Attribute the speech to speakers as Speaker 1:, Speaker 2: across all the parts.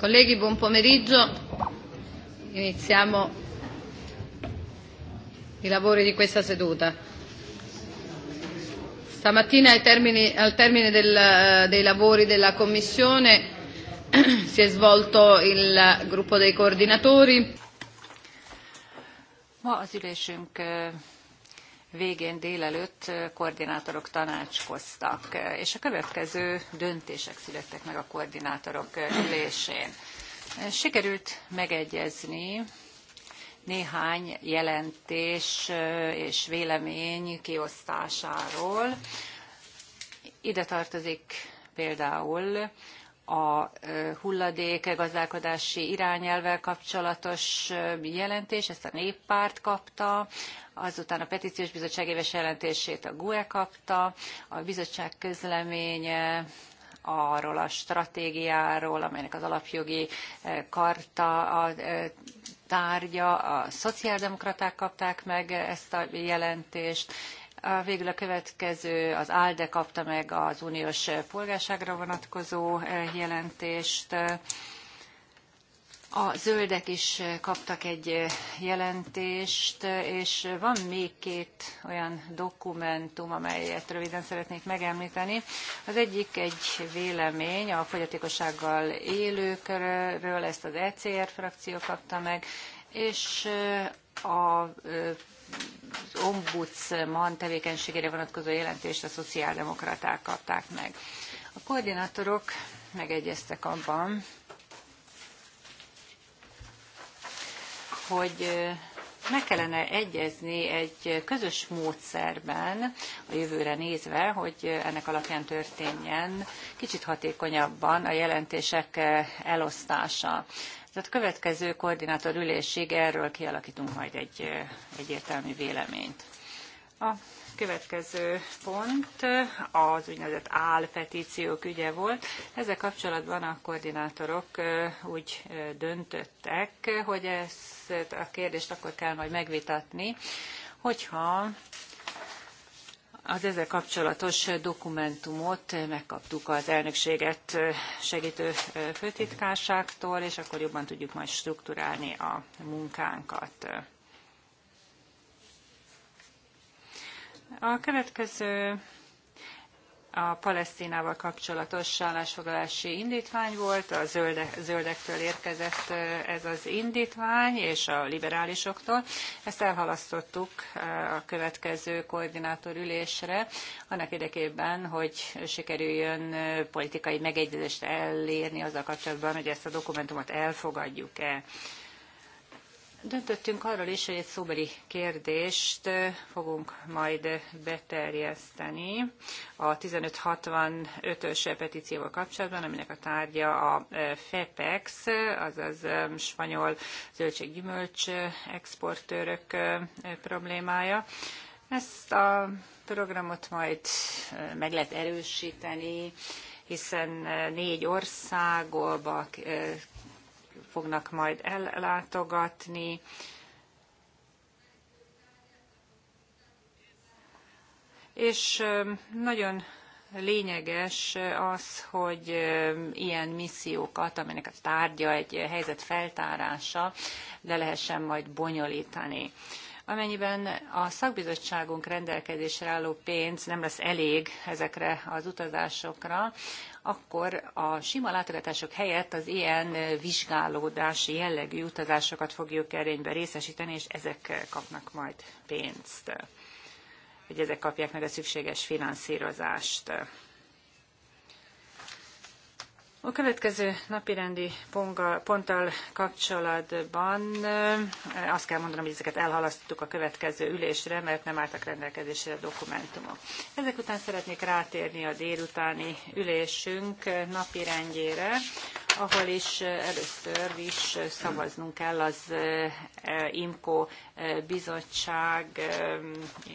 Speaker 1: Colleghi, buon pomeriggio. Iniziamo i lavori di questa seduta. Stamattina ai termini, al termine del, eh, dei lavori della Commissione si è svolto il gruppo dei coordinatori.
Speaker 2: Ma az ülésünk eh, végén délelőtt koordinátorok tanácskoztak, és a következő döntések születtek meg a koordinátorok ülésén. Sikerült megegyezni néhány jelentés és vélemény kiosztásáról. Ide tartozik például a hulladék gazdálkodási irányelvel kapcsolatos jelentés, ezt a néppárt kapta, azután a petíciós bizottság éves jelentését a GUE kapta, a bizottság közleménye arról a stratégiáról, amelynek az alapjogi karta a tárgya, a szociáldemokraták kapták meg ezt a jelentést, végül a következő, az ALDE kapta meg az uniós polgárságra vonatkozó eh, jelentést. A zöldek is kaptak egy eh, jelentést, és van még két olyan dokumentum, amelyet röviden szeretnék megemlíteni. Az egyik egy vélemény a fogyatékossággal élőkről, ezt az ECR frakció kapta meg, és eh, a ombudsman tevékenységére vonatkozó jelentést a szociáldemokraták kapták meg. A koordinátorok megegyeztek abban, hogy meg kellene egyezni egy közös módszerben a jövőre nézve, hogy ennek alapján történjen kicsit hatékonyabban a jelentések elosztása. Tehát a következő koordinátor ülésig erről kialakítunk majd egy egyértelmű véleményt. A következő pont az úgynevezett álpetíciók ügye volt. Ezzel kapcsolatban a koordinátorok úgy döntöttek, hogy ezt a kérdést akkor kell majd megvitatni, hogyha az ezzel kapcsolatos dokumentumot megkaptuk az elnökséget segítő főtitkárságtól, és akkor jobban tudjuk majd strukturálni a munkánkat. A következő a Palesztinával kapcsolatos állásfoglalási indítvány volt, a zöldek, zöldektől érkezett ez az indítvány, és a liberálisoktól. Ezt elhalasztottuk a következő koordinátor ülésre, annak érdekében, hogy sikerüljön politikai megegyezést elérni azzal kapcsolatban, hogy ezt a dokumentumot elfogadjuk-e. Döntöttünk arról is, hogy egy szóbeli kérdést fogunk majd beterjeszteni a 1565-ös petícióval kapcsolatban, aminek a tárgya a FEPEX, azaz spanyol zöldséggyümölcs exportőrök problémája. Ezt a programot majd meg lehet erősíteni, hiszen négy országolba fognak majd ellátogatni. És nagyon lényeges az, hogy ilyen missziókat, aminek a tárgya egy helyzet feltárása, le lehessen majd bonyolítani. Amennyiben a szakbizottságunk rendelkezésre álló pénz nem lesz elég ezekre az utazásokra, akkor a sima látogatások helyett az ilyen vizsgálódási jellegű utazásokat fogjuk erénybe részesíteni, és ezek kapnak majd pénzt, hogy ezek kapják meg a szükséges finanszírozást. A következő napirendi ponttal kapcsolatban eh, azt kell mondanom, hogy ezeket elhalasztottuk a következő ülésre, mert nem álltak rendelkezésre a dokumentumok. Ezek után szeretnék rátérni a délutáni ülésünk eh, napirendjére, ahol is először is szavaznunk kell az IMCO bizottság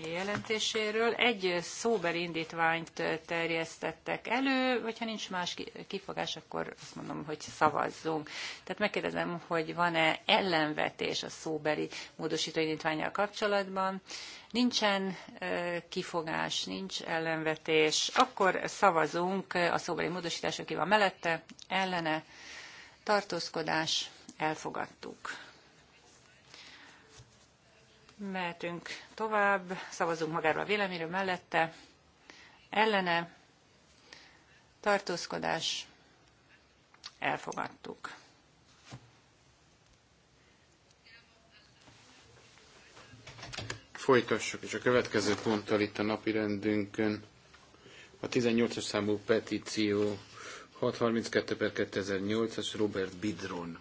Speaker 2: jelentéséről. Egy szóbeli indítványt terjesztettek elő, vagy ha nincs más kifogás, akkor azt mondom, hogy szavazzunk. Tehát megkérdezem, hogy van-e ellenvetés a szóbeli módosító indítványjal kapcsolatban nincsen kifogás, nincs ellenvetés, akkor szavazunk a szóbeli módosítás, aki van mellette, ellene, tartózkodás, elfogadtuk. Mehetünk tovább, szavazunk magáról a véleményről mellette, ellene, tartózkodás, elfogadtuk.
Speaker 3: folytassuk, és a következő ponttal itt a napi rendünkön a 18-as számú petíció 632 per 2008-as Robert Bidron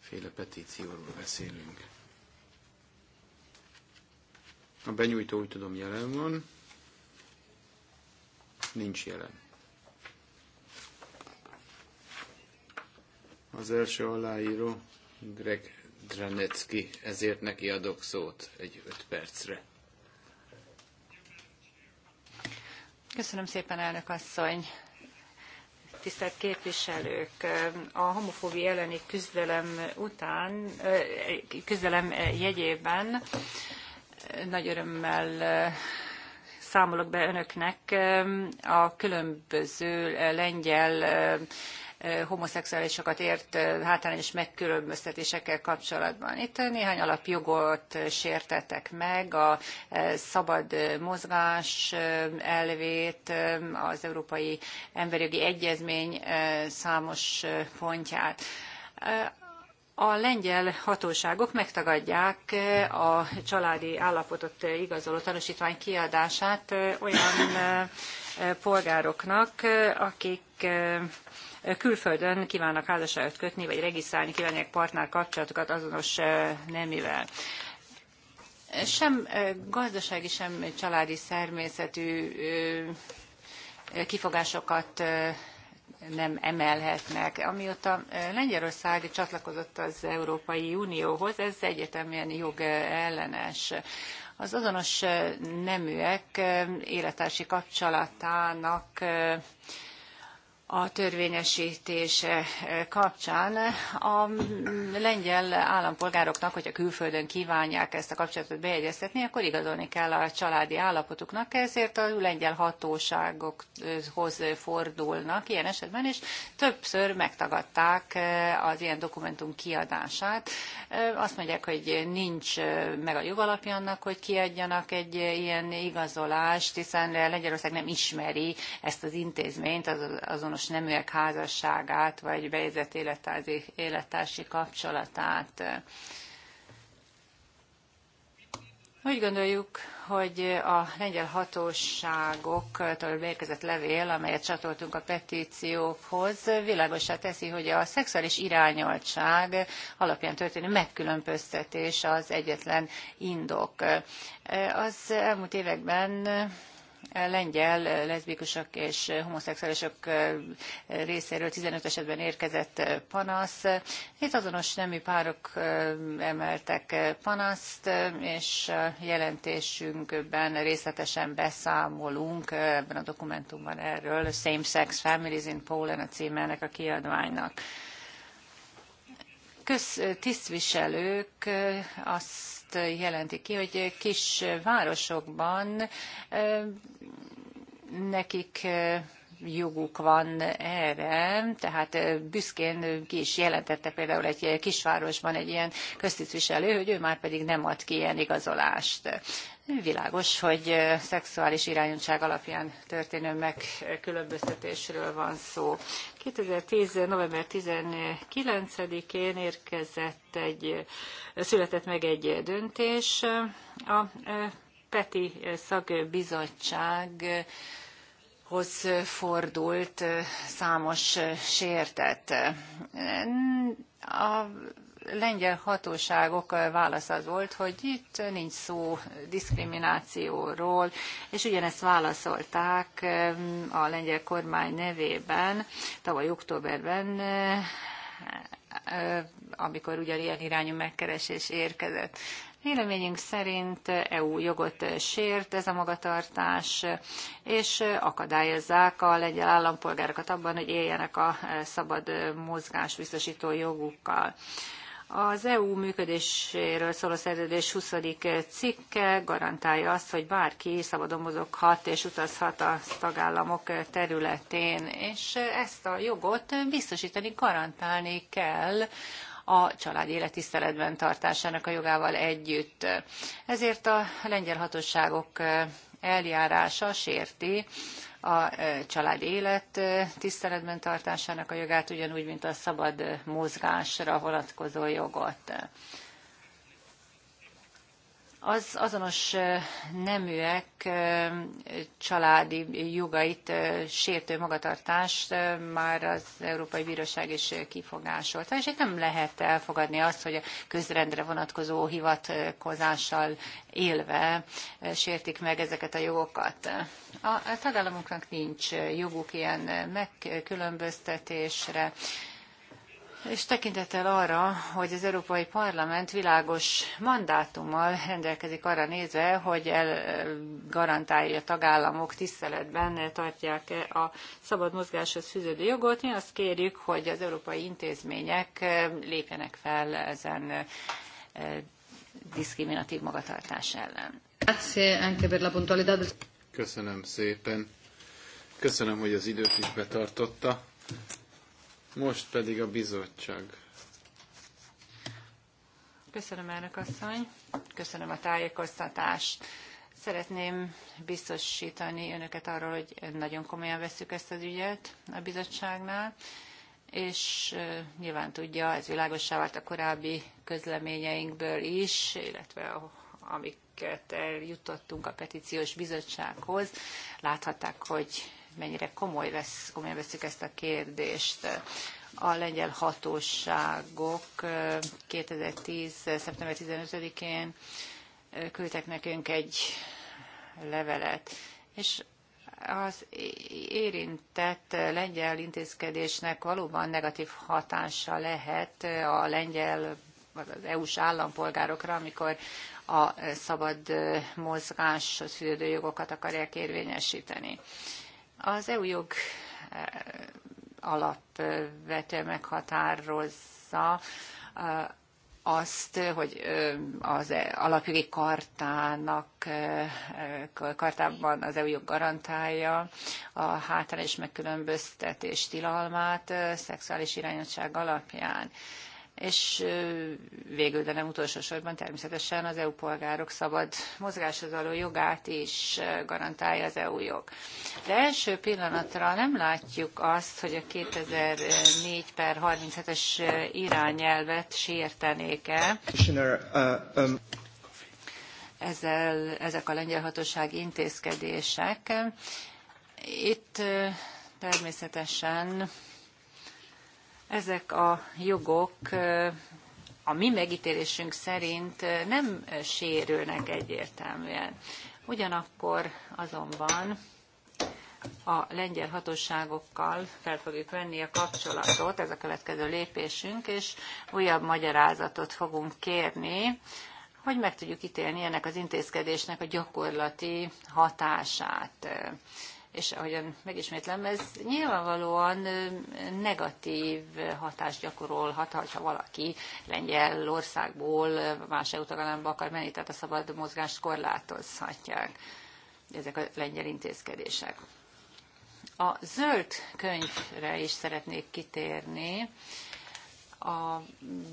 Speaker 3: féle petícióról beszélünk. A benyújtó úgy tudom jelen van, nincs jelen. Az első aláíró Greg Dranecki, ezért neki adok szót egy öt percre.
Speaker 2: Köszönöm szépen, elnök asszony. Tisztelt képviselők, a homofóbia elleni küzdelem után, eh, küzdelem jegyében eh, nagy örömmel eh, számolok be önöknek a különböző lengyel homoszexuálisokat ért hátrányos megkülönböztetésekkel kapcsolatban. Itt néhány alapjogot sértettek meg, a szabad mozgás elvét, az Európai Emberjogi Egyezmény számos pontját. A lengyel hatóságok megtagadják a családi állapotot igazoló tanúsítvány kiadását olyan polgároknak, akik külföldön kívánnak házasságot kötni, vagy regisztrálni kívánják partner kapcsolatokat azonos eh, nemivel sem eh, gazdasági, sem családi szermészetű eh, kifogásokat nem emelhetnek. Amióta Lengyelország csatlakozott az Európai Unióhoz, ez egyetemben jog ellenes. Az azonos neműek élettársi kapcsolatának a törvényesítése eh, kapcsán. A mm, lengyel állampolgároknak, hogyha külföldön kívánják ezt a kapcsolatot bejegyeztetni, akkor igazolni kell a családi állapotuknak, ezért a lengyel hatóságokhoz fordulnak ilyen esetben, és többször megtagadták eh, az ilyen dokumentum kiadását. Eh, azt mondják, hogy nincs meg a jogalapja annak, hogy kiadjanak egy ilyen igazolást, hiszen Lengyelország nem ismeri ezt az intézményt, az azonos más neműek házasságát, vagy bejegyzett élettársi, élettársi kapcsolatát. Úgy gondoljuk, hogy a lengyel hatóságoktól érkezett levél, amelyet csatoltunk a petíciókhoz, világosá teszi, hogy a szexuális irányoltság alapján történő megkülönböztetés az egyetlen indok. Az elmúlt években lengyel leszbikusok és homoszexuálisok részéről 15 esetben érkezett panasz. Itt azonos nemű párok emeltek panaszt, és jelentésünkben részletesen beszámolunk ebben a dokumentumban erről, Same Sex Families in Poland a címe ennek a kiadványnak tisztviselők azt jelenti ki, hogy kis városokban nekik joguk van erre, tehát büszkén ki is jelentette például egy kisvárosban egy ilyen köztisztviselő, hogy ő már pedig nem ad ki ilyen igazolást. Világos, hogy szexuális irányultság alapján történő megkülönböztetésről van szó. 2010. november 19-én érkezett egy, született meg egy döntés. A Peti Szakbizottsághoz fordult számos sértet. A lengyel hatóságok válasz az volt, hogy itt nincs szó diszkriminációról, és ugyanezt válaszolták a lengyel kormány nevében tavaly októberben amikor ugyanilyen irányú megkeresés érkezett. Véleményünk szerint EU jogot sért ez a magatartás, és akadályozzák a lengyel állampolgárokat abban, hogy éljenek a szabad mozgás biztosító jogukkal. Az EU működéséről szóló szerződés 20. cikke garantálja azt, hogy bárki szabadon mozoghat és utazhat a tagállamok területén, és ezt a jogot biztosítani, garantálni kell a család élet tiszteletben tartásának a jogával együtt. Ezért a lengyel hatóságok eljárása sérti a család élet tiszteletben tartásának a jogát, ugyanúgy, mint a szabad mozgásra vonatkozó jogot az azonos neműek családi jogait sértő magatartást már az Európai Bíróság is kifogásolta, és itt nem lehet elfogadni azt, hogy a közrendre vonatkozó hivatkozással élve sértik meg ezeket a jogokat. A tagállamoknak nincs joguk ilyen megkülönböztetésre, és tekintettel arra, hogy az Európai Parlament világos mandátummal rendelkezik arra nézve, hogy garantálja, hogy a tagállamok tiszteletben tartják a szabad mozgáshoz fűződő jogot, mi azt kérjük, hogy az európai intézmények lépjenek fel ezen e, diszkriminatív magatartás ellen.
Speaker 3: Köszönöm szépen. Köszönöm, hogy az időt is betartotta. Most pedig a bizottság.
Speaker 2: Köszönöm, elnök asszony. Köszönöm a tájékoztatást. Szeretném biztosítani önöket arról, hogy nagyon komolyan veszük ezt az ügyet a bizottságnál, és nyilván tudja, ez világosá vált a korábbi közleményeinkből is, illetve a, amiket eljutottunk a petíciós bizottsághoz. Láthatták, hogy mennyire komoly vesz, komolyan veszik ezt a kérdést. A lengyel hatóságok 2010. szeptember 15-én küldtek nekünk egy levelet, és az érintett lengyel intézkedésnek valóban negatív hatása lehet a lengyel, az EU-s állampolgárokra, amikor a szabad mozgáshoz fűződő jogokat akarják érvényesíteni. Az EU jog eh, alapvető meghatározza eh, azt, hogy eh, az e alapjogi kartának, kartában az EU jog garantálja a hátrányos megkülönböztetés tilalmát szexuális irányadság alapján és végül, de nem utolsó sorban természetesen az EU polgárok szabad mozgáshoz való jogát is garantálja az EU jog. De első pillanatra nem látjuk azt, hogy a 2004 per 37-es irányelvet sértenék-e.
Speaker 4: Uh, um,
Speaker 2: Ezzel, ezek a lengyel hatóság intézkedések. Itt természetesen ezek a jogok a mi megítélésünk szerint nem sérülnek egyértelműen. Ugyanakkor azonban a lengyel hatóságokkal fel fogjuk venni a kapcsolatot, ez a következő lépésünk, és újabb magyarázatot fogunk kérni, hogy meg tudjuk ítélni ennek az intézkedésnek a gyakorlati hatását és ahogyan megismétlem, ez nyilvánvalóan negatív hatást gyakorolhat, ha valaki Lengyelországból más EU akar menni, tehát a szabad mozgást korlátozhatják ezek a lengyel intézkedések. A zöld könyvre is szeretnék kitérni. A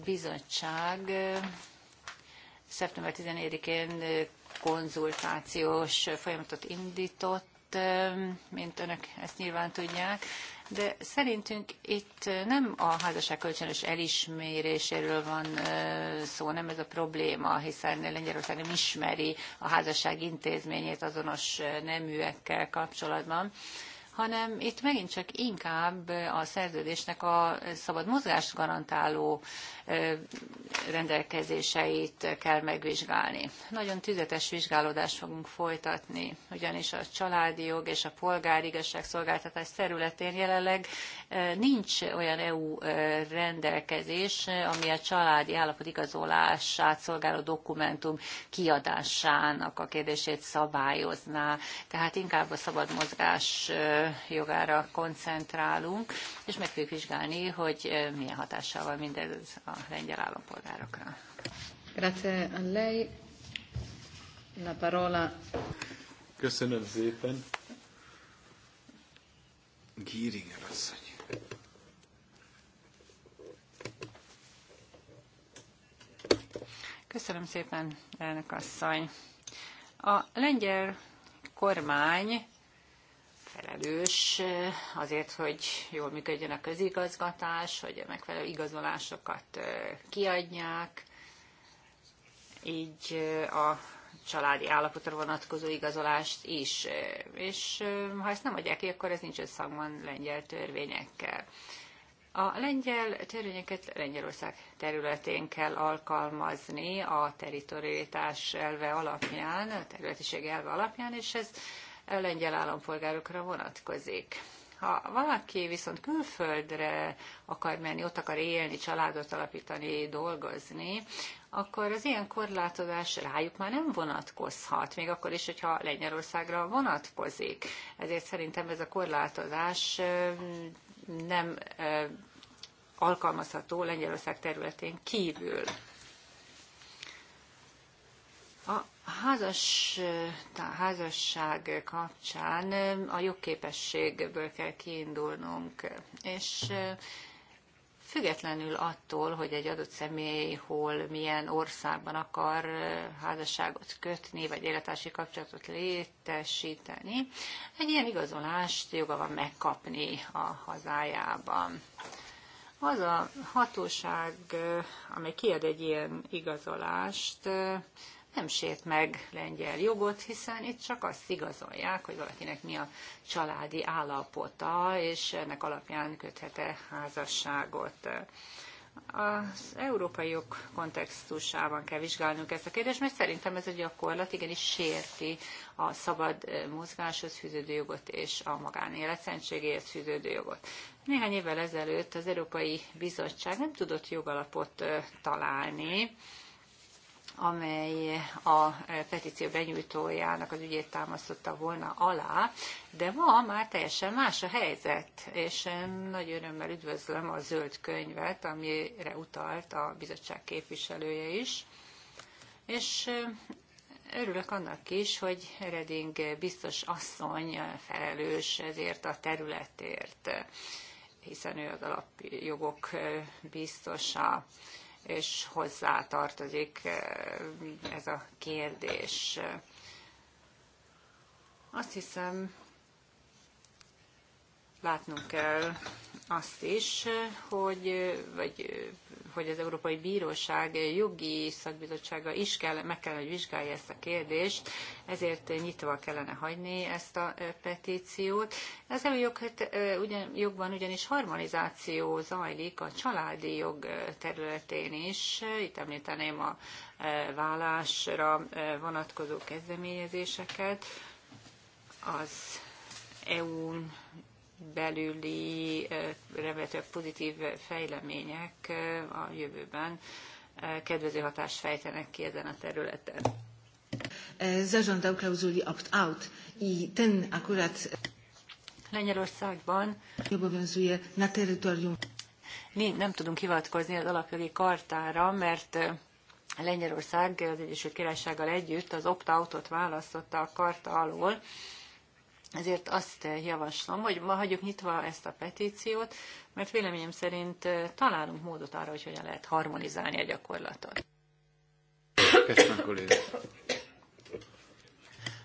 Speaker 2: bizottság szeptember 14-én konzultációs folyamatot indított, mert, mint önök ezt nyilván tudják, de szerintünk itt nem a házasság kölcsönös elismeréséről van szó, nem ez a probléma, hiszen Lengyelország nem ismeri a házasság intézményét azonos neműekkel kapcsolatban, hanem itt megint csak inkább a szerződésnek a szabad mozgást garantáló rendelkezéseit kell megvizsgálni. Nagyon tüzetes vizsgálódást fogunk folytatni, ugyanis a családi jog és a polgári igazságszolgáltatás területén jelenleg nincs olyan EU rendelkezés, ami a családi állapot igazolását szolgáló dokumentum kiadásának a kérdését szabályozná. Tehát inkább a szabad mozgás jogára koncentrálunk, és meg fogjuk vizsgálni, hogy milyen hatással van mindez a lengyel állampolgárokra.
Speaker 1: Grazie a lei. La parola.
Speaker 3: Köszönöm szépen. Gíringer asszony.
Speaker 2: Köszönöm szépen, elnök asszony. A lengyel kormány felelős eh, azért, hogy jól működjön a közigazgatás, hogy a megfelelő igazolásokat eh, kiadják, így eh, a családi állapotra vonatkozó igazolást is. És ha ezt nem adják ki, akkor ez nincs összhangban lengyel törvényekkel. A lengyel törvényeket Lengyelország területén kell alkalmazni a teritorialitás elve alapján, a területiség elve alapján, és ez lengyel állampolgárokra vonatkozik. Ha valaki viszont külföldre akar menni, ott akar élni, családot alapítani, dolgozni, akkor az ilyen korlátozás rájuk már nem vonatkozhat, még akkor is, hogyha Lengyelországra vonatkozik. Ezért szerintem ez a korlátozás nem alkalmazható Lengyelország területén kívül. A házas, házasság kapcsán a jogképességből kell kiindulnunk, és függetlenül attól, hogy egy adott személy hol, milyen országban akar házasságot kötni, vagy életási kapcsolatot létesíteni, egy ilyen igazolást joga van megkapni a hazájában. Az a hatóság, amely kiad egy ilyen igazolást, nem sért meg lengyel jogot, hiszen itt csak azt igazolják, hogy valakinek mi a családi állapota, és ennek alapján köthet-e házasságot. Az európai jog kontextusában kell vizsgálnunk ezt a kérdést, mert szerintem ez a gyakorlat igenis sérti a szabad mozgáshoz fűződő jogot és a magánélet szentségéhez fűződő jogot. Néhány évvel ezelőtt az Európai Bizottság nem tudott jogalapot találni, amely a eh, petíció benyújtójának az ügyét támasztotta volna alá, de ma már teljesen más a helyzet, és eh, nagy örömmel üdvözlöm a zöld könyvet, amire utalt a bizottság képviselője is. És eh, örülök annak is, hogy Reding biztos asszony felelős ezért a területért, hiszen ő az alapjogok biztosa és hozzá tartozik eh, ez a kérdés. Azt hiszem, látnunk kell azt is, hogy, vagy, hogy az Európai Bíróság jogi szakbizottsága is kell, meg kell, hogy vizsgálja ezt a kérdést, ezért nyitva kellene hagyni ezt a e, petíciót. Az EU jog, hát, e, ugyan, jogban ugyanis harmonizáció zajlik a családi jog e, területén is, itt említeném a vállásra vonatkozó kezdeményezéseket, az EU belüli remélhetőleg pozitív fejlemények a jövőben kedvező hatást fejtenek ki ezen a területen. E, Zażądał klauzuli opt-out i ten akurat Lengyelországban na terytorium. Mi nem tudunk hivatkozni az alapjogi kartára, mert Lengyelország az Egyesült Királysággal együtt az opt-outot választotta a karta alól, ezért azt javaslom, hogy ma hagyjuk nyitva ezt a petíciót, mert véleményem szerint találunk módot arra, hogy hogyan lehet harmonizálni a gyakorlatot.
Speaker 3: Köszönöm, kolléga.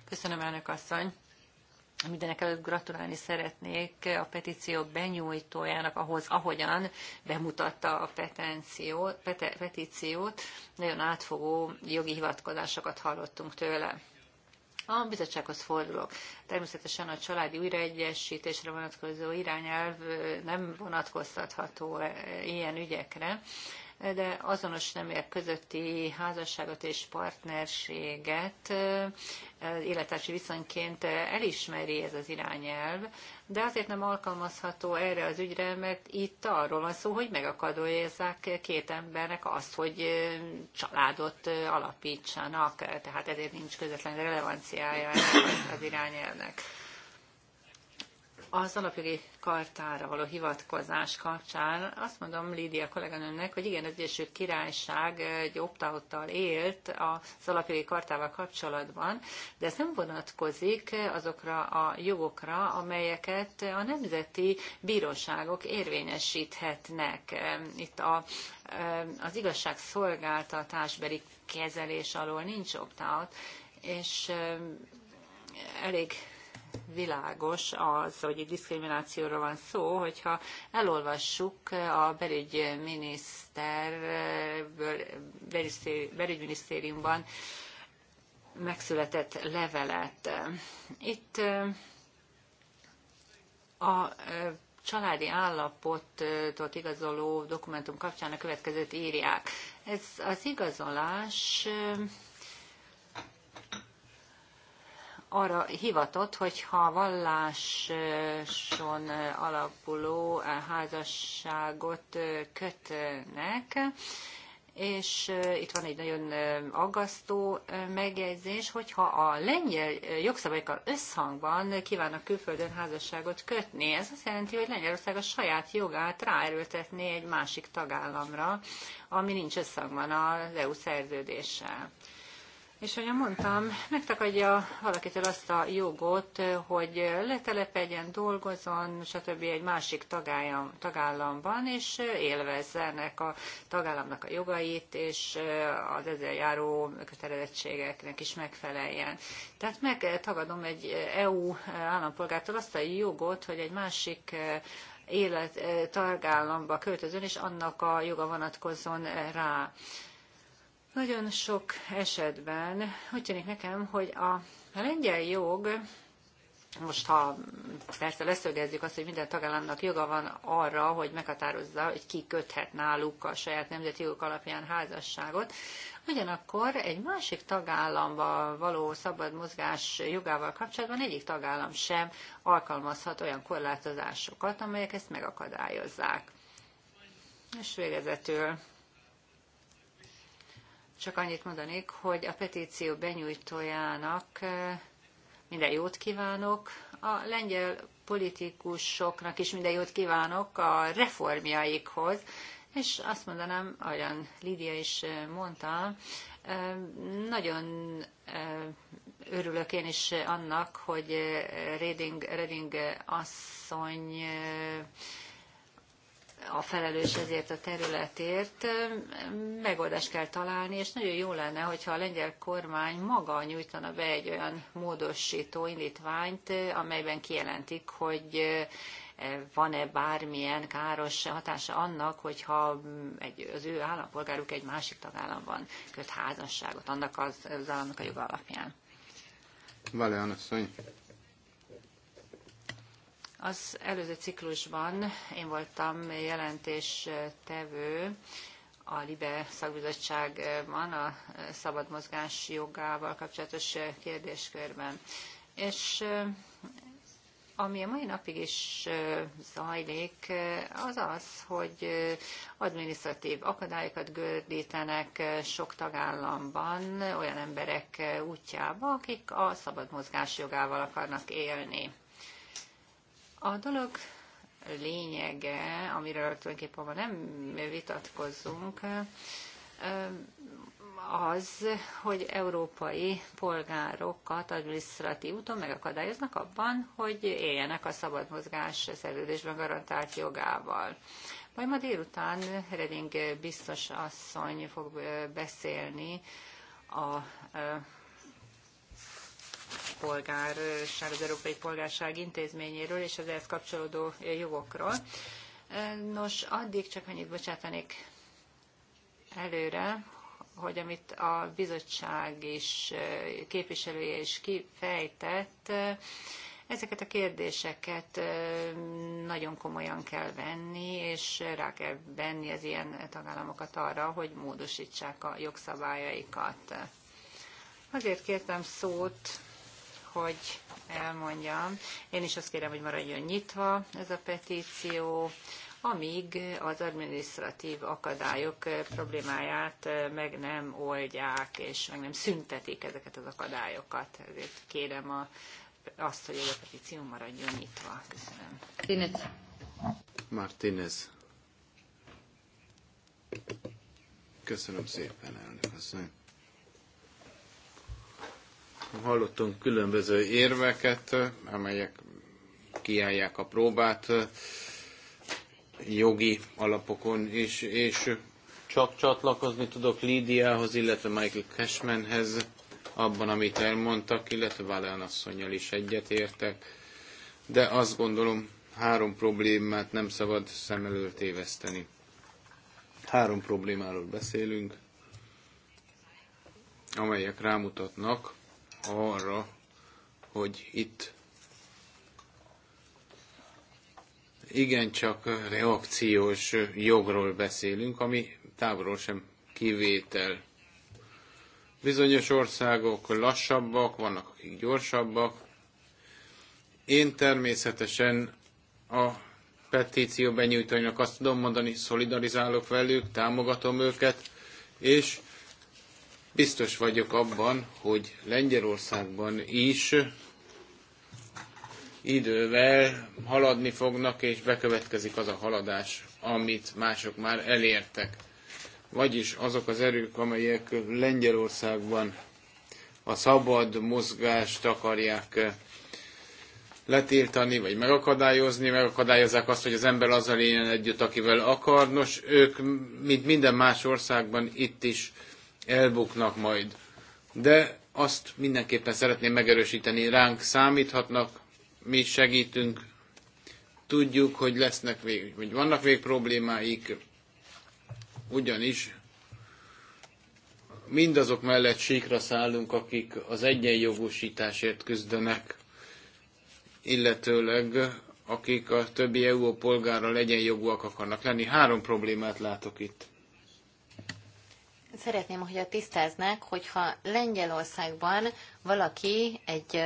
Speaker 2: Köszönöm, elnök asszony. Mindenek előtt gratulálni szeretnék a petíció benyújtójának ahhoz, ahogyan bemutatta a petenció, pete, petíciót. Nagyon átfogó jogi hivatkozásokat hallottunk tőle. A bizottsághoz fordulok. Természetesen a családi újraegyesítésre vonatkozó irányelv nem vonatkoztatható ilyen ügyekre, de azonos nemek közötti házasságot és partnerséget élettársi viszonyként elismeri ez az irányelv, de azért nem alkalmazható erre az ügyre, mert itt arról van szó, hogy megakadályozzák két embernek azt, hogy családot alapítsanak, tehát ezért nincs közvetlen relevanciája ennek az irányelvnek az alapjogi kartára való hivatkozás kapcsán azt mondom Lídia kolléganőmnek, hogy igen, az Egyesült Királyság egy opt élt az alapjogi kartával kapcsolatban, de ez nem vonatkozik azokra a jogokra, amelyeket a nemzeti bíróságok érvényesíthetnek. Itt a, az igazságszolgáltatásbeli kezelés alól nincs opt és elég világos az, hogy itt diszkriminációra van szó, hogyha elolvassuk a belügyminisztériumban megszületett levelet. Itt a családi állapotot igazoló dokumentum kapcsán a következőt írják. Ez az igazolás arra hivatott, hogyha valláson alapuló házasságot kötnek, és eh, itt van egy nagyon eh, aggasztó eh, megjegyzés, hogyha a lengyel jogszabályokkal összhangban kívánnak külföldön házasságot kötni, ez azt jelenti, hogy Lengyelország a saját jogát ráerőltetné egy másik tagállamra, ami nincs összhangban az EU szerződéssel. És ahogy mondtam, megtakadja valakitől azt a jogot, hogy letelepedjen, dolgozon, stb. egy másik tagállam tagállamban, és élvezze ennek a tagállamnak a jogait, és az ezzel járó kötelezettségeknek is megfeleljen. Tehát megtagadom egy EU állampolgártól azt a jogot, hogy egy másik eh, élet eh, tagállamba költözön, és annak a joga vonatkozzon rá. Nagyon sok esetben úgy tűnik nekem, hogy a lengyel jog most ha persze leszögezzük azt, hogy minden tagállamnak joga van arra, hogy meghatározza, hogy ki köthet náluk a saját nemzeti jogok alapján házasságot, ugyanakkor egy másik tagállamba való szabad mozgás jogával kapcsolatban egyik tagállam sem alkalmazhat olyan korlátozásokat, amelyek ezt megakadályozzák. És végezetül csak annyit mondanék, hogy a petíció benyújtójának minden jót kívánok. A lengyel politikusoknak is minden jót kívánok a reformjaikhoz, és azt mondanám, ahogyan Lidia is mondta, nagyon örülök én is annak, hogy Reding, Reding asszony a felelős ezért a területért, megoldást kell találni, és nagyon jó lenne, hogyha a lengyel kormány maga nyújtana be egy olyan módosító indítványt, amelyben kijelentik, hogy van-e bármilyen káros hatása annak, hogyha egy, az ő állampolgáruk egy másik tagállamban köt házasságot annak az, az államnak a jogalapján.
Speaker 3: Vale, asszony.
Speaker 2: Az előző ciklusban én voltam jelentéstevő a LIBE szakbizottságban a szabad mozgás jogával kapcsolatos kérdéskörben. És eh, ami a mai napig is eh, zajlik, eh, az az, hogy administratív akadályokat gördítenek sok tagállamban olyan emberek útjába, akik a szabad mozgás jogával akarnak élni. A dolog lényege, amiről tulajdonképpen ma nem vitatkozzunk, az, hogy európai polgárokat adminisztratív úton megakadályoznak abban, hogy éljenek a szabad mozgás szerződésben garantált jogával. Majd ma délután Reding biztos asszony fog beszélni a állampolgárság, az Európai Polgárság intézményéről és az ehhez kapcsolódó jogokról. Nos, addig csak annyit bocsátanék előre, hogy amit a bizottság is képviselője is kifejtett, ezeket a kérdéseket nagyon komolyan kell venni, és rá kell venni az ilyen tagállamokat arra, hogy módosítsák a jogszabályaikat. Azért kértem szót, hogy elmondjam. Én is azt kérem, hogy maradjon nyitva ez a petíció, amíg az administratív akadályok problémáját meg nem oldják, és meg nem szüntetik ezeket az akadályokat. Ezért kérem a, azt, hogy ez a petíció maradjon nyitva. Köszönöm.
Speaker 1: Martínez.
Speaker 3: Martínez. Köszönöm szépen, elnök asszony. Hallottunk különböző érveket, amelyek kiállják a próbát eh, jogi alapokon is, és csak csatlakozni tudok Lídiához, illetve Michael Cashmanhez abban, amit elmondtak, illetve Valen asszonynal is egyetértek. De azt gondolom, három problémát nem szabad szem előtt téveszteni. Három problémáról beszélünk, amelyek rámutatnak arra, hogy itt igencsak reakciós jogról beszélünk, ami távolról sem kivétel. Bizonyos országok lassabbak, vannak akik gyorsabbak. Én természetesen a petíció benyújtóinak azt tudom mondani, szolidarizálok velük, támogatom őket, és Biztos vagyok abban, hogy Lengyelországban is idővel haladni fognak, és bekövetkezik az a haladás, amit mások már elértek. Vagyis azok az erők, amelyek Lengyelországban a szabad mozgást akarják eh, letiltani, vagy megakadályozni, megakadályozzák azt, hogy az ember azzal éljen együtt, akivel akar. Nos, ők, mint minden más országban, itt is elbuknak majd. De azt mindenképpen szeretném megerősíteni, ránk számíthatnak, mi segítünk, tudjuk, hogy lesznek még, hogy vannak vég problémáik, ugyanis mindazok mellett síkra szállunk, akik az egyenjogosításért küzdenek, illetőleg akik a többi EU polgárral egyenjogúak akarnak lenni. Három problémát látok itt
Speaker 4: szeretném, hogy a tisztáznák, hogyha Lengyelországban valaki egy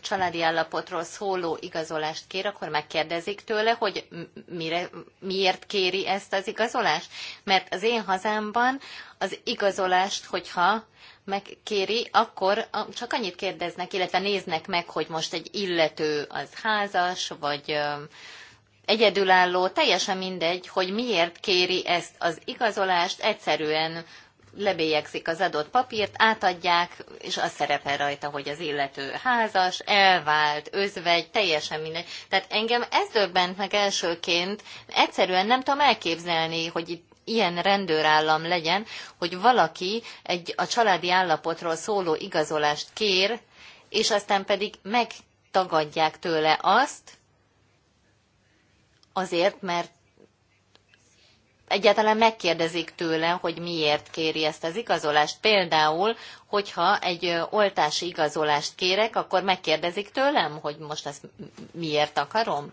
Speaker 4: családi állapotról szóló igazolást kér, akkor megkérdezik tőle, hogy mire, miért kéri ezt az igazolást. Mert az én hazámban az igazolást, hogyha megkéri, akkor csak annyit kérdeznek, illetve néznek meg, hogy most egy illető az házas, vagy egyedülálló, teljesen mindegy, hogy miért kéri ezt az igazolást, egyszerűen lebélyegzik az adott papírt, átadják, és az szerepel rajta, hogy az illető házas, elvált, özvegy, teljesen mindegy. Tehát engem ez döbbent meg elsőként, egyszerűen nem tudom elképzelni, hogy itt ilyen rendőrállam legyen, hogy valaki egy a családi állapotról szóló igazolást kér, és aztán pedig megtagadják tőle azt, azért, mert egyáltalán megkérdezik tőle, hogy miért kéri ezt az igazolást. Például, hogyha egy oltási igazolást kérek, akkor megkérdezik tőlem, hogy most ezt miért akarom.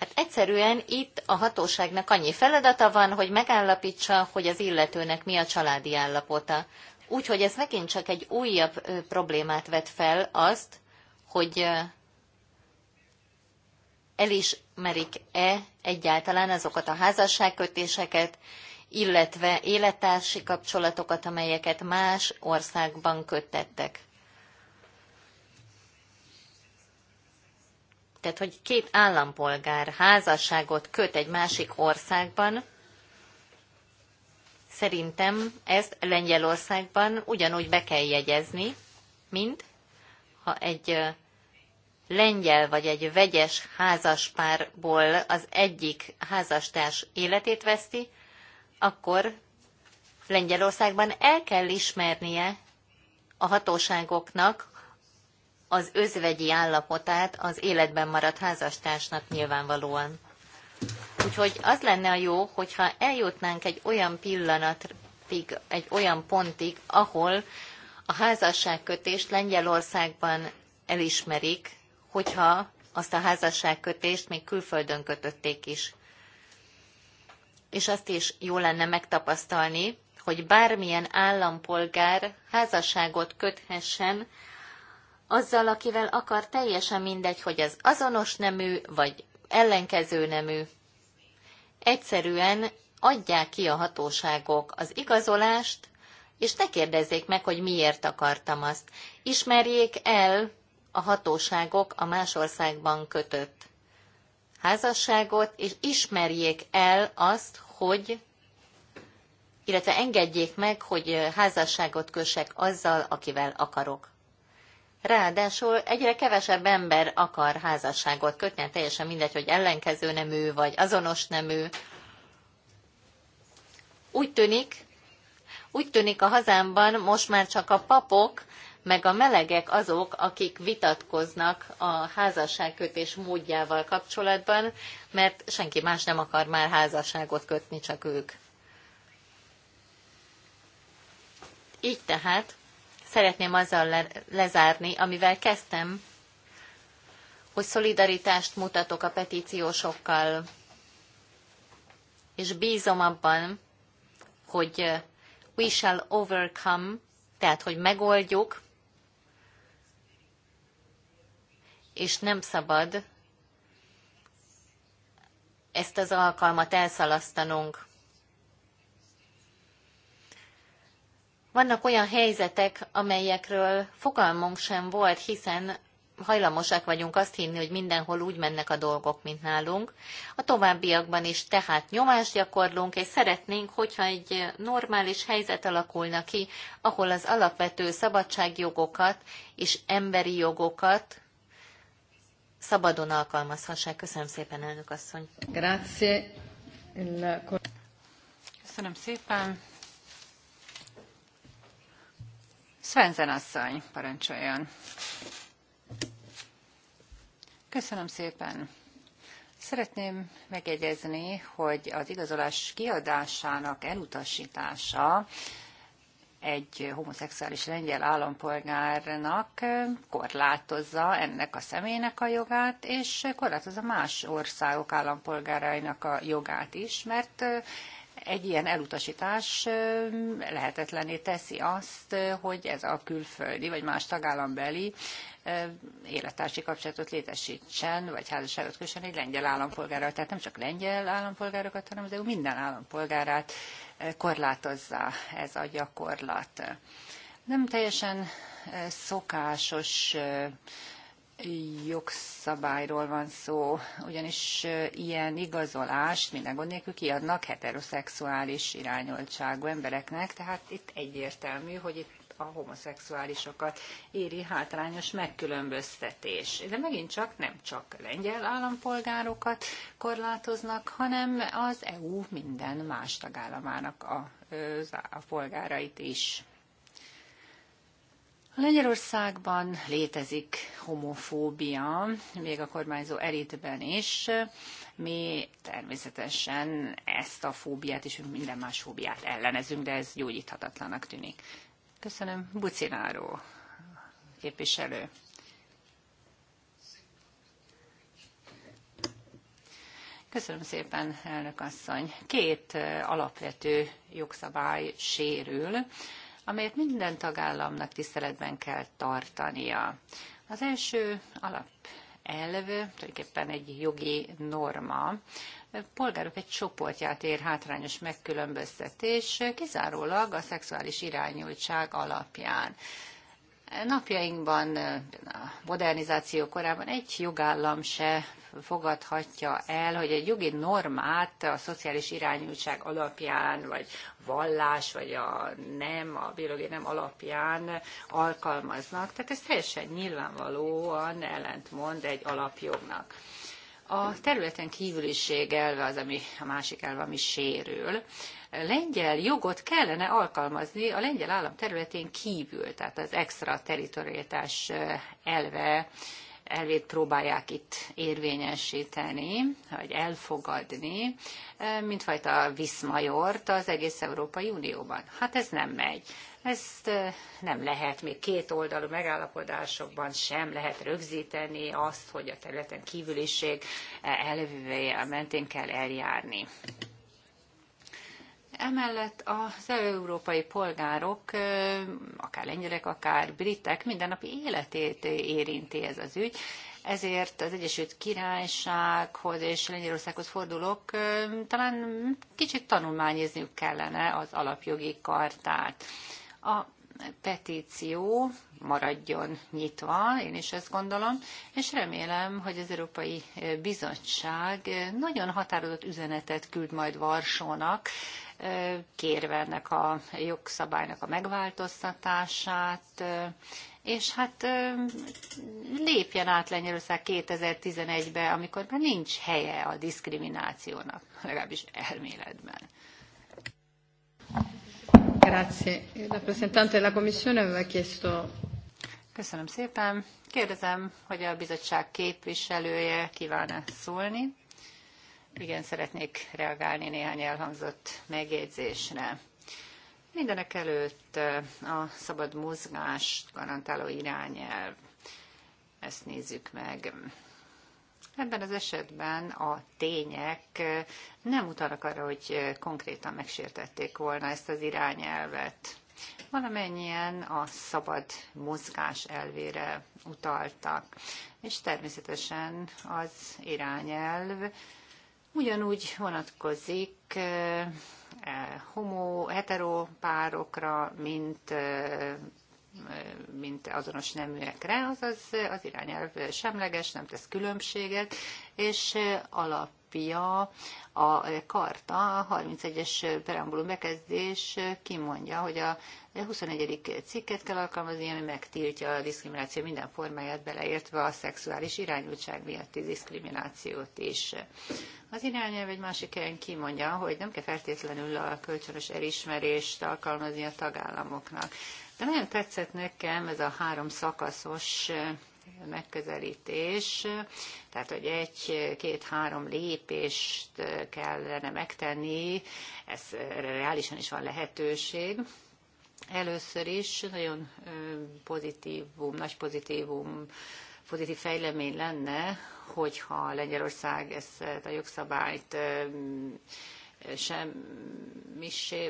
Speaker 4: Hát egyszerűen itt a hatóságnak annyi feladata van, hogy megállapítsa, hogy az illetőnek mi a családi állapota. Úgyhogy ez megint csak egy újabb problémát vet fel azt, hogy elismerik-e egyáltalán azokat a házasságkötéseket, illetve élettársi kapcsolatokat, amelyeket más országban köttettek. Tehát, hogy két állampolgár házasságot köt egy másik országban, szerintem ezt Lengyelországban ugyanúgy be kell jegyezni, mint ha egy lengyel vagy egy vegyes házaspárból az egyik házastárs életét veszti, akkor Lengyelországban el kell ismernie a hatóságoknak az özvegyi állapotát az életben maradt házastársnak nyilvánvalóan. Úgyhogy az lenne a jó, hogyha eljutnánk egy olyan pillanatig, egy olyan pontig, ahol a házasságkötést Lengyelországban elismerik, hogyha azt a házasságkötést még külföldön kötötték is. És azt is jó lenne megtapasztalni, hogy bármilyen állampolgár házasságot köthessen azzal, akivel akar, teljesen mindegy, hogy az azonos nemű vagy ellenkező nemű. Egyszerűen adják ki a hatóságok az igazolást, és ne kérdezzék meg, hogy miért akartam azt. Ismerjék el a hatóságok a más országban kötött házasságot, és ismerjék el azt, hogy illetve engedjék meg, hogy házasságot kössek azzal, akivel akarok. Ráadásul egyre kevesebb ember akar házasságot kötni, hát teljesen mindegy, hogy ellenkező nemű vagy azonos nemű. Úgy tűnik, úgy tűnik a hazámban most már csak a papok meg a melegek azok, akik vitatkoznak a házasságkötés módjával kapcsolatban, mert senki más nem akar már házasságot kötni, csak ők. Így tehát szeretném azzal le, lezárni, amivel kezdtem, hogy szolidaritást mutatok a petíciósokkal, és bízom abban, hogy uh, we shall overcome, tehát hogy megoldjuk és nem szabad ezt az alkalmat elszalasztanunk. Vannak olyan helyzetek, amelyekről fogalmunk sem volt, hiszen hajlamosak vagyunk azt hinni, hogy mindenhol úgy mennek a dolgok, mint nálunk. A továbbiakban is tehát nyomást gyakorlunk, és szeretnénk, hogyha egy normális helyzet alakulna ki, ahol az alapvető szabadságjogokat és emberi jogokat szabadon alkalmazhassák. Köszönöm szépen, elnök asszony.
Speaker 2: Köszönöm szépen. Svenzen asszony, parancsoljon. Köszönöm szépen. Szeretném megjegyezni, hogy az igazolás kiadásának elutasítása egy homoszexuális lengyel állampolgárnak korlátozza ennek a személynek a jogát, és korlátozza más országok állampolgárainak a jogát is, mert egy ilyen elutasítás lehetetlené teszi azt, hogy ez a külföldi vagy más tagállambeli élettársi kapcsolatot létesítsen, vagy házasságot kössön egy lengyel állampolgárral. Tehát nem csak lengyel állampolgárokat, hanem az EU minden állampolgárát korlátozza ez a gyakorlat. Nem teljesen szokásos jogszabályról van szó, ugyanis ilyen igazolást minden gond nélkül kiadnak heteroszexuális irányoltságú embereknek, tehát itt egyértelmű, hogy itt a homoszexuálisokat éri hátrányos megkülönböztetés. De megint csak nem csak lengyel állampolgárokat korlátoznak, hanem az EU minden más tagállamának a, a polgárait is. Lengyelországban létezik homofóbia, még a kormányzó elitben is. Mi természetesen ezt a fóbiát és minden más fóbiát ellenezünk, de ez gyógyíthatatlanak tűnik. Köszönöm. Bucináró képviselő. Köszönöm szépen, elnök asszony. Két alapvető jogszabály sérül amelyet minden tagállamnak tiszteletben kell tartania. Az első alap elv, tulajdonképpen egy jogi norma, polgárok egy csoportját ér hátrányos megkülönböztetés, kizárólag a szexuális irányultság alapján. Napjainkban, a modernizáció korában egy jogállam se fogadhatja el, hogy egy jogi normát a szociális irányultság alapján, vagy vallás, vagy a nem, a biológiai nem alapján alkalmaznak. Tehát ez teljesen nyilvánvalóan ellentmond egy alapjognak. A területen kívüliség elve az, ami a másik elve, ami sérül. Lengyel jogot kellene alkalmazni a lengyel állam területén kívül, tehát az extra teritorialitás elve elvét próbálják itt érvényesíteni, vagy elfogadni, e, mintfajta viszmajort az egész Európai Unióban. Hát ez nem megy. Ezt e, nem lehet még két oldalú megállapodásokban sem lehet rögzíteni azt, hogy a területen kívüliség e, elvével mentén kell eljárni. Emellett az európai polgárok, akár lengyelek, akár britek, mindennapi életét érinti ez az ügy, ezért az Egyesült Királysághoz és Lengyelországhoz fordulok, talán kicsit tanulmányozniuk kellene az alapjogi kartát. A petíció maradjon nyitva, én is ezt gondolom, és remélem, hogy az Európai Bizottság nagyon határozott üzenetet küld majd Varsónak, kérve ennek a jogszabálynak a megváltoztatását, és hát lépjen át Lengyelország 2011-be, amikor már nincs helye a diszkriminációnak, legalábbis elméletben. della Commissione aveva chiesto Köszönöm szépen. Kérdezem, hogy a bizottság képviselője kíván-e szólni. Igen, szeretnék reagálni néhány elhangzott megjegyzésre. Mindenek előtt eh, a szabad mozgást garantáló irányelv. Ezt nézzük meg. Ebben az esetben a tények eh, nem utalnak arra, hogy eh, konkrétan megsértették volna ezt az irányelvet. Valamennyien a szabad mozgás elvére utaltak, és természetesen az irányelv ugyanúgy vonatkozik homo, hetero párokra, mint mint azonos neműekre, azaz az irányelv semleges, nem tesz különbséget, és alap a karta, a 31-es preambulum bekezdés kimondja, hogy a 21. cikket kell alkalmazni, ami megtiltja a diszkrimináció minden formáját, beleértve a szexuális irányultság miatti diszkriminációt is. Az irányelv egy másik helyen kimondja, hogy nem kell feltétlenül a kölcsönös elismerést alkalmazni a tagállamoknak. De Nagyon tetszett nekem ez a három szakaszos megközelítés, tehát hogy egy, két, három lépést kellene megtenni, ez reálisan is van lehetőség. Először is nagyon pozitívum, nagy pozitívum, pozitív fejlemény lenne, hogyha Lengyelország ezt a jogszabályt sem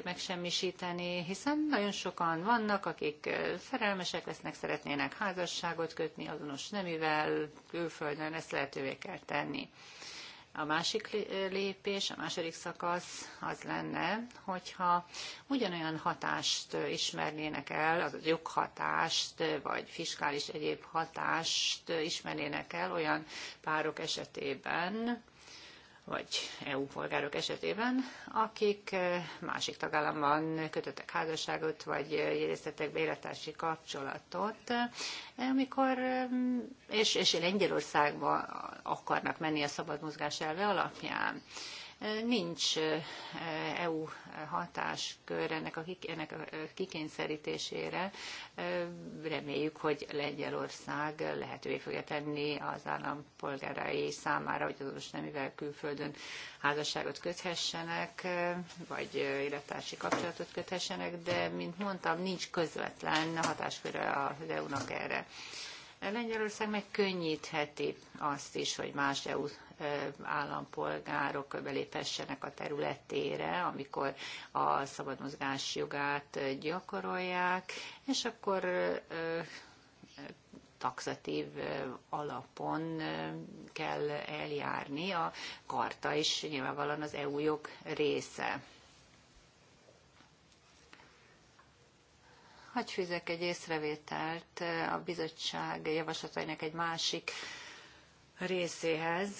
Speaker 2: megsemmisíteni, hiszen nagyon sokan vannak, akik szerelmesek lesznek, szeretnének házasságot kötni azonos nemivel külföldön ezt lehetővé kell tenni. A másik lépés, a második szakasz az lenne, hogyha ugyanolyan hatást ismernének el, az joghatást, vagy fiskális egyéb hatást ismernének el olyan párok esetében, vagy EU polgárok esetében, akik eh, másik tagállamban kötöttek házasságot, vagy eh, jegyeztettek beiratási kapcsolatot, eh, amikor, és, és Lengyelországba akarnak menni a szabad mozgás elve alapján. Nincs EU hatáskör ennek a, ennek a kikényszerítésére. Reméljük, hogy Lengyelország lehetővé fogja tenni az állampolgárai számára, hogy azonos nemivel külföldön házasságot köthessenek, vagy élettársi kapcsolatot köthessenek, de, mint mondtam, nincs közvetlen hatásköre az EU-nak erre. Lengyelország megkönnyítheti azt is, hogy más EU állampolgárok beléphessenek a területére, amikor a szabad mozgás jogát gyakorolják, és akkor taxatív alapon kell eljárni. A karta is nyilvánvalóan az EU jog része. Hagy fűzek egy észrevételt a bizottság javaslatainak egy másik részéhez,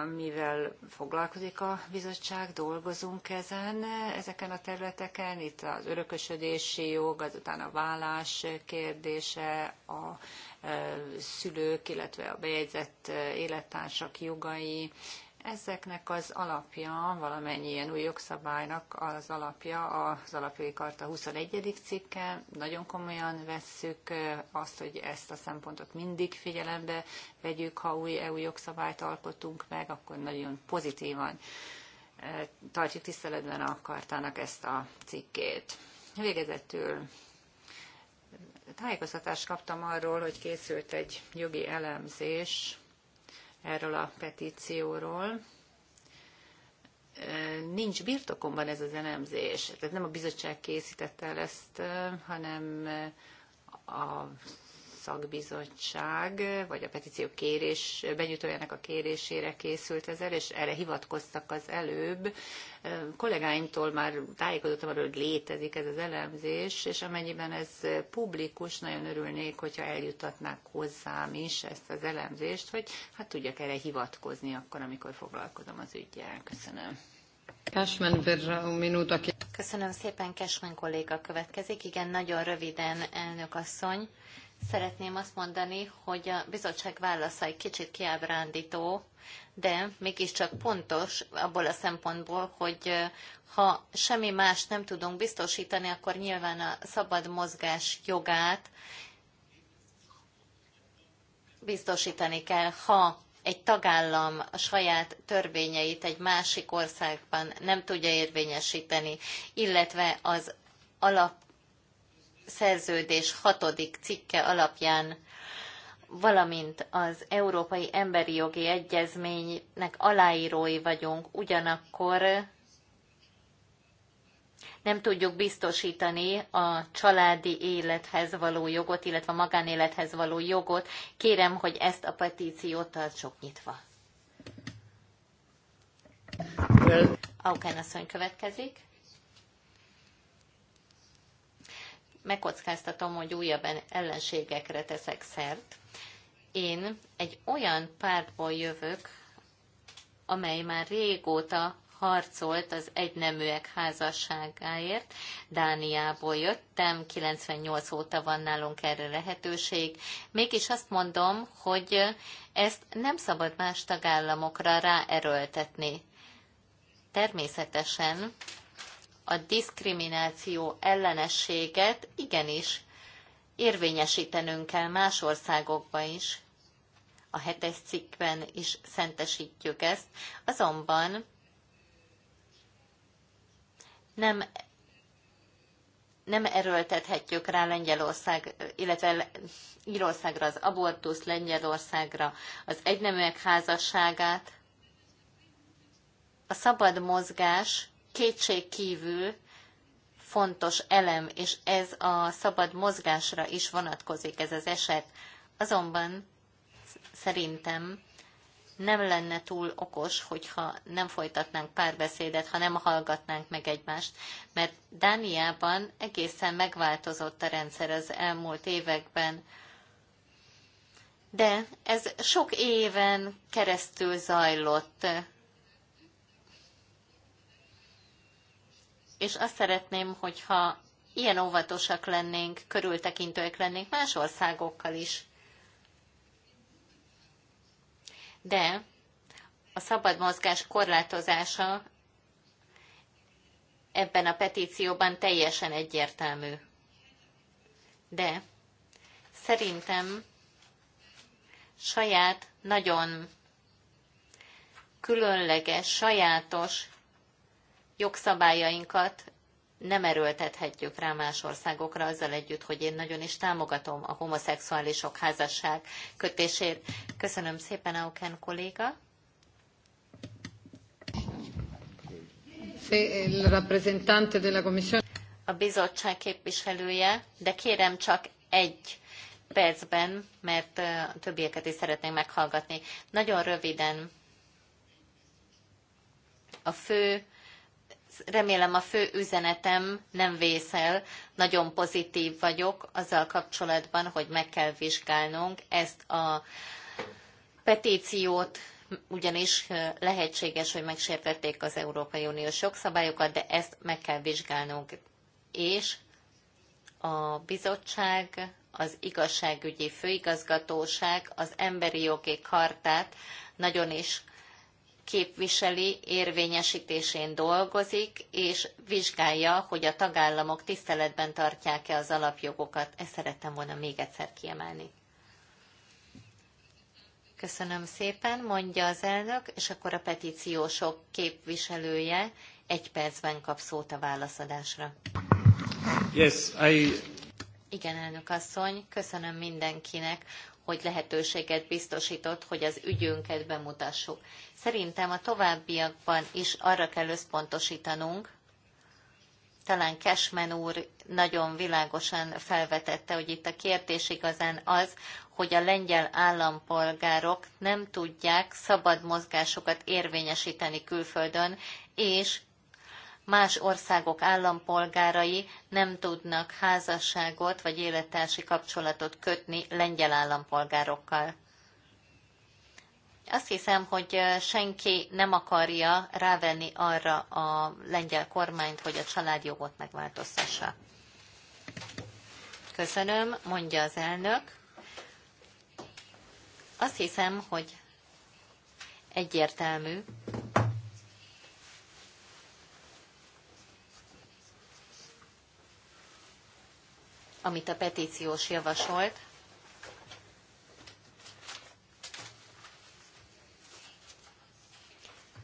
Speaker 2: amivel foglalkozik a bizottság, dolgozunk ezen, ezeken a területeken, itt az örökösödési jog, azután a vállás kérdése, a szülők, illetve a bejegyzett élettársak jogai, Ezeknek az alapja, valamennyi ilyen új jogszabálynak az alapja az alapjogi karta 21. cikke. Nagyon komolyan vesszük azt, hogy ezt a szempontot mindig figyelembe vegyük, ha új EU jogszabályt alkotunk meg, akkor nagyon pozitívan tartjuk tiszteletben a kartának ezt a cikkét. Végezetül tájékoztatást kaptam arról, hogy készült egy jogi elemzés erről a petícióról. Nincs birtokomban ez az elemzés, tehát nem a bizottság készítette el ezt, hanem a szakbizottság, vagy a petíció kérés, benyújtójának a kérésére készült ezzel, és erre hivatkoztak az előbb. Kollégáimtól már tájékozottam arról, hogy létezik ez az elemzés, és amennyiben ez publikus, nagyon örülnék, hogyha eljutatnák hozzám is ezt az elemzést, hogy hát tudjak erre hivatkozni akkor, amikor foglalkozom az ügyjel. Köszönöm.
Speaker 4: Köszönöm szépen, Kesmen kolléga következik. Igen, nagyon röviden, elnök asszony. Szeretném azt mondani, hogy a bizottság válasza egy kicsit kiábrándító, de mégiscsak pontos abból a szempontból, hogy ha semmi más nem tudunk biztosítani, akkor nyilván a szabad mozgás jogát biztosítani kell, ha egy tagállam a saját törvényeit egy másik országban nem tudja érvényesíteni, illetve az alap szerződés hatodik cikke alapján valamint az Európai Emberi Jogi Egyezménynek aláírói vagyunk, ugyanakkor nem tudjuk biztosítani a családi élethez való jogot, illetve a magánélethez való jogot. Kérem, hogy ezt a petíciót tartsuk nyitva. Aukán asszony következik. megkockáztatom, hogy újabb ellenségekre teszek szert. Én egy olyan pártból jövök, amely már régóta harcolt az egyneműek házasságáért. Dániából jöttem, 98 óta van nálunk erre lehetőség. Mégis azt mondom, hogy ezt nem szabad más tagállamokra ráerőltetni. Természetesen a diszkrimináció ellenességet igenis érvényesítenünk kell más országokban is. A hetes cikkben is szentesítjük ezt, azonban nem nem erőltethetjük rá Lengyelország, illetve Írországra az abortusz, Lengyelországra az egyneműek házasságát. A szabad mozgás kétség kívül fontos elem, és ez a szabad mozgásra is vonatkozik ez az eset. Azonban szerintem nem lenne túl okos, hogyha nem folytatnánk párbeszédet, ha nem hallgatnánk meg egymást, mert Dániában egészen megváltozott a rendszer az elmúlt években. De ez sok éven keresztül zajlott és azt szeretném, hogyha ilyen óvatosak lennénk, körültekintőek lennénk más országokkal is. De a szabad mozgás korlátozása ebben a petícióban teljesen egyértelmű. De szerintem saját, nagyon különleges, sajátos jogszabályainkat nem erőltethetjük rá más országokra, azzal együtt, hogy én nagyon is támogatom a homoszexuálisok házasság kötését. Köszönöm szépen, Auken kolléga. A bizottság képviselője, de kérem csak egy percben, mert a többieket is szeretnénk meghallgatni. Nagyon röviden a fő remélem a fő üzenetem nem vészel, nagyon pozitív vagyok azzal kapcsolatban, hogy meg kell vizsgálnunk ezt a petíciót, ugyanis lehetséges, hogy megsértették az Európai Uniós jogszabályokat, de ezt meg kell vizsgálnunk. És a bizottság, az igazságügyi főigazgatóság az emberi jogi kartát nagyon is képviseli, érvényesítésén dolgozik, és vizsgálja, hogy a tagállamok tiszteletben tartják-e az alapjogokat. Ezt szerettem volna még egyszer kiemelni. Köszönöm szépen, mondja az elnök, és akkor a petíciósok képviselője egy percben kap szót a válaszadásra.
Speaker 3: Yes, I...
Speaker 4: Igen, elnök asszony, köszönöm mindenkinek, hogy lehetőséget biztosított, hogy az ügyünket bemutassuk. Szerintem a továbbiakban is arra kell összpontosítanunk, talán Cashman úr nagyon világosan felvetette, hogy itt a kérdés igazán az, hogy a lengyel állampolgárok nem tudják szabad mozgásokat érvényesíteni külföldön, és más országok állampolgárai nem tudnak házasságot vagy élettársi kapcsolatot kötni lengyel állampolgárokkal. Azt hiszem, hogy senki nem akarja rávenni arra a lengyel kormányt, hogy a családjogot megváltoztassa. Köszönöm, mondja az elnök. Azt hiszem, hogy egyértelmű, amit a petíciós javasolt,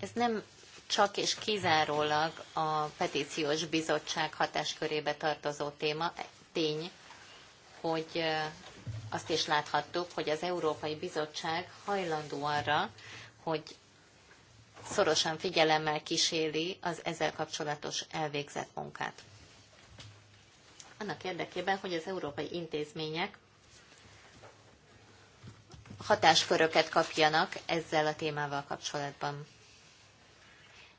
Speaker 4: ez nem csak és kizárólag a petíciós bizottság hatáskörébe tartozó téma, tény, hogy azt is láthattuk, hogy az Európai Bizottság hajlandó arra, hogy szorosan figyelemmel kíséri az ezzel kapcsolatos elvégzett munkát annak érdekében, hogy az európai intézmények hatásköröket kapjanak ezzel a témával kapcsolatban.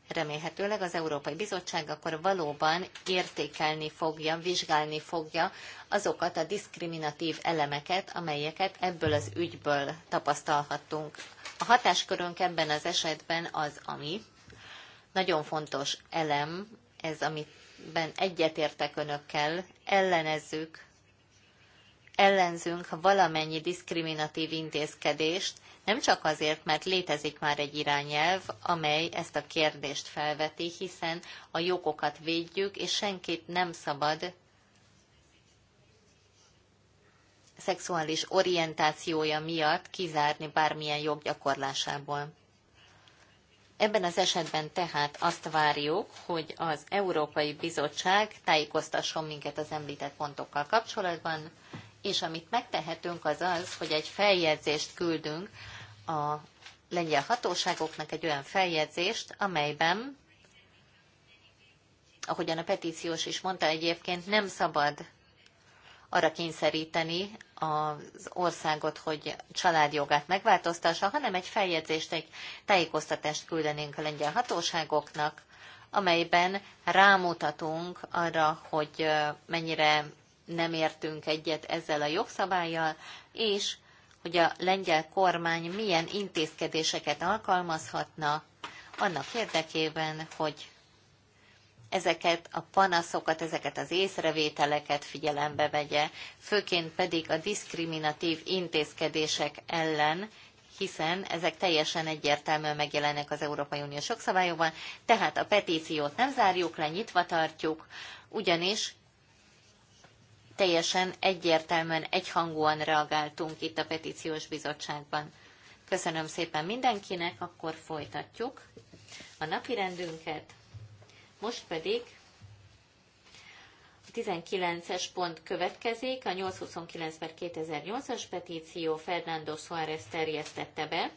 Speaker 4: Remélhetőleg az Európai Bizottság akkor valóban értékelni fogja, vizsgálni fogja azokat a diszkriminatív elemeket, amelyeket ebből az ügyből tapasztalhattunk. A hatáskörünk ebben az esetben az, ami nagyon fontos elem, ez, amit ben egyetértek önökkel, ellenezzük, ellenzünk valamennyi diszkriminatív intézkedést, nem csak azért, mert létezik már egy irányelv, amely ezt a kérdést felveti, hiszen a jogokat védjük, és senkit nem szabad szexuális orientációja miatt kizárni bármilyen joggyakorlásából. Ebben az esetben tehát azt várjuk, hogy az Európai Bizottság tájékoztasson minket az említett pontokkal kapcsolatban, és amit megtehetünk az az, hogy egy feljegyzést küldünk a lengyel hatóságoknak, egy olyan feljegyzést, amelyben, ahogyan a petíciós is mondta egyébként, nem szabad arra kényszeríteni az országot, hogy családjogát megváltoztassa, hanem egy feljegyzést, egy tájékoztatást küldenénk a lengyel hatóságoknak, amelyben rámutatunk arra, hogy mennyire nem értünk egyet ezzel a jogszabályjal, és hogy a lengyel kormány milyen intézkedéseket alkalmazhatna annak érdekében, hogy ezeket a panaszokat, ezeket az észrevételeket figyelembe vegye, főként pedig a diszkriminatív intézkedések ellen, hiszen ezek teljesen egyértelműen megjelennek az Európai Unió sokszabályokban, tehát a petíciót nem zárjuk le, nyitva tartjuk, ugyanis teljesen egyértelműen, egyhangúan reagáltunk itt a petíciós bizottságban. Köszönöm szépen mindenkinek, akkor folytatjuk a napirendünket. Most pedig a 19-es pont következik, a 829 per 2008-as petíció Fernando Suárez terjesztette be.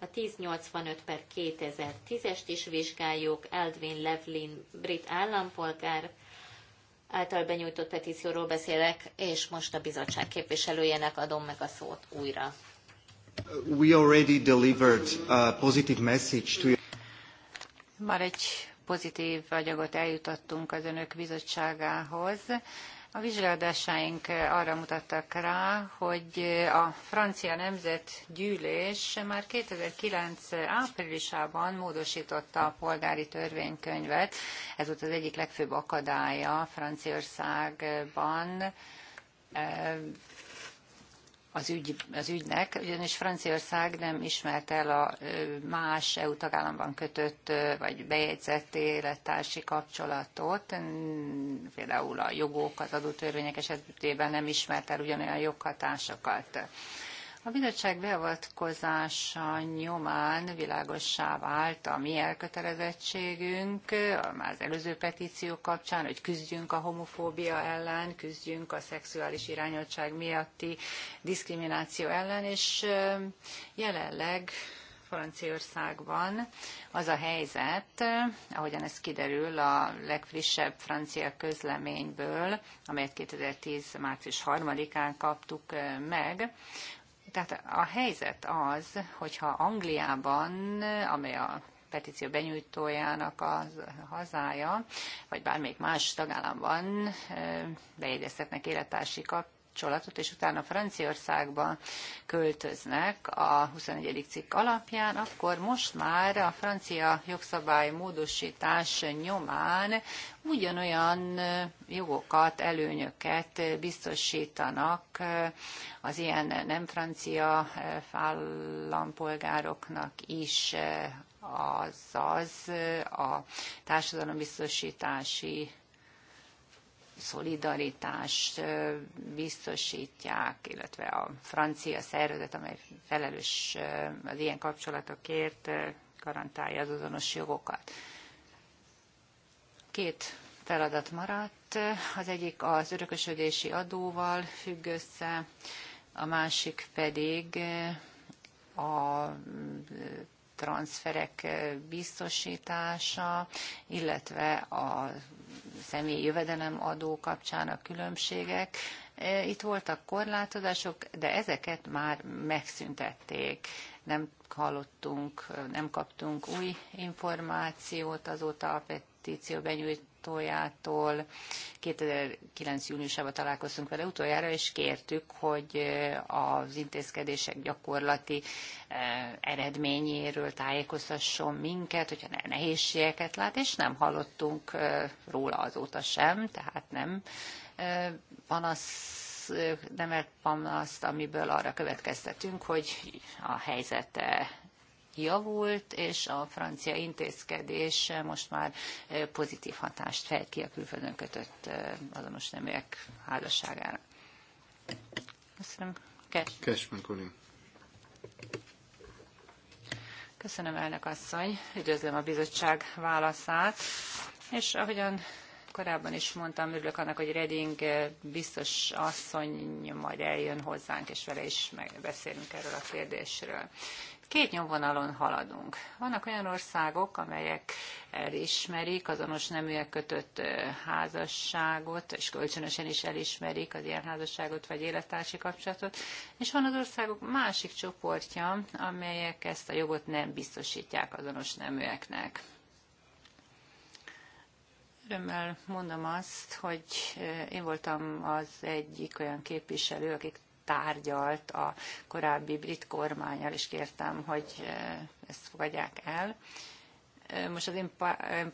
Speaker 4: A 1085 per 2010-est is vizsgáljuk, Aldwin Levlin, brit állampolgár, által benyújtott petícióról beszélek, és most a bizottság képviselőjének adom meg a szót újra.
Speaker 3: We already delivered a positive message to
Speaker 2: már egy pozitív anyagot eljutottunk az önök bizottságához. A vizsgálódásaink arra mutattak rá, hogy a francia nemzetgyűlés már 2009. áprilisában módosította a polgári törvénykönyvet. Ez volt az egyik legfőbb akadálya Franciaországban eh, az, ügy, az ügynek, ugyanis Franciaország nem ismert el a más EU tagállamban kötött vagy bejegyzett élettársi kapcsolatot, például a jogok, az adótörvények esetében nem ismert el ugyanolyan joghatásokat. A bizottság beavatkozása nyomán világossá vált a mi elkötelezettségünk, már az előző petíció kapcsán, hogy küzdjünk a homofóbia ellen, küzdjünk a szexuális irányoltság miatti diszkrimináció ellen, és jelenleg Franciaországban az a helyzet, ahogyan ez kiderül a legfrissebb francia közleményből, amelyet 2010. március 3-án kaptuk meg, tehát a helyzet az, hogyha Angliában, amely a petíció benyújtójának a hazája, vagy bármelyik más tagállamban bejegyeztetnek élettársikat, kapcsolatot, és utána Franciaországba költöznek a 21. cikk alapján, akkor most már a francia jogszabály módosítás nyomán ugyanolyan jogokat, előnyöket biztosítanak az ilyen nem francia állampolgároknak is, azaz a társadalombiztosítási szolidaritást biztosítják, illetve a francia szervezet, amely felelős az ilyen kapcsolatokért, garantálja az azonos jogokat. Két feladat maradt. Az egyik az örökösödési adóval függ össze, a másik pedig a transferek biztosítása, illetve a személyi jövedelemadó kapcsán a különbségek. E, itt voltak korlátozások, de ezeket már megszüntették. Nem hallottunk, nem kaptunk új információt azóta a petíció benyújt igazgatójától. 2009. júniusában találkoztunk vele utoljára, és kértük, hogy az intézkedések gyakorlati eredményéről tájékoztasson minket, hogyha nehézségeket lát, és nem hallottunk róla azóta sem, tehát nem van az, nem panasz, amiből arra következtetünk, hogy a helyzete javult, és a francia intézkedés most már pozitív hatást fejt ki a külföldön kötött azonos neműek házasságára. Köszönöm.
Speaker 3: Kes. Colin.
Speaker 2: Köszönöm, elnök asszony. Üdvözlöm a bizottság válaszát. És ahogyan korábban is mondtam, örülök annak, hogy Reding biztos asszony majd eljön hozzánk, és vele is megbeszélünk erről a kérdésről. Két nyomvonalon haladunk. Vannak olyan országok, amelyek elismerik azonos neműek kötött házasságot, és kölcsönösen is elismerik az ilyen házasságot vagy élettársi kapcsolatot, és van az országok másik csoportja, amelyek ezt a jogot nem biztosítják azonos neműeknek. Örömmel mondom azt, hogy én voltam az egyik olyan képviselő, akik tárgyalt a korábbi brit kormányjal, és kértem, hogy eh, ezt fogadják el. Eh, most az én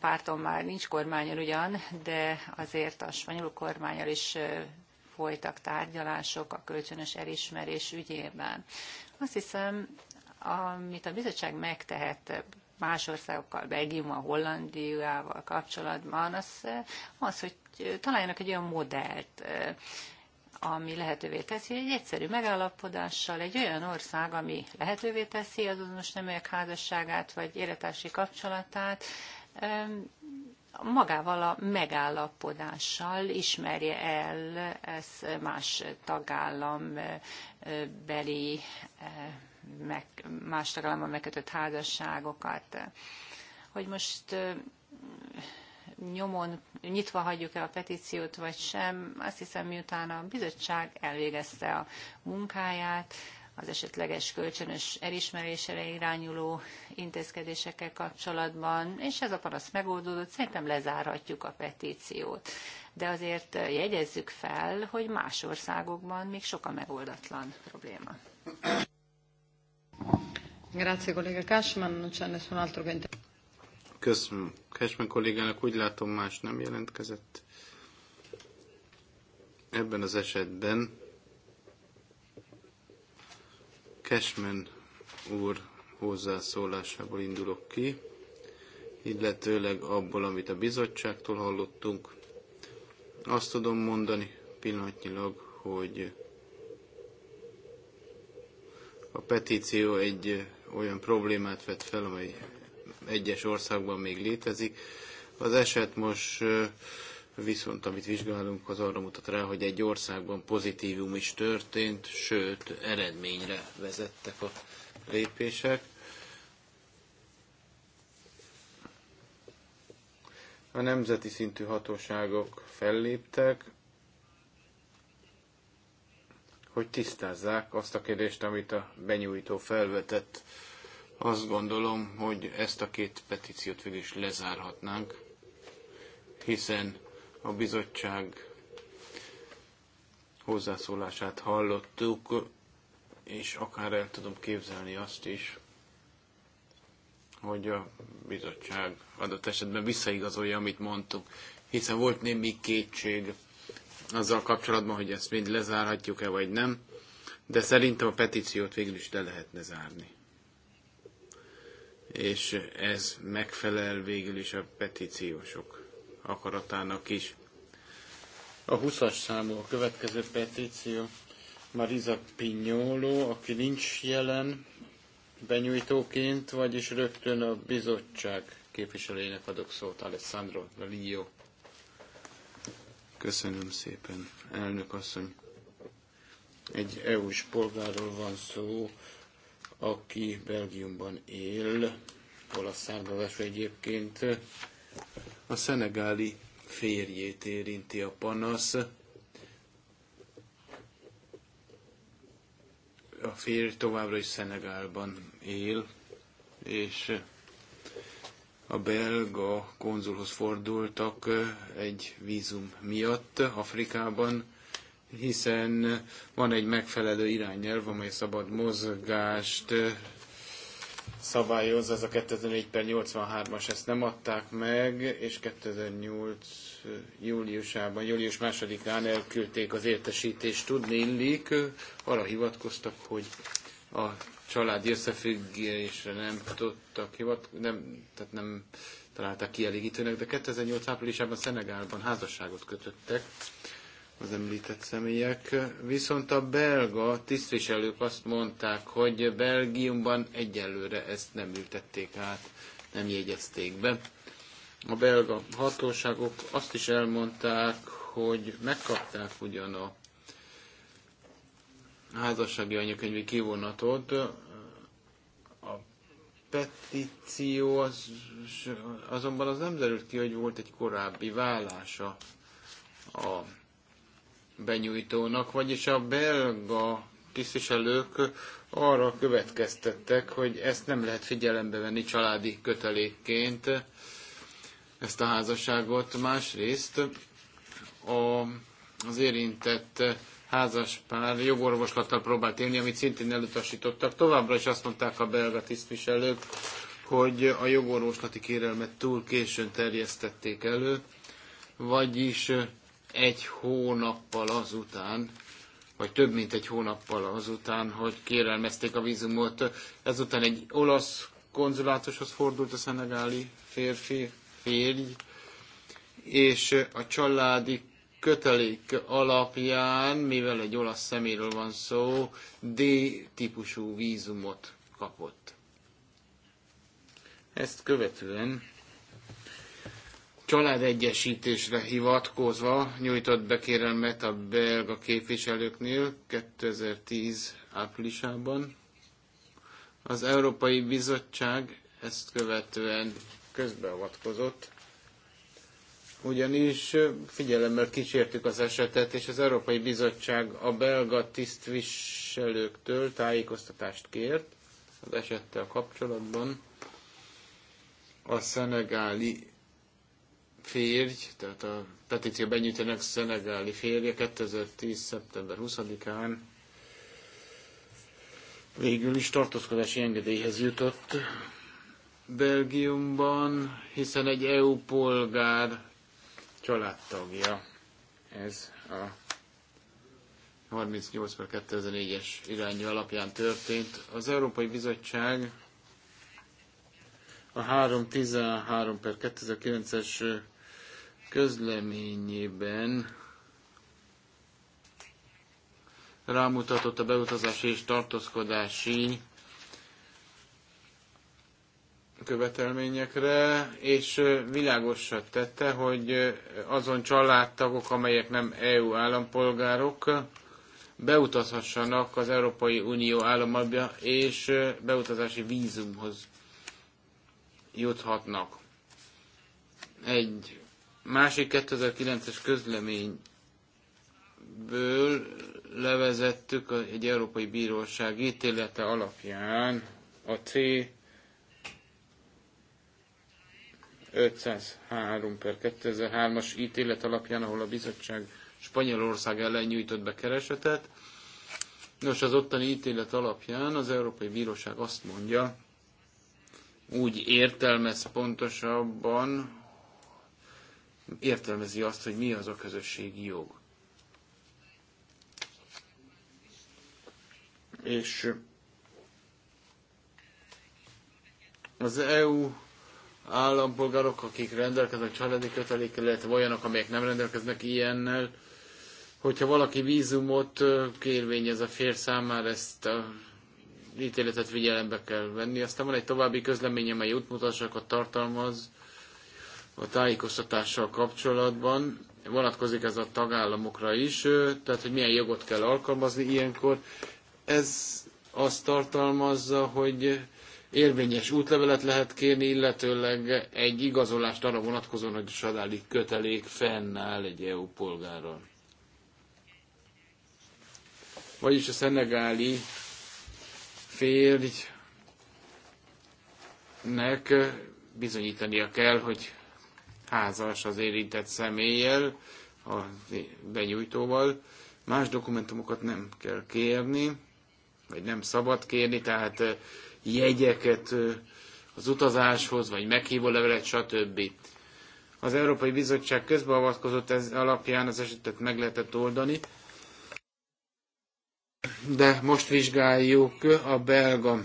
Speaker 2: pártom már nincs kormányon ugyan, de azért a spanyol kormányjal is eh, folytak tárgyalások a kölcsönös elismerés ügyében. Azt hiszem, amit a bizottság megtehet más országokkal, a Hollandiával kapcsolatban, az, az, hogy találjanak egy olyan modellt, ami lehetővé teszi, hogy egy egyszerű megállapodással egy olyan ország, ami lehetővé teszi az azonos neműek házasságát vagy életási kapcsolatát, magával a megállapodással ismerje el ez más tagállam eh, beli, eh, meg, más tagállamban megkötött házasságokat. Hogy most eh, nyomon nyitva hagyjuk-e a petíciót, vagy sem. Azt hiszem, miután a bizottság elvégezte a munkáját, az esetleges kölcsönös elismerésre irányuló intézkedésekkel kapcsolatban, és ez a panasz megoldódott, szerintem lezárhatjuk a petíciót. De azért jegyezzük fel, hogy más országokban még sok a megoldatlan probléma.
Speaker 1: Grazie collega Cashman, non c'è nessun altro che
Speaker 3: Köszönöm Kesmen kollégának, úgy látom más nem jelentkezett. Ebben az esetben Kesmen úr hozzászólásából indulok ki, illetőleg abból, amit a bizottságtól hallottunk. Azt tudom mondani pillanatnyilag, hogy a petíció egy olyan problémát vett fel, amely egyes országban még létezik. Az eset most viszont, amit vizsgálunk, az arra mutat rá, hogy egy országban pozitívum is történt, sőt, eredményre vezettek a lépések. A nemzeti szintű hatóságok felléptek, hogy tisztázzák azt a kérdést, amit a benyújtó felvetett azt gondolom, hogy ezt a két petíciót végül is lezárhatnánk, hiszen a bizottság hozzászólását hallottuk, és akár el tudom képzelni azt is, hogy a bizottság adott esetben visszaigazolja, amit mondtuk, hiszen volt némi kétség azzal kapcsolatban, hogy ezt mind lezárhatjuk-e, vagy nem, de szerintem a petíciót végül is le lehetne zárni és ez megfelel végül is a petíciósok akaratának is. A 20-as számú a következő petíció. Marisa Pignolo, aki nincs jelen benyújtóként, vagyis rögtön a bizottság képviselőjének adok szót, Alessandro Lio. Köszönöm szépen, elnök asszony. Egy EU-s polgárról van szó, aki Belgiumban él, olasz származású egyébként, a szenegáli férjét érinti a panasz. A férj továbbra is Szenegálban él, és a belga konzulhoz fordultak eh, egy vízum miatt Afrikában, hiszen van egy megfelelő irányelv, amely szabad mozgást szabályoz, az a 2004 per 83-as, ezt nem adták meg, és 2008 júliusában, július másodikán elküldték az értesítést tudni illik, arra hivatkoztak, hogy a családi összefüggésre nem tudtak hivatkozni, nem, tehát nem találták kielégítőnek, de 2008 áprilisában Szenegálban házasságot kötöttek, az említett személyek. Viszont a belga tisztviselők azt mondták, hogy Belgiumban egyelőre ezt nem ültették át, nem jegyezték be. A belga hatóságok azt is elmondták, hogy megkapták ugyan a házassági anyakönyvi kivonatot, a petíció az, azonban az nem derült ki, hogy volt egy korábbi vállása a benyújtónak, vagyis a belga tisztviselők arra következtettek, hogy ezt nem lehet figyelembe venni családi kötelékként, ezt a házasságot. Másrészt a, az érintett házaspár jogorvoslattal próbált élni, amit szintén elutasítottak. Továbbra is azt mondták a belga tisztviselők, hogy a jogorvoslati kérelmet túl későn terjesztették elő, vagyis egy hónappal azután, vagy több mint egy hónappal azután, hogy kérelmezték a vízumot. Ezután egy olasz konzulátushoz fordult a szenegáli férfi, férj, és a családi kötelék alapján, mivel egy olasz szeméről van szó, D-típusú vízumot kapott. Ezt követően családegyesítésre hivatkozva nyújtott be kérelmet a belga képviselőknél 2010 áprilisában. Az Európai Bizottság ezt követően közbeavatkozott, ugyanis figyelemmel kísértük az esetet, és az Európai Bizottság a belga tisztviselőktől tájékoztatást kért az esettel kapcsolatban. A szenegáli férj, tehát a petíció benyújtanak szenegáli férje 2010. szeptember 20-án végül is tartózkodási engedélyhez jutott Belgiumban, hiszen egy EU polgár családtagja ez a 38 2004-es irányú alapján történt. Az Európai Bizottság a 313 per 2009-es közleményében rámutatott a beutazási és tartózkodási követelményekre, és világosra tette, hogy azon családtagok, amelyek nem EU állampolgárok, beutazhassanak az Európai Unió államába, és beutazási vízumhoz juthatnak. Egy másik 2009-es közleményből levezettük egy Európai Bíróság ítélete alapján a C 503 per 2003-as ítélet alapján, ahol a bizottság Spanyolország ellen nyújtott be keresetet. Nos, az ottani ítélet alapján az Európai Bíróság azt mondja, úgy értelmez pontosabban, értelmezi azt, hogy mi az a közösségi jog. És eh, az EU állampolgárok, akik rendelkeznek családi kötelékkel, illetve olyanok, amelyek nem rendelkeznek ilyennel, hogyha valaki vízumot eh, kérvényez a fér számára, ezt a ítéletet figyelembe kell venni. Aztán van egy további közlemény, amely útmutatásokat tartalmaz a tájékoztatással kapcsolatban. Vonatkozik ez a tagállamokra is, tehát hogy milyen jogot kell alkalmazni ilyenkor. Ez azt tartalmazza, hogy érvényes útlevelet lehet kérni, illetőleg egy igazolást arra vonatkozóan, hogy a sadáli kötelék fennáll egy EU polgáron, Vagyis a szenegáli férjnek bizonyítania kell, hogy házas az érintett személlyel, a benyújtóval. Más dokumentumokat nem kell kérni, vagy nem szabad kérni, tehát jegyeket az utazáshoz, vagy meghívó levelet, stb. Az Európai Bizottság közbeavatkozott ez alapján az esetet meg lehetett oldani, de most vizsgáljuk a belga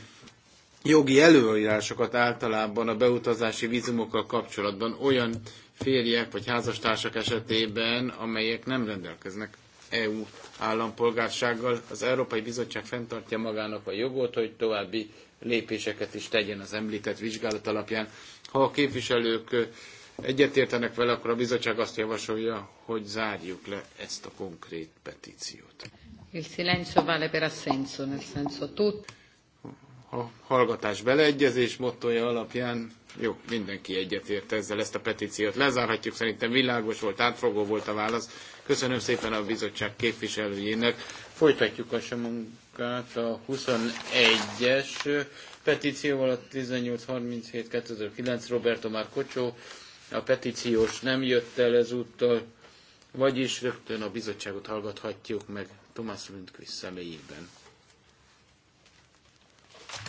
Speaker 3: jogi előírásokat általában a beutazási vízumokkal kapcsolatban olyan férjek vagy házastársak esetében, amelyek nem rendelkeznek EU állampolgársággal. Az Európai Bizottság fenntartja magának a jogot, hogy további lépéseket is tegyen az említett vizsgálat alapján. Ha a képviselők egyetértenek vele, akkor a bizottság azt javasolja, hogy zárjuk le ezt a konkrét petíciót.
Speaker 1: Il silenzio vale per assenso, nel senso tutto
Speaker 3: a hallgatás beleegyezés mottoja alapján jó, mindenki egyetért ezzel ezt a petíciót. Lezárhatjuk, szerintem világos volt, átfogó volt a válasz. Köszönöm szépen a bizottság képviselőjének. Folytatjuk a munkát a 21-es petícióval, a 1837-2009 Roberto már Kocsó. A petíciós nem jött el ezúttal, vagyis rögtön a bizottságot hallgathatjuk meg Tomás Lundqvist személyében.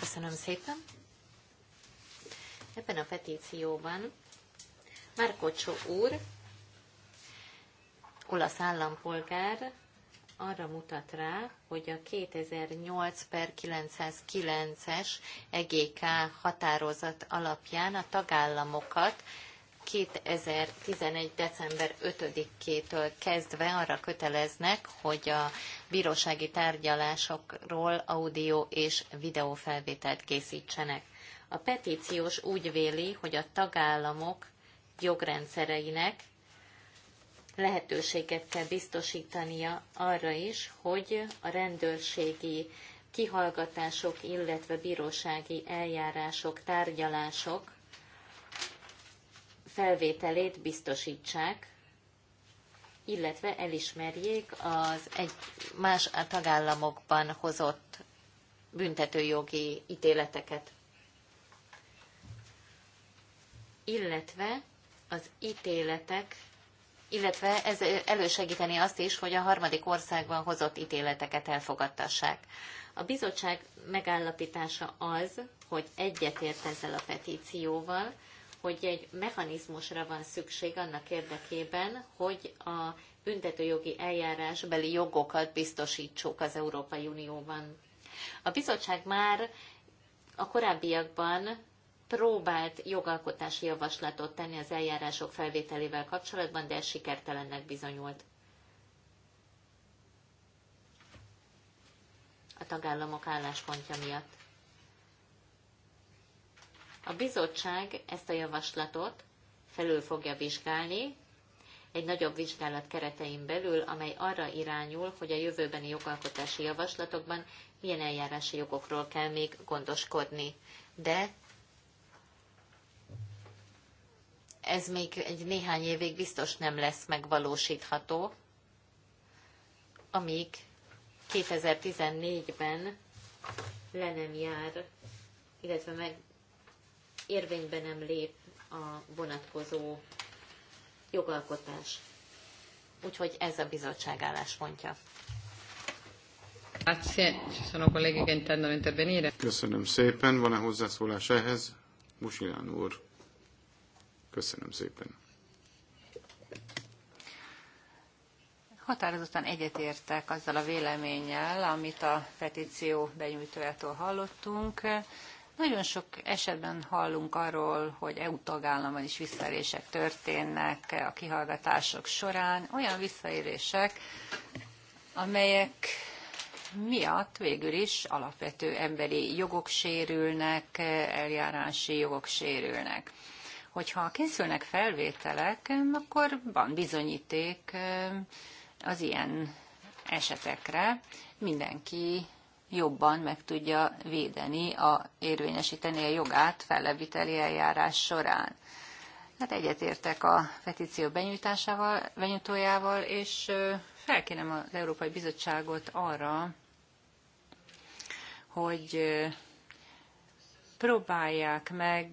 Speaker 4: Köszönöm szépen. Ebben a petícióban Márkocsó úr, olasz állampolgár, arra mutat rá, hogy a 2008 per 909-es EGK határozat alapján a tagállamokat 2011. december 5-től kezdve arra köteleznek, hogy a bírósági tárgyalásokról audio és videófelvételt készítsenek. A petíciós úgy véli, hogy a tagállamok jogrendszereinek lehetőséget kell biztosítania arra is, hogy a rendőrségi kihallgatások, illetve bírósági eljárások, tárgyalások felvételét biztosítsák, illetve elismerjék az egy más tagállamokban hozott büntetőjogi ítéleteket. Illetve az ítéletek, illetve ez elősegíteni azt is, hogy a harmadik országban hozott ítéleteket elfogadtassák. A bizottság megállapítása az, hogy egyetért ezzel a petícióval, hogy egy mechanizmusra van szükség annak érdekében, hogy a büntetőjogi eljárásbeli jogokat biztosítsuk az Európai Unióban. A bizottság már a korábbiakban próbált jogalkotási javaslatot tenni az eljárások felvételével kapcsolatban, de ez sikertelennek bizonyult. a tagállamok álláspontja miatt. A bizottság ezt a javaslatot felül fogja vizsgálni egy nagyobb vizsgálat keretein belül, amely arra irányul, hogy a jövőbeni jogalkotási javaslatokban milyen eljárási jogokról kell még gondoskodni. De ez még egy néhány évig biztos nem lesz megvalósítható, amíg 2014-ben le nem jár, illetve meg érvénybe nem lép a vonatkozó jogalkotás. Úgyhogy ez a bizottság álláspontja.
Speaker 3: Köszönöm szépen. Van-e hozzászólás ehhez? Musilán úr. Köszönöm szépen.
Speaker 2: Határozottan egyetértek azzal a véleménnyel, amit a petíció benyújtójától hallottunk. Nagyon sok esetben hallunk arról, hogy EU tagállamban is visszaérések történnek a kihallgatások során, olyan visszaérések, amelyek miatt végül is alapvető emberi jogok sérülnek, eljárási jogok sérülnek. Hogyha készülnek felvételek, akkor van bizonyíték az ilyen esetekre. Mindenki jobban meg tudja védeni, a, érvényesíteni a jogát felleviteli eljárás során. Hát egyetértek a petíció benyújtásával, benyújtójával, és felkérem az Európai Bizottságot arra, hogy próbálják meg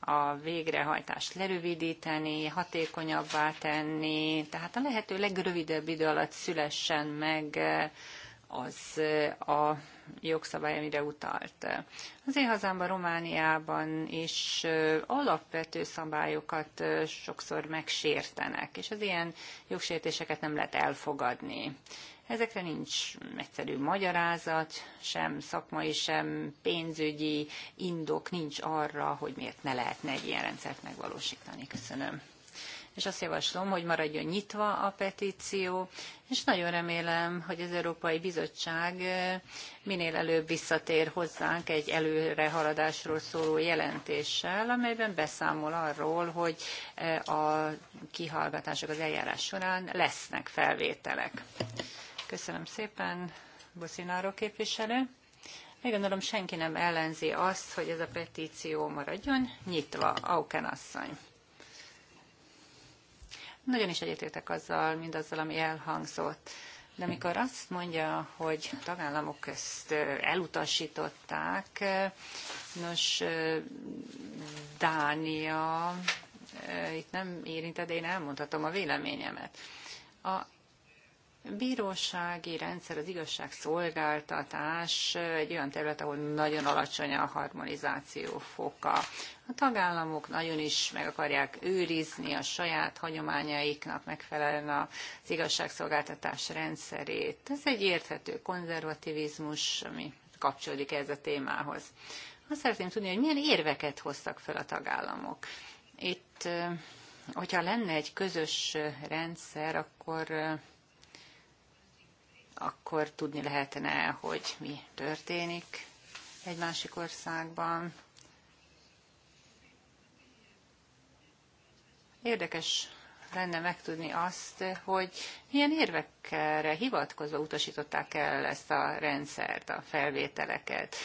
Speaker 2: a végrehajtást lerövidíteni, hatékonyabbá tenni, tehát a lehető legrövidebb idő alatt szülessen meg az eh, a jogszabály, amire utalt. Az én hazámban, Romániában is eh, alapvető szabályokat eh, sokszor megsértenek, és az ilyen jogsértéseket nem lehet elfogadni. Ezekre nincs egyszerű magyarázat, sem szakmai, sem pénzügyi indok nincs arra, hogy miért ne lehetne egy ilyen rendszert megvalósítani. Köszönöm és azt javaslom, hogy maradjon nyitva a petíció, és nagyon remélem, hogy az Európai Bizottság minél előbb visszatér hozzánk egy előrehaladásról szóló jelentéssel, amelyben beszámol arról, hogy a kihallgatások az eljárás során lesznek felvételek. Köszönöm szépen, Bocináró képviselő. Még gondolom senki nem ellenzi azt, hogy ez a petíció maradjon nyitva, Auken asszony. Nagyon is egyetértek azzal, azzal, ami elhangzott. De amikor azt mondja, hogy a tagállamok ezt elutasították, nos, Dánia itt nem érinted de én elmondhatom a véleményemet. A bírósági rendszer, az igazságszolgáltatás egy olyan terület, ahol nagyon alacsony a harmonizáció foka. A tagállamok nagyon is meg akarják őrizni a saját hagyományaiknak megfelelően az igazságszolgáltatás rendszerét. Ez egy érthető konzervativizmus, ami kapcsolódik ez a témához. Azt szeretném tudni, hogy milyen érveket hoztak fel a tagállamok. Itt, hogyha lenne egy közös rendszer, akkor akkor tudni lehetne, hogy mi történik egy másik országban. Érdekes lenne megtudni azt, hogy milyen érvekre hivatkozva utasították el ezt a rendszert, a felvételeket.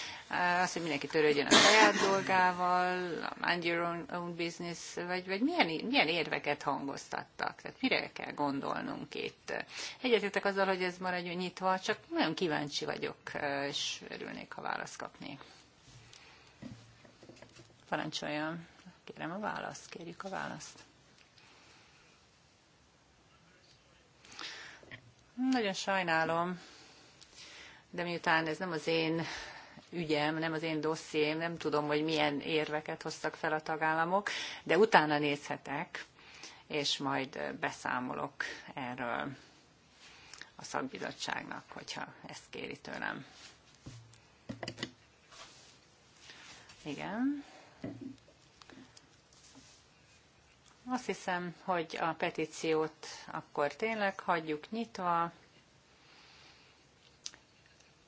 Speaker 2: Azt, hogy mindenki törődjön a saját dolgával, a mind your own, own business, vagy, vagy milyen, milyen érveket hangoztattak. Tehát mire kell gondolnunk itt. Egyetértek azzal, hogy ez maradjon nyitva, csak nagyon kíváncsi vagyok, és örülnék, ha választ kapnék. Parancsoljon! Kérem a választ, kérjük a választ. Nagyon sajnálom, de miután ez nem az én ügyem, nem az én dossziém, nem tudom, hogy milyen érveket hoztak fel a tagállamok, de utána nézhetek, és majd beszámolok erről a szakbizottságnak, hogyha ezt kéri tőlem. Igen. Azt hiszem, hogy a petíciót akkor tényleg hagyjuk nyitva.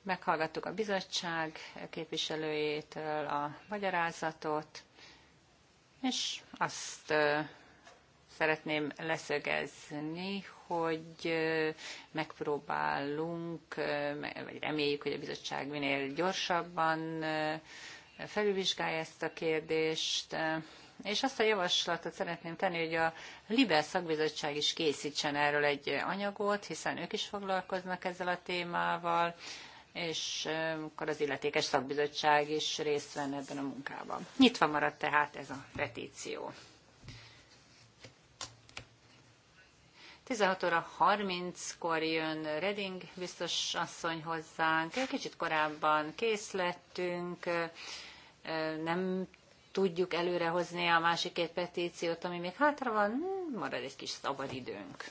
Speaker 2: Meghallgattuk a bizottság képviselőjétől a magyarázatot, és azt szeretném leszögezni, hogy megpróbálunk, vagy reméljük, hogy a bizottság minél gyorsabban felülvizsgálja ezt a kérdést, és azt a javaslatot szeretném tenni, hogy a Libel szakbizottság is készítsen erről egy anyagot, hiszen ők is foglalkoznak ezzel a témával, és akkor az illetékes szakbizottság is részt venne ebben a munkában. Nyitva maradt tehát ez a petíció. 16 óra 30-kor jön Reding biztos asszony hozzánk. Kicsit korábban készlettünk, nem tudjuk előrehozni a másik két petíciót, ami még hátra van, hm, marad egy kis szabadidőnk.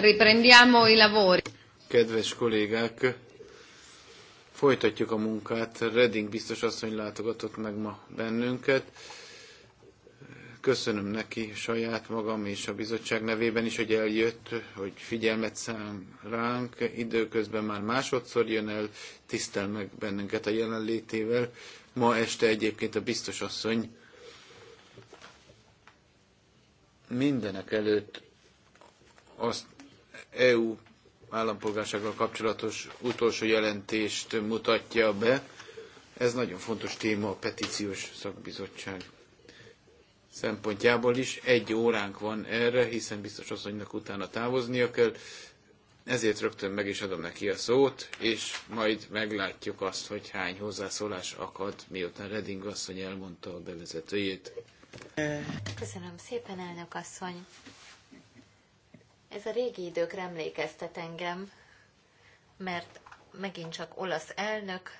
Speaker 1: riprendiamo i lavori.
Speaker 3: Kedves kollégák, folytatjuk a munkát. Redding biztos asszony látogatott meg ma bennünket. Köszönöm neki saját magam és a bizottság nevében is, hogy eljött, hogy figyelmet szám ránk. Időközben már másodszor jön el, tisztel meg bennünket a jelenlétével. Ma este egyébként a biztos asszony mindenek előtt az EU állampolgársággal kapcsolatos utolsó jelentést mutatja be. Ez nagyon fontos téma a petíciós szakbizottság szempontjából is. Egy óránk van erre, hiszen biztos asszonynak utána távoznia kell, ezért rögtön meg is adom neki a szót, és majd meglátjuk azt, hogy hány hozzászólás akad, miután Reding asszony elmondta a bevezetőjét.
Speaker 4: Köszönöm szépen, elnök asszony. Ez a régi időkre emlékeztet engem, mert megint csak olasz elnök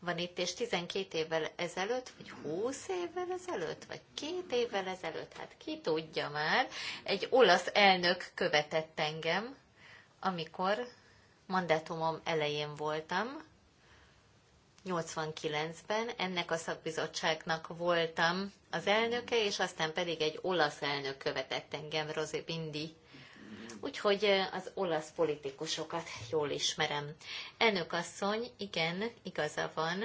Speaker 4: van itt, és 12 évvel ezelőtt, vagy 20 évvel ezelőtt, vagy két évvel ezelőtt, hát ki tudja már, egy olasz elnök követett engem, amikor mandátumom elején voltam, 89-ben ennek a szakbizottságnak voltam az elnöke, és aztán pedig egy olasz elnök követett engem, Rosé Bindi úgyhogy az olasz politikusokat jól ismerem. Elnök asszony, igen, igaza van.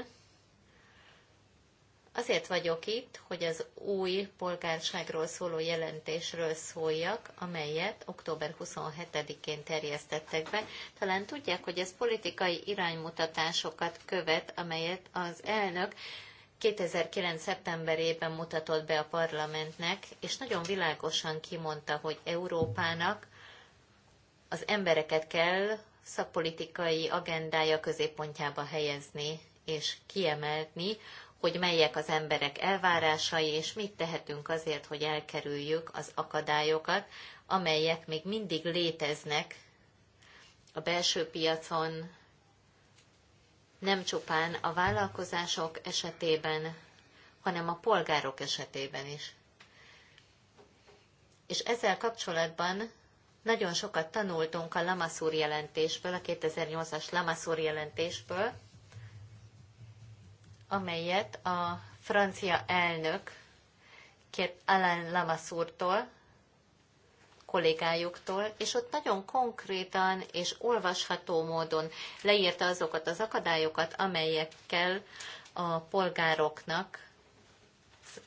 Speaker 4: Azért vagyok itt, hogy az új polgárságról szóló jelentésről szóljak, amelyet október 27-én terjesztettek be. Talán tudják, hogy ez politikai iránymutatásokat követ, amelyet az elnök 2009. szeptemberében mutatott be a parlamentnek, és nagyon világosan kimondta, hogy Európának az embereket kell szakpolitikai agendája középpontjába helyezni és kiemelni, hogy melyek az emberek elvárásai, és mit tehetünk azért, hogy elkerüljük az akadályokat, amelyek még mindig léteznek a belső piacon, nem csupán a vállalkozások esetében, hanem a polgárok esetében is. És ezzel kapcsolatban nagyon sokat tanultunk a Lamaszúr jelentésből, a 2008-as Lamaszúr jelentésből, amelyet a francia elnök Alain Lamaszúrtól, kollégájuktól, és ott nagyon konkrétan és olvasható módon leírta azokat az akadályokat, amelyekkel a polgároknak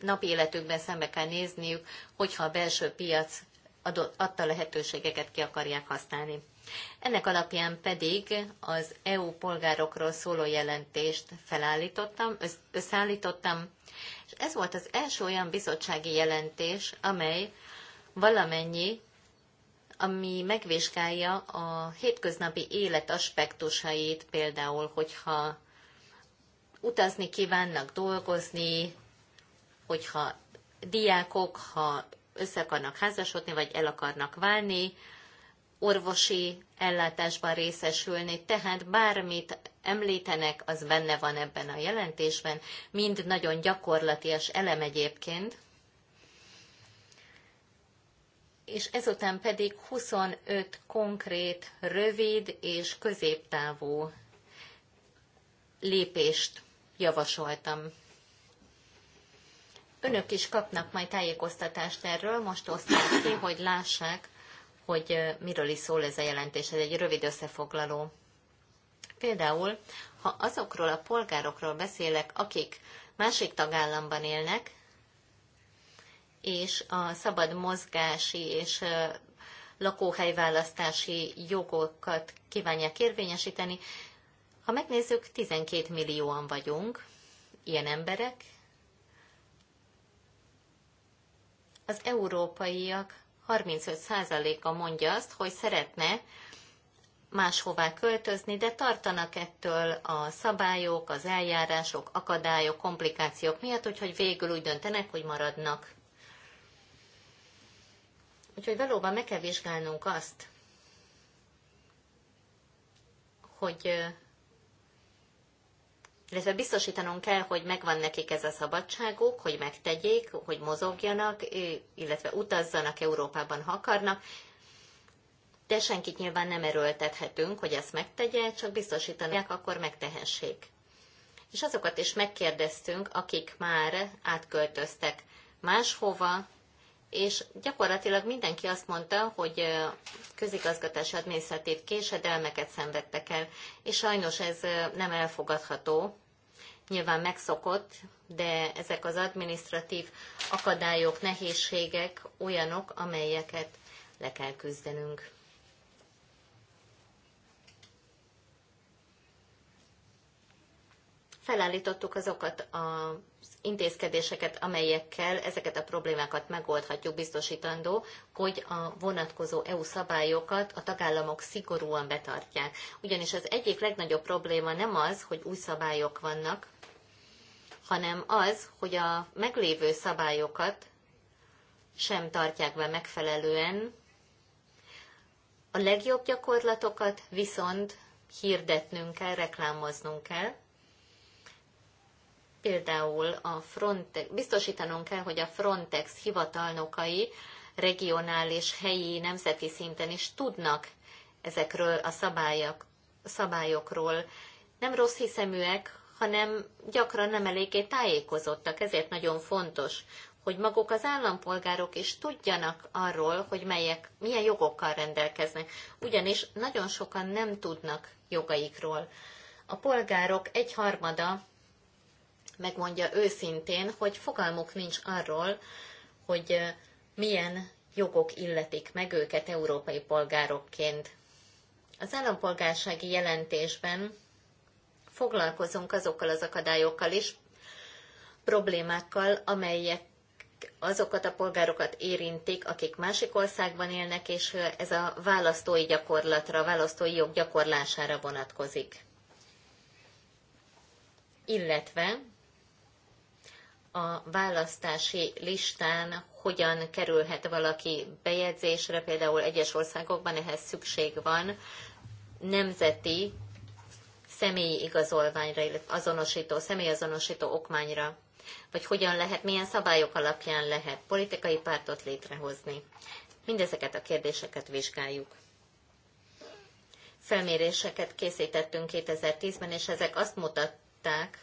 Speaker 4: napi életükben szembe kell nézniük, hogyha a belső piac adta lehetőségeket ki akarják használni. Ennek alapján pedig az EU polgárokról szóló jelentést felállítottam, összeállítottam, és ez volt az első olyan bizottsági jelentés, amely valamennyi, ami megvizsgálja a hétköznapi élet aspektusait, például, hogyha utazni kívánnak, dolgozni, hogyha diákok, ha össze akarnak házasodni, vagy el akarnak válni, orvosi ellátásban részesülni, tehát bármit említenek, az benne van ebben a jelentésben, mind nagyon gyakorlatias elem egyébként. És ezután pedig 25 konkrét, rövid és középtávú lépést javasoltam. Önök is kapnak majd tájékoztatást erről, most osztják ki, hogy lássák, hogy miről is szól ez a jelentés. Ez egy rövid összefoglaló. Például, ha azokról a polgárokról beszélek, akik másik tagállamban élnek, és a szabad mozgási és lakóhelyválasztási jogokat kívánják érvényesíteni. Ha megnézzük, 12 millióan vagyunk, ilyen emberek, az európaiak 35%-a mondja azt, hogy szeretne máshová költözni, de tartanak ettől a szabályok, az eljárások, akadályok, komplikációk miatt, úgyhogy végül úgy döntenek, hogy maradnak. Úgyhogy valóban meg kell vizsgálnunk azt, hogy illetve biztosítanunk kell, hogy megvan nekik ez a szabadságuk, hogy megtegyék, hogy mozogjanak, illetve utazzanak Európában, ha akarnak, de senkit nyilván nem erőltethetünk, hogy ezt megtegye, csak biztosítanak akkor megtehessék. És azokat is megkérdeztünk, akik már átköltöztek máshova, és gyakorlatilag mindenki azt mondta, hogy közigazgatási adminisztratív késedelmeket szenvedtek el, és sajnos ez nem elfogadható, nyilván megszokott, de ezek az administratív akadályok, nehézségek olyanok, amelyeket le kell küzdenünk. Felállítottuk azokat a intézkedéseket, amelyekkel ezeket a problémákat megoldhatjuk, biztosítandó, hogy a vonatkozó EU szabályokat a tagállamok szigorúan betartják. Ugyanis az egyik legnagyobb probléma nem az, hogy új szabályok vannak, hanem az, hogy a meglévő szabályokat sem tartják be megfelelően, a legjobb gyakorlatokat viszont hirdetnünk kell, reklámoznunk kell. Például a Frontex, biztosítanunk kell, hogy a Frontex hivatalnokai regionális, helyi, nemzeti szinten is tudnak ezekről a szabályok, szabályokról. Nem rossz hiszeműek, hanem gyakran nem eléggé tájékozottak. Ezért nagyon fontos, hogy maguk az állampolgárok is tudjanak arról, hogy melyek, milyen jogokkal rendelkeznek, ugyanis nagyon sokan nem tudnak jogaikról. A polgárok egyharmada megmondja őszintén, hogy fogalmuk nincs arról, hogy milyen jogok illetik meg őket európai polgárokként. Az állampolgársági jelentésben foglalkozunk azokkal az akadályokkal is, problémákkal, amelyek azokat a polgárokat érintik, akik másik országban élnek, és ez a választói gyakorlatra, a választói jog gyakorlására vonatkozik. Illetve a választási listán hogyan kerülhet valaki bejegyzésre, például egyes országokban ehhez szükség van nemzeti személyi igazolványra, illetve azonosító, személyazonosító okmányra, vagy hogyan lehet, milyen szabályok alapján lehet politikai pártot létrehozni. Mindezeket a kérdéseket vizsgáljuk. Felméréseket készítettünk 2010-ben, és ezek azt mutatták,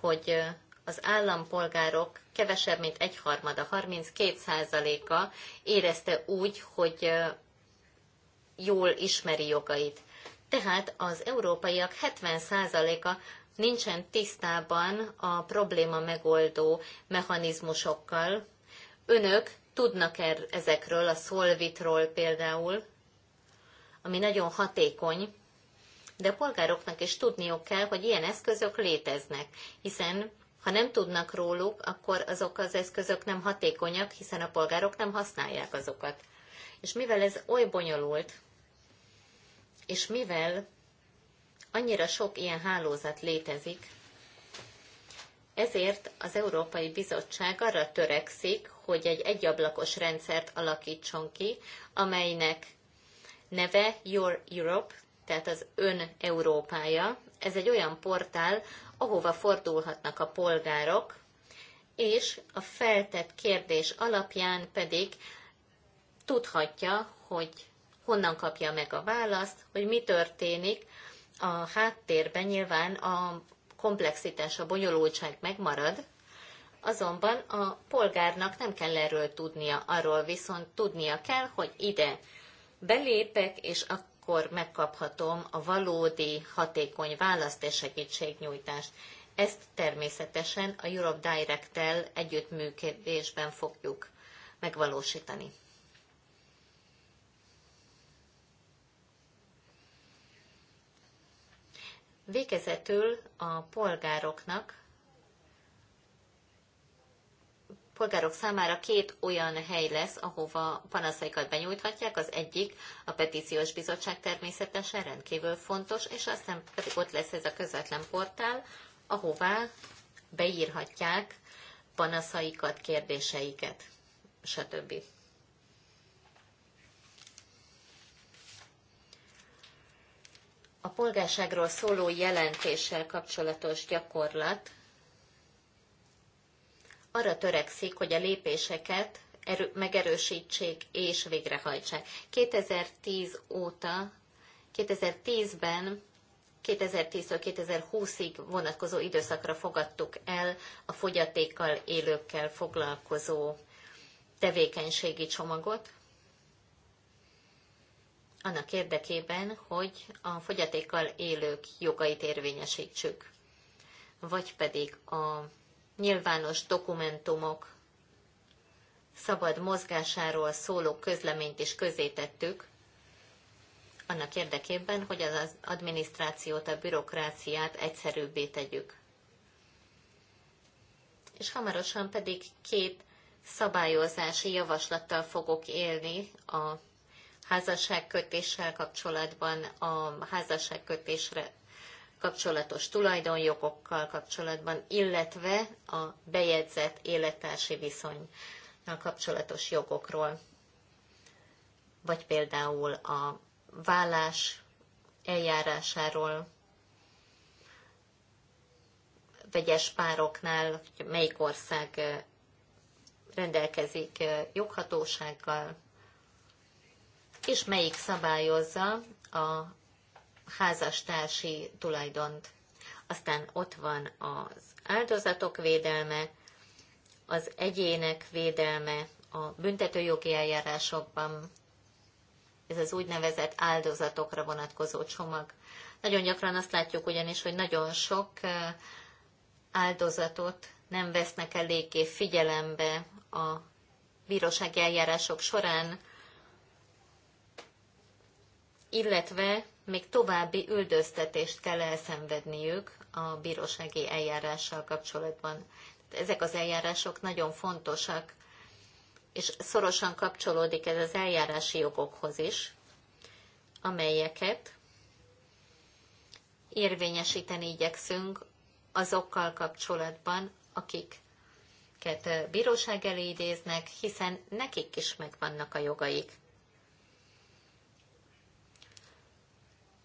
Speaker 4: hogy az állampolgárok kevesebb, mint egyharmada, 32%-a érezte úgy, hogy jól ismeri jogait. Tehát az európaiak 70%-a nincsen tisztában a probléma megoldó mechanizmusokkal. Önök tudnak -e ezekről, a Solvitról például, ami nagyon hatékony, de a polgároknak is tudniuk kell, hogy ilyen eszközök léteznek, hiszen ha nem tudnak róluk, akkor azok az eszközök nem hatékonyak, hiszen a polgárok nem használják azokat. És mivel ez oly bonyolult, és mivel annyira sok ilyen hálózat létezik, ezért az Európai Bizottság arra törekszik, hogy egy egyablakos rendszert alakítson ki, amelynek neve Your Europe, tehát az Ön Európája. Ez egy olyan portál, ahova fordulhatnak a polgárok, és a feltett kérdés alapján pedig tudhatja, hogy honnan kapja meg a választ, hogy mi történik. A háttérben nyilván a komplexitás, a bonyolultság megmarad, azonban a polgárnak nem kell erről tudnia, arról viszont tudnia kell, hogy ide belépek, és akkor megkaphatom a valódi hatékony választ és segítségnyújtást. Ezt természetesen a Europe Direct-tel együttműködésben fogjuk megvalósítani. Végezetül a polgároknak, polgárok számára két olyan hely lesz, ahova panaszaikat benyújthatják. Az egyik a petíciós bizottság természetesen rendkívül fontos, és aztán pedig ott lesz ez a közvetlen portál, ahová beírhatják panaszaikat, kérdéseiket, stb. a polgárságról szóló jelentéssel kapcsolatos gyakorlat arra törekszik, hogy a lépéseket erő, megerősítsék és végrehajtsák. 2010 óta, 2010-ben 2010-től 2020-ig vonatkozó időszakra fogadtuk el a fogyatékkal élőkkel foglalkozó tevékenységi csomagot, annak érdekében, hogy a fogyatékkal élők jogait érvényesítsük, vagy pedig a nyilvános dokumentumok szabad mozgásáról szóló közleményt is közzétettük, annak érdekében, hogy az adminisztrációt, a bürokráciát egyszerűbbé tegyük. És hamarosan pedig két szabályozási javaslattal fogok élni a házasságkötéssel kapcsolatban, a házasságkötésre kapcsolatos tulajdonjogokkal kapcsolatban, illetve a bejegyzett élettársi viszonynal kapcsolatos jogokról, vagy például a vállás eljárásáról, vegyes pároknál, melyik ország rendelkezik joghatósággal, és melyik szabályozza a házastársi tulajdont. Aztán ott van az áldozatok védelme, az egyének védelme a büntetőjogi eljárásokban, ez az úgynevezett áldozatokra vonatkozó csomag. Nagyon gyakran azt látjuk ugyanis, hogy nagyon sok áldozatot nem vesznek eléggé figyelembe a bírósági eljárások során, illetve még további üldöztetést kell elszenvedniük a bírósági eljárással kapcsolatban. Ezek az eljárások nagyon fontosak, és szorosan kapcsolódik ez az eljárási jogokhoz is, amelyeket érvényesíteni igyekszünk azokkal kapcsolatban, akiket bíróság elé idéznek, hiszen nekik is megvannak a jogaik.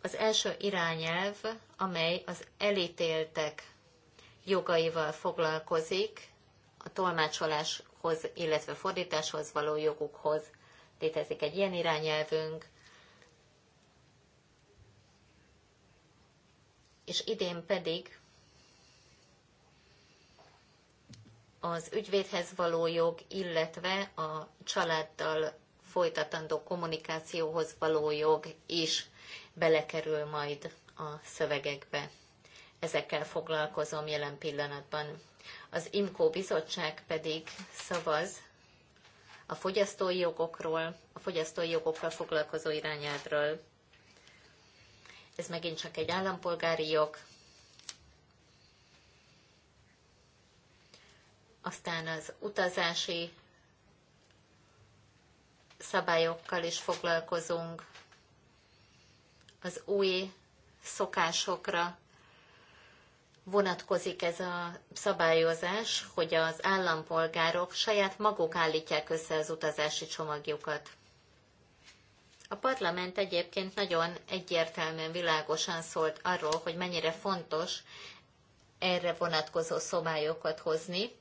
Speaker 4: Az első irányelv, amely az elítéltek jogaival foglalkozik, a tolmácsoláshoz, illetve fordításhoz való jogukhoz létezik egy ilyen irányelvünk, és idén pedig az ügyvédhez való jog, illetve a családdal folytatandó kommunikációhoz való jog is belekerül majd a szövegekbe. Ezekkel foglalkozom jelen pillanatban. Az IMCO bizottság pedig szavaz a fogyasztói jogokról, a fogyasztói jogokkal foglalkozó irányelvről. Ez megint csak egy állampolgári jog. Aztán az utazási szabályokkal is foglalkozunk, az új szokásokra vonatkozik ez a szabályozás, hogy az állampolgárok saját maguk állítják össze az utazási csomagjukat. A parlament egyébként nagyon egyértelműen világosan szólt arról, hogy mennyire fontos erre vonatkozó szabályokat hozni,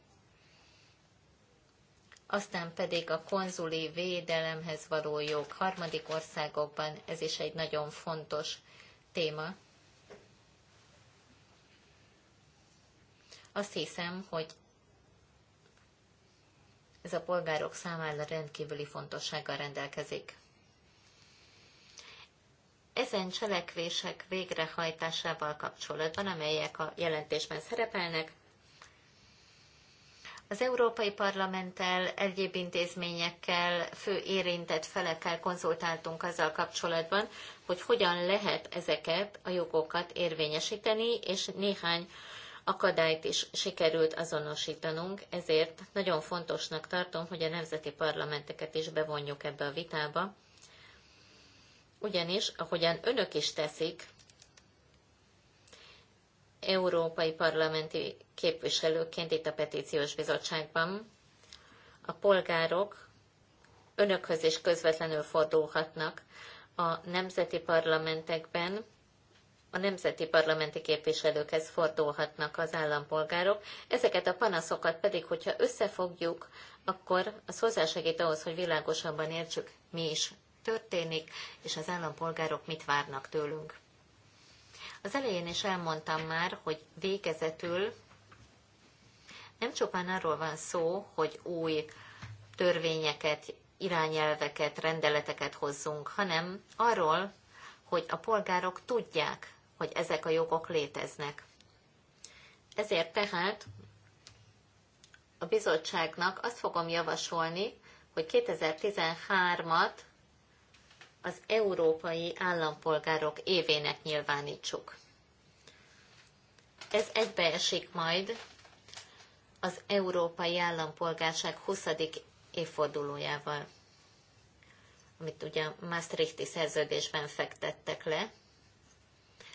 Speaker 4: aztán pedig a konzuli védelemhez való jog harmadik országokban, ez is egy nagyon fontos téma. Azt hiszem, hogy ez a polgárok számára rendkívüli fontossággal rendelkezik. Ezen cselekvések végrehajtásával kapcsolatban, amelyek a jelentésben szerepelnek, az Európai Parlamenttel, egyéb intézményekkel, fő érintett felekkel konzultáltunk azzal kapcsolatban, hogy hogyan lehet ezeket a jogokat érvényesíteni, és néhány akadályt is sikerült azonosítanunk, ezért nagyon fontosnak tartom, hogy a nemzeti parlamenteket is bevonjuk ebbe a vitába, ugyanis, ahogyan önök is teszik, európai parlamenti képviselőként itt a petíciós bizottságban a polgárok önökhöz is közvetlenül fordulhatnak a nemzeti parlamentekben, a nemzeti parlamenti képviselőkhez fordulhatnak az állampolgárok. Ezeket a panaszokat pedig, hogyha összefogjuk, akkor az hozzásegít ahhoz, hogy világosabban értsük, mi is történik, és az állampolgárok mit várnak tőlünk. Az elején is elmondtam már, hogy végezetül nem csupán arról van szó, hogy új törvényeket, irányelveket, rendeleteket hozzunk, hanem arról, hogy a polgárok tudják, hogy ezek a jogok léteznek. Ezért tehát a bizottságnak azt fogom javasolni, hogy 2013-at az európai állampolgárok évének nyilvánítsuk. Ez egybeesik majd az európai állampolgárság 20. évfordulójával, amit ugye a Maastrichti szerződésben fektettek le,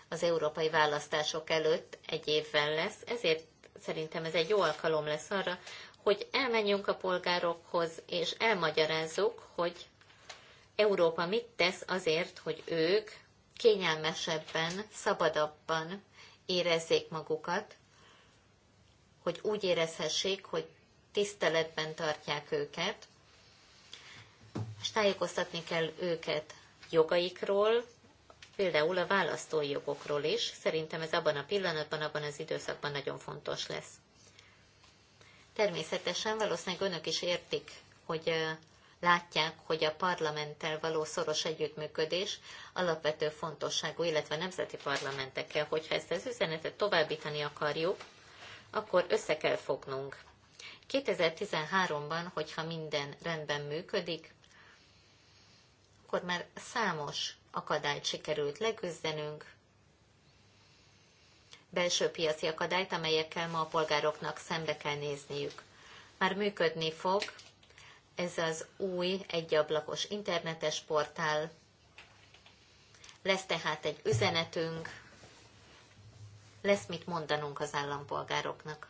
Speaker 4: az európai választások előtt egy évvel lesz, ezért szerintem ez egy jó alkalom lesz arra, hogy elmenjünk a polgárokhoz, és elmagyarázzuk, hogy Európa mit tesz azért, hogy ők kényelmesebben, szabadabban érezzék magukat, hogy úgy érezhessék, hogy tiszteletben tartják őket, és tájékoztatni kell őket jogaikról, például a választói jogokról is. Szerintem ez abban a pillanatban, abban az időszakban nagyon fontos lesz. Természetesen valószínűleg önök is értik, hogy látják, hogy a parlamenttel való szoros együttműködés alapvető fontosságú, illetve a nemzeti parlamentekkel, hogyha ezt az üzenetet továbbítani akarjuk, akkor össze kell fognunk. 2013-ban, hogyha minden rendben működik, akkor már számos akadályt sikerült leküzdenünk, belső piaci akadályt, amelyekkel ma a polgároknak szembe kell nézniük. Már működni fog ez az új egyablakos internetes portál. Lesz tehát egy üzenetünk, lesz mit mondanunk az állampolgároknak.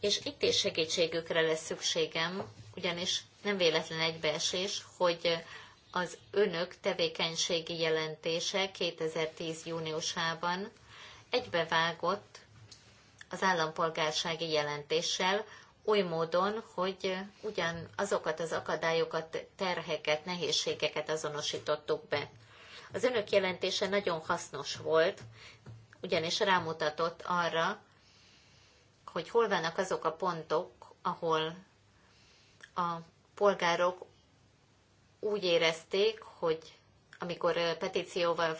Speaker 4: És itt is segítségükre lesz szükségem, ugyanis nem véletlen egybeesés, hogy az önök tevékenységi jelentése 2010. júniusában egybevágott az állampolgársági jelentéssel, oly módon, hogy ugyan azokat az akadályokat, terheket, nehézségeket azonosítottuk be. Az önök jelentése nagyon hasznos volt, ugyanis rámutatott arra, hogy hol vannak azok a pontok, ahol a polgárok úgy érezték, hogy amikor petícióval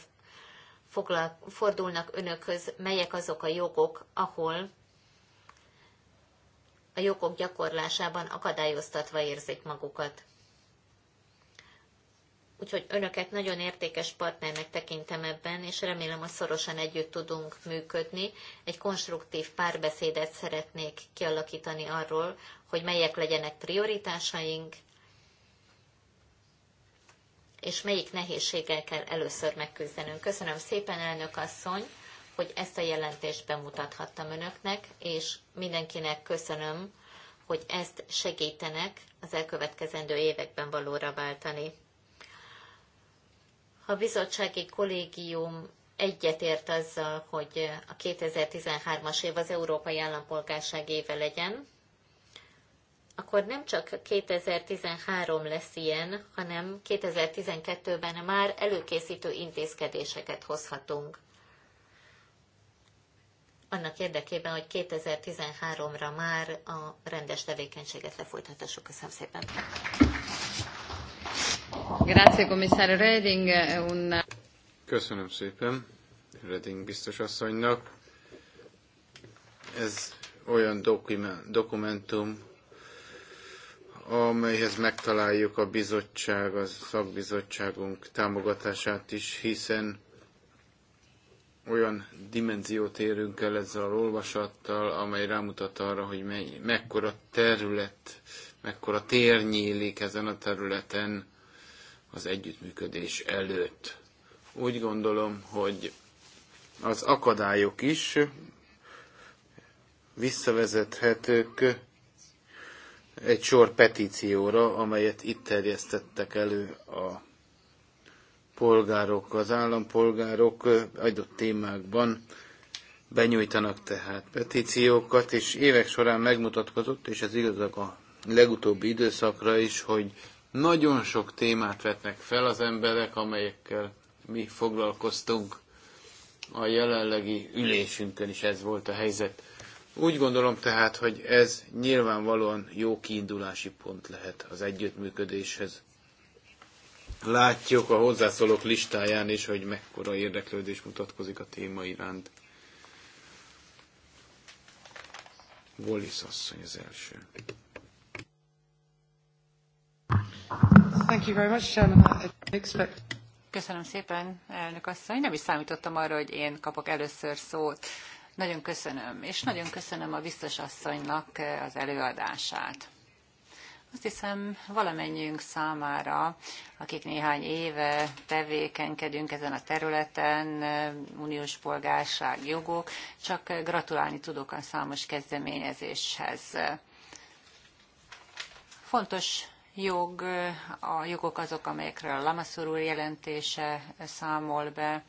Speaker 4: foglal, fordulnak önökhöz, melyek azok a jogok, ahol a jogok gyakorlásában akadályoztatva érzik magukat. Úgyhogy önöket nagyon értékes partnernek tekintem ebben, és remélem, hogy szorosan együtt tudunk működni. Egy konstruktív párbeszédet szeretnék kialakítani arról, hogy melyek legyenek prioritásaink, és melyik nehézséggel kell először megküzdenünk. Köszönöm szépen, elnök asszony, hogy ezt a jelentést bemutathattam önöknek, és mindenkinek köszönöm, hogy ezt segítenek az elkövetkezendő években valóra váltani. A bizottsági kollégium egyetért azzal, hogy a 2013-as év az európai állampolgárság éve legyen, akkor nem csak 2013 lesz ilyen, hanem 2012-ben már előkészítő intézkedéseket hozhatunk. Annak érdekében, hogy 2013-ra már a rendes tevékenységet lefolytathassuk. Köszönöm szépen.
Speaker 3: Köszönöm szépen Reding biztos asszonynak. Ez olyan dokumentum, amelyhez megtaláljuk a bizottság, a szakbizottságunk támogatását is, hiszen olyan dimenziót érünk el ezzel a olvasattal, amely rámutat arra, hogy mennyi, mekkora terület, mekkora tér nyílik ezen a területen az együttműködés előtt. Úgy gondolom, hogy az akadályok is visszavezethetők egy sor petícióra, amelyet itt terjesztettek elő a polgárok, az állampolgárok adott témákban benyújtanak tehát petíciókat, és évek során megmutatkozott, és ez igazak a legutóbbi időszakra is, hogy nagyon sok témát vetnek fel az emberek, amelyekkel mi foglalkoztunk a jelenlegi ülésünkön is ez volt a helyzet. Úgy gondolom tehát, hogy ez nyilvánvalóan jó kiindulási pont lehet az együttműködéshez. Látjuk a hozzászólók listáján is, hogy mekkora érdeklődés mutatkozik a téma iránt. Wallis asszony az első.
Speaker 4: Thank you very much, Chairman.
Speaker 2: Köszönöm szépen, elnök asszony. Nem is számítottam arra, hogy én kapok először szót. Nagyon köszönöm, és nagyon köszönöm a biztos asszonynak eh, az előadását. Azt hiszem valamennyiünk számára, akik néhány éve tevékenykedünk ezen a területen, eh, uniós polgárság, jogok, csak eh, gratulálni tudok a számos kezdeményezéshez. Fontos jog, a jogok azok, amelyekről a lamaszorú jelentése számol be,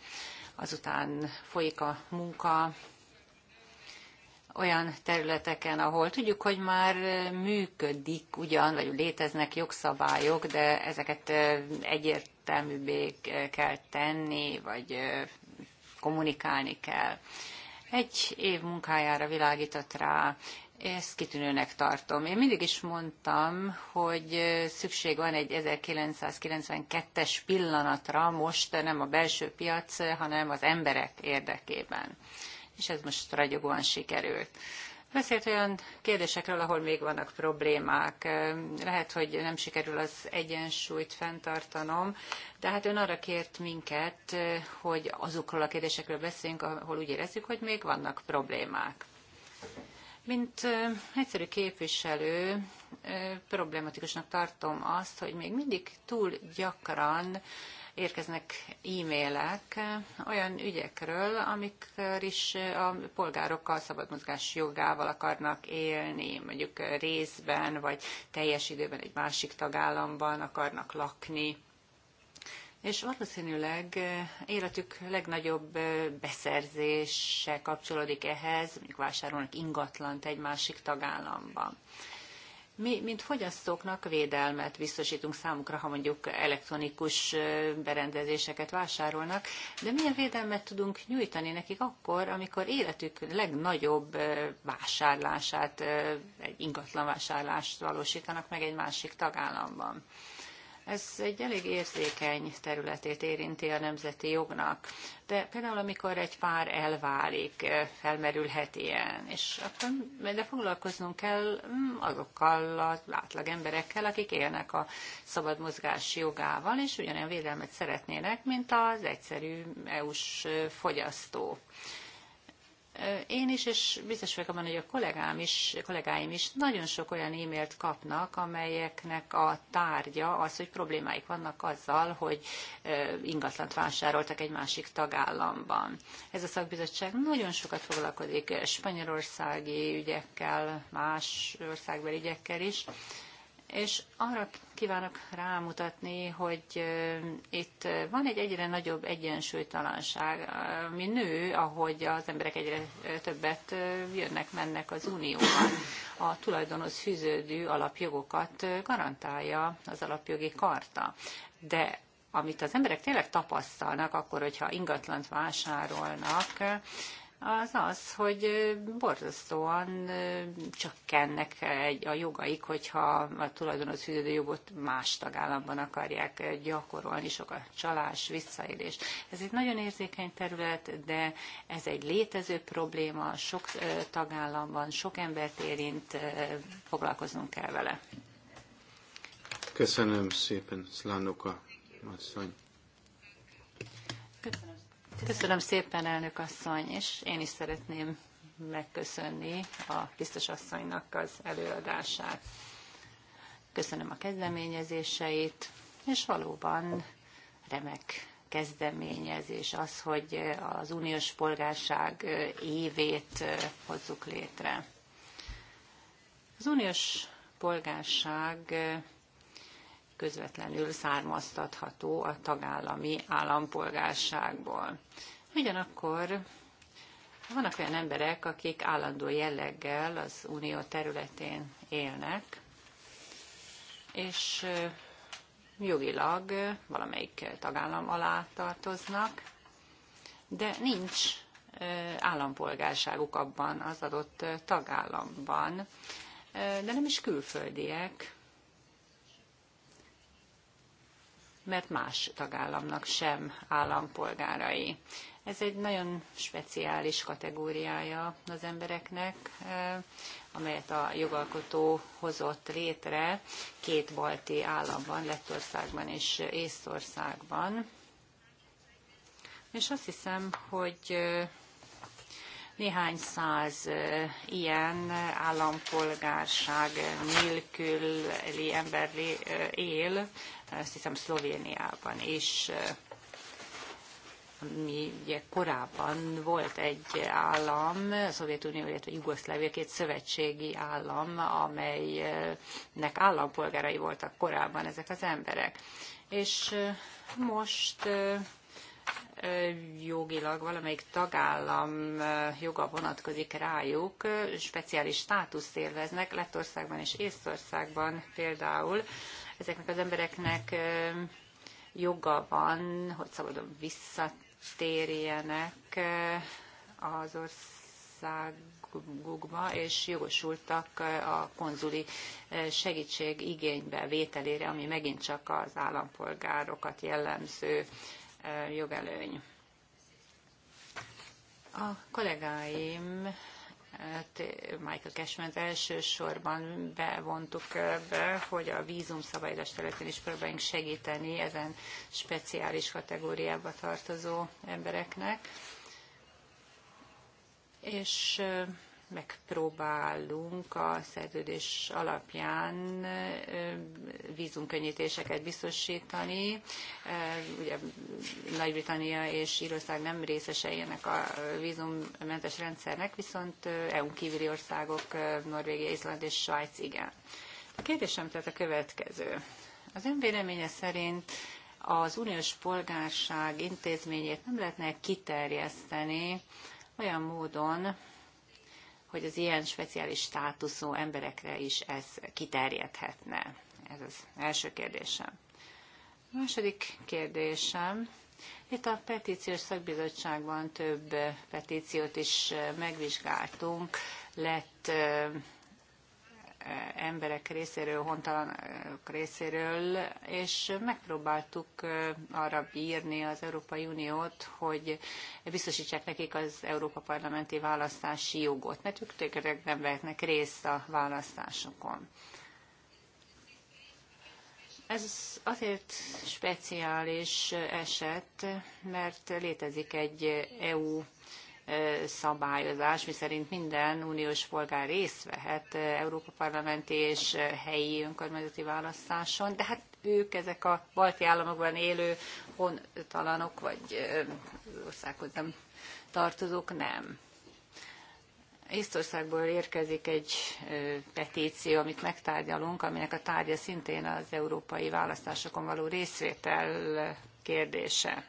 Speaker 2: azután folyik a munka olyan területeken, ahol tudjuk, hogy már működik ugyan, vagy léteznek jogszabályok, de ezeket egyértelműbbé kell tenni, vagy kommunikálni kell. Egy év munkájára világított rá, ezt kitűnőnek tartom. Én mindig is mondtam, hogy szükség van egy 1992-es pillanatra, most nem a belső piac, hanem az emberek érdekében és ez most ragyogóan sikerült. Beszélt olyan kérdésekről, ahol még vannak problémák. Lehet, hogy nem sikerül az egyensúlyt fenntartanom, de hát ön arra kért minket, hogy azokról a kérdésekről beszéljünk, ahol úgy érezzük, hogy még vannak problémák. Mint egyszerű képviselő, problematikusnak tartom azt, hogy még mindig túl gyakran érkeznek e-mailek olyan ügyekről, amik is a polgárok a szabadmozgás jogával akarnak élni, mondjuk részben, vagy teljes időben egy másik tagállamban akarnak lakni. És valószínűleg életük legnagyobb beszerzése kapcsolódik ehhez, mondjuk vásárolnak ingatlant egy másik tagállamban mi, mint fogyasztóknak védelmet biztosítunk számukra, ha mondjuk elektronikus berendezéseket vásárolnak, de milyen védelmet tudunk nyújtani nekik akkor, amikor életük legnagyobb vásárlását, egy ingatlan vásárlást valósítanak meg egy másik tagállamban? Ez egy elég érzékeny területét érinti a nemzeti jognak. De például, amikor egy pár elválik, felmerülhet ilyen, és akkor de foglalkoznunk kell mm, azokkal az átlag emberekkel, akik élnek a szabad mozgás jogával, és ugyanilyen védelmet szeretnének, mint az egyszerű EU-s fogyasztó. Én is, és biztos vagyok abban, hogy a kollégám is, kollégáim is nagyon sok olyan e-mailt kapnak, amelyeknek a tárgya az, hogy problémáik vannak azzal, hogy ingatlant vásároltak egy másik tagállamban. Ez a szakbizottság nagyon sokat foglalkozik spanyolországi ügyekkel, más országbeli ügyekkel is, és arra kívánok rámutatni, hogy itt van egy egyre nagyobb egyensúlytalanság, ami nő, ahogy az emberek egyre többet jönnek, mennek az unióban. A tulajdonhoz fűződő alapjogokat garantálja az alapjogi karta. De amit az emberek tényleg tapasztalnak, akkor, hogyha ingatlant vásárolnak, az az, hogy borzasztóan csökkennek a jogaik, hogyha a tulajdonos fűződő jogot más tagállamban akarják gyakorolni, sok a csalás, visszaélés. Ez egy nagyon érzékeny terület, de ez egy létező probléma, sok tagállamban, sok embert érint, foglalkoznunk kell vele.
Speaker 3: Köszönöm szépen, Szlánoka asszony.
Speaker 2: Köszönöm szépen, elnök asszony, és én is szeretném megköszönni a biztos asszonynak az előadását. Köszönöm a kezdeményezéseit, és valóban remek kezdeményezés az, hogy az uniós polgárság évét hozzuk létre. Az uniós polgárság közvetlenül származtatható a tagállami állampolgárságból. Ugyanakkor vannak olyan emberek, akik állandó jelleggel az unió területén élnek, és jogilag valamelyik tagállam alá tartoznak, de nincs állampolgárságuk abban az adott tagállamban, de nem is külföldiek, mert más tagállamnak sem állampolgárai. Ez egy nagyon speciális kategóriája az embereknek, eh, amelyet a jogalkotó hozott létre két balti államban, Lettországban és Észtországban. És azt hiszem, hogy eh, néhány száz ilyen állampolgárság nélküli ember él, azt hiszem Szlovéniában is mi ugye korábban volt egy állam, a Szovjetunió, illetve Jugoszlávia, két szövetségi állam, amelynek állampolgárai voltak korábban ezek az emberek. És most jogilag valamelyik tagállam joga vonatkozik rájuk, speciális státuszt élveznek Lettországban és Észtországban például. Ezeknek az embereknek joga van, hogy szabadon visszatérjenek az országukba, és jogosultak a konzuli segítség igénybe vételére, ami megint csak az állampolgárokat jellemző jogelőny. A kollégáim Michael Cashman elsősorban bevontuk be, hogy a vízum szabályozás területén is próbáljunk segíteni ezen speciális kategóriába tartozó embereknek. És megpróbálunk a szerződés alapján vízumkönnyítéseket biztosítani. Ugye Nagy-Britannia és Írország nem részesei ennek a vízummentes rendszernek, viszont eu kívüli országok, Norvégia, Izland és Svájc igen. A kérdésem tehát a következő. Az ön véleménye szerint az uniós polgárság intézményét nem lehetne kiterjeszteni olyan módon, hogy az ilyen speciális státuszú emberekre is ez kiterjedhetne? Ez az első kérdésem. A második kérdésem. Itt a petíciós szakbizottságban több petíciót is megvizsgáltunk. Lett emberek részéről, hontalanok részéről, és megpróbáltuk arra bírni az Európai Uniót, hogy biztosítsák nekik az Európa Parlamenti választási jogot, mert ők tényleg nem vehetnek részt a választásokon. Ez azért speciális eset, mert létezik egy EU szabályozás, miszerint minden uniós polgár részt vehet Európa parlamenti és helyi önkormányzati választáson, de hát ők, ezek a balti államokban élő hontalanok, vagy országhoz nem tartozók, nem. Észtországból érkezik egy petíció, amit megtárgyalunk, aminek a tárgya szintén az európai választásokon való részvétel kérdése.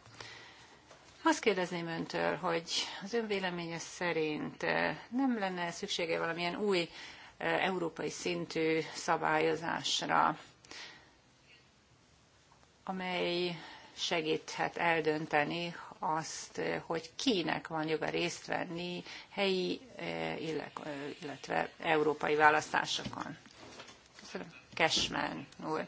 Speaker 2: Azt kérdezném öntől, hogy az ön véleménye szerint eh, nem lenne szüksége valamilyen új eh, európai szintű szabályozásra, amely segíthet eldönteni azt, eh, hogy kinek van joga részt venni helyi, illetve európai választásokon. Köszönöm. Cashman úr.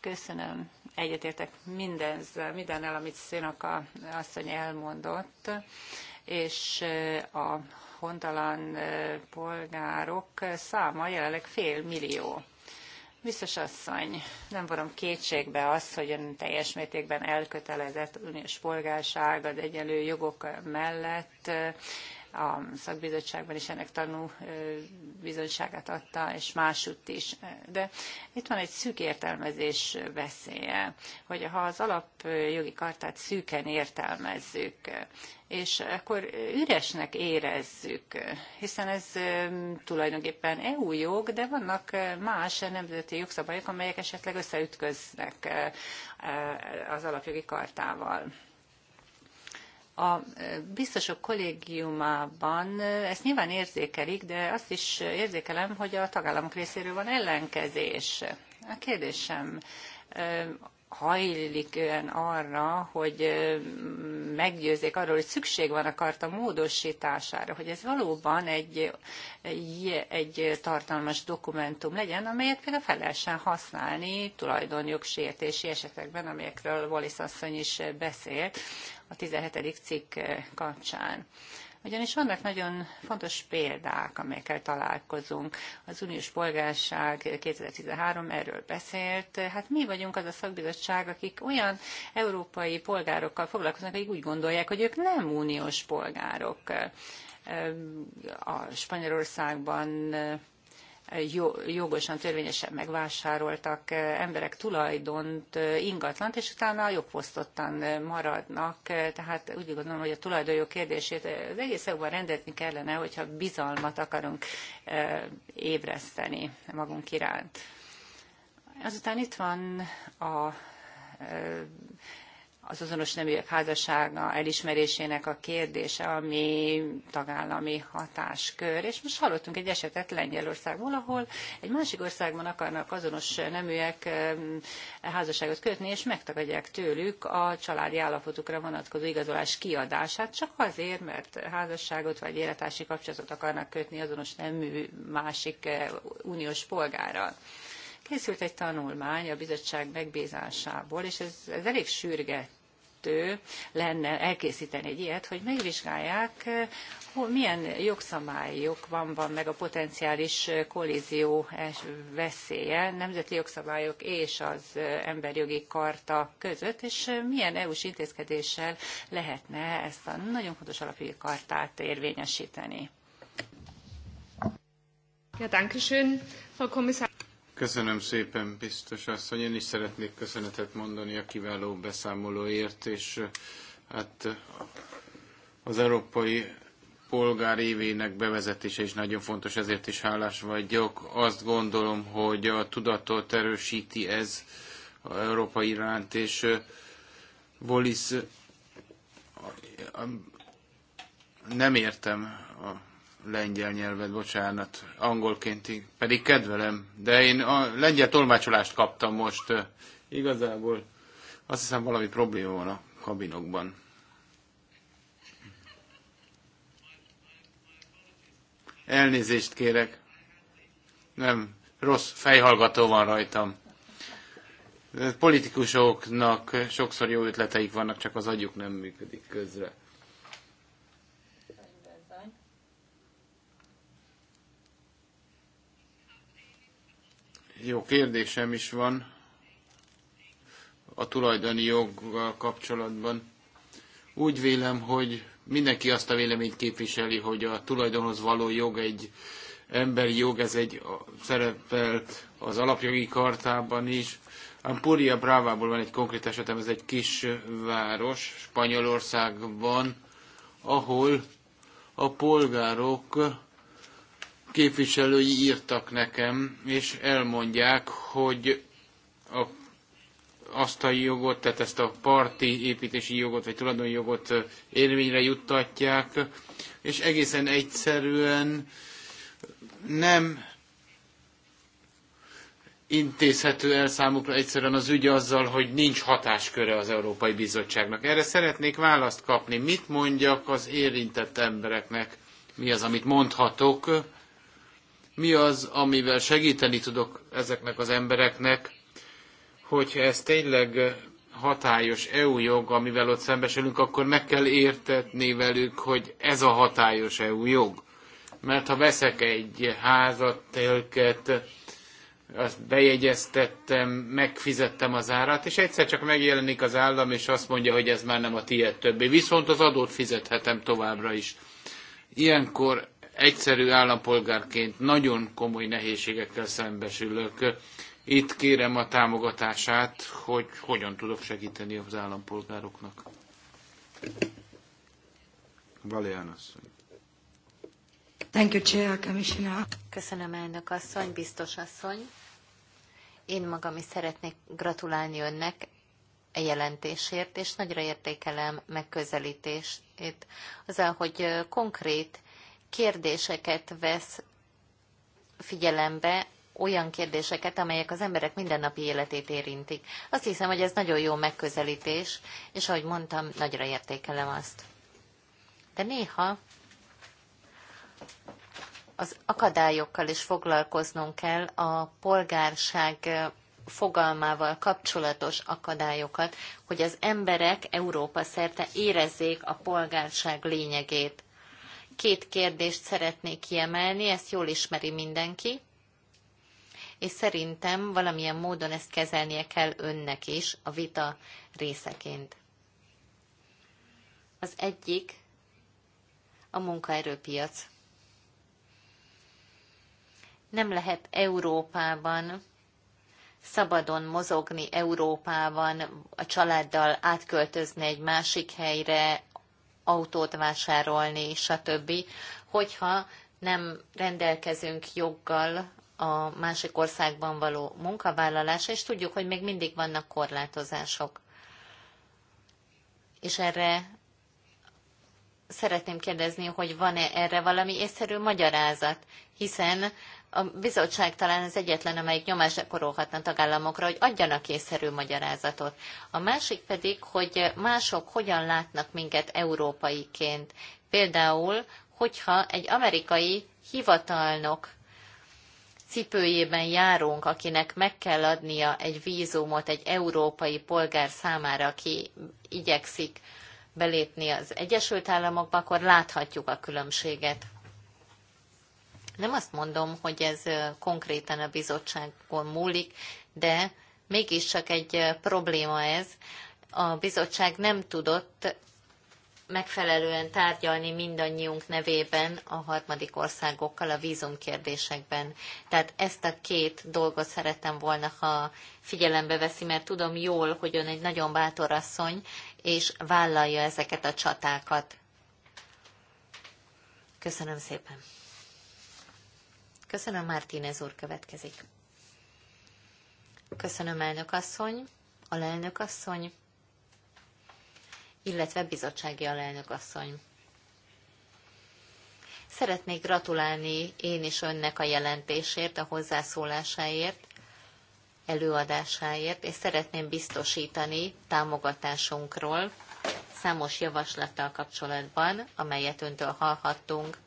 Speaker 2: Köszönöm egyetértek mindezzel, mindennel, amit Szénaka asszony elmondott, és eh, a hontalan eh, polgárok száma jelenleg fél millió. Biztos asszony, nem vonom kétségbe az, hogy ön teljes mértékben elkötelezett uniós polgárság az egyenlő jogok mellett, a szakbizottságban is ennek tanú bizonyságát adta, és másutt is. De itt van egy szűk értelmezés veszélye, hogy ha az alapjogi kartát szűken értelmezzük, és akkor üresnek érezzük, hiszen ez tulajdonképpen EU jog, de vannak más nemzeti jogszabályok, amelyek esetleg összeütköznek az alapjogi kartával a biztosok kollégiumában ezt nyilván érzékelik, de azt is érzékelem, hogy a tagállamok részéről van ellenkezés. A kérdésem hajlik olyan arra, hogy meggyőzzék arról, hogy szükség van a karta módosítására, hogy ez valóban egy, egy, egy tartalmas dokumentum legyen, amelyet például fel lehessen használni tulajdonjogsértési esetekben, amelyekről Wallis asszony is beszélt a 17. cikk kapcsán. Ugyanis vannak nagyon fontos példák, amelyekkel találkozunk. Az uniós polgárság 2013 erről beszélt. Hát mi vagyunk az a szakbizottság, akik olyan európai polgárokkal foglalkoznak, akik úgy gondolják, hogy ők nem uniós polgárok. A Spanyolországban jogosan, törvényesen megvásároltak eh, emberek tulajdont, eh, ingatlant, és utána jogfosztottan eh, maradnak. Tehát úgy gondolom, hogy a tulajdonjog kérdését az egész EU-ban rendetni kellene, hogyha bizalmat akarunk ébreszteni magunk iránt. Azután itt van a az azonos neműek házassága elismerésének a kérdése, ami tagállami hatáskör. És most hallottunk egy esetet Lengyelországból, ahol egy másik országban akarnak azonos neműek házasságot kötni, és megtagadják tőlük a családi állapotukra vonatkozó igazolás kiadását, csak azért, mert házasságot vagy életási kapcsolatot akarnak kötni azonos nemű másik eh, uniós polgárral készült egy tanulmány a bizottság megbízásából, és ez, ez elég sürget kettő lenne elkészíteni egy ilyet, hogy megvizsgálják, milyen jogszabályok van meg a potenciális kollízió veszélye nemzeti jogszabályok és az emberjogi karta között, és milyen EU-s intézkedéssel lehetne ezt a nagyon fontos alapjogi kartát érvényesíteni. Ja, danke Frau Kommissar.
Speaker 3: Köszönöm szépen, biztos asszony. Én is szeretnék köszönetet mondani a kiváló beszámolóért, és eh, hát eh, az európai polgár évének bevezetése is nagyon fontos, ezért is hálás vagyok. Azt gondolom, hogy a tudatot erősíti ez az európai iránt, és eh, Wallis nem értem a lengyel nyelvet, bocsánat, angolként pedig kedvelem, de én a lengyel tolmácsolást kaptam most. Igazából azt hiszem valami probléma van a kabinokban. Elnézést kérek. Nem, rossz fejhallgató van rajtam. Politikusoknak sokszor jó ötleteik vannak, csak az agyuk nem működik közre. jó kérdésem is van a tulajdoni joggal kapcsolatban. Úgy vélem, hogy mindenki azt a véleményt képviseli, hogy a tulajdonhoz való jog egy emberi jog, ez egy szerepelt az alapjogi kartában is. Ampuria Brávából van egy konkrét esetem, ez egy kis város Spanyolországban, ahol a polgárok képviselői írtak nekem, és elmondják, hogy a, azt a jogot, tehát ezt a parti építési jogot, vagy tulajdoni jogot érvényre juttatják, és egészen egyszerűen nem intézhető el számukra egyszerűen az ügy azzal, hogy nincs hatásköre az Európai Bizottságnak. Erre szeretnék választ kapni. Mit mondjak az érintett embereknek? Mi az, amit mondhatok? mi az, amivel segíteni tudok ezeknek az embereknek, hogyha ez tényleg hatályos EU jog, amivel ott szembesülünk, akkor meg kell értetni velük, hogy ez a hatályos EU jog. Mert ha veszek egy házat, telket, azt bejegyeztettem, megfizettem az árat, és egyszer csak megjelenik az állam, és azt mondja, hogy ez már nem a tiéd többé. Viszont az adót fizethetem továbbra is. Ilyenkor egyszerű állampolgárként nagyon komoly nehézségekkel szembesülök. Itt kérem a támogatását, hogy hogyan tudok segíteni az állampolgároknak. Valéán asszony.
Speaker 4: Thank you, Chair, Commissioner. Köszönöm, elnök asszony, biztos asszony. Én magam is szeretnék gratulálni önnek a jelentésért, és nagyra értékelem megközelítését, azzal, hogy konkrét kérdéseket vesz figyelembe, olyan kérdéseket, amelyek az emberek mindennapi életét érintik. Azt hiszem, hogy ez nagyon jó megközelítés, és ahogy mondtam, nagyra értékelem azt. De néha az akadályokkal is foglalkoznunk kell, a polgárság fogalmával kapcsolatos akadályokat, hogy az emberek Európa szerte érezzék a polgárság lényegét két kérdést szeretnék kiemelni, ezt jól ismeri mindenki, és szerintem valamilyen módon ezt kezelnie kell önnek is a vita részeként. Az egyik a munkaerőpiac. Nem lehet Európában szabadon mozogni Európában, a családdal átköltözni egy másik helyre, autót vásárolni, stb., hogyha nem rendelkezünk joggal a másik országban való munkavállalása, és tudjuk, hogy még mindig vannak korlátozások. És erre szeretném kérdezni, hogy van-e erre valami észszerű magyarázat, hiszen a bizottság talán az egyetlen, amelyik nyomást gyakorolhatna a tagállamokra, hogy adjanak észszerű magyarázatot. A másik pedig, hogy mások hogyan látnak minket európaiként. Például, hogyha egy amerikai hivatalnok cipőjében járunk, akinek meg kell adnia egy vízumot egy európai polgár számára, aki igyekszik belépni az Egyesült Államokba, akkor láthatjuk a különbséget. Nem azt mondom, hogy ez konkrétan a bizottságon múlik, de mégiscsak egy probléma ez. A bizottság nem tudott megfelelően tárgyalni mindannyiunk nevében a harmadik országokkal a vízumkérdésekben. Tehát ezt a két dolgot szeretem volna, ha figyelembe veszi, mert tudom jól, hogy ön egy nagyon bátor asszony, és vállalja ezeket a csatákat. Köszönöm szépen. Köszönöm, Martínez úr következik. Köszönöm, elnök asszony, alelnök asszony, illetve bizottsági alelnök asszony. Szeretnék gratulálni én is önnek a jelentésért, a hozzászólásáért, előadásáért, és szeretném biztosítani támogatásunkról számos javaslattal kapcsolatban, amelyet öntől hallhattunk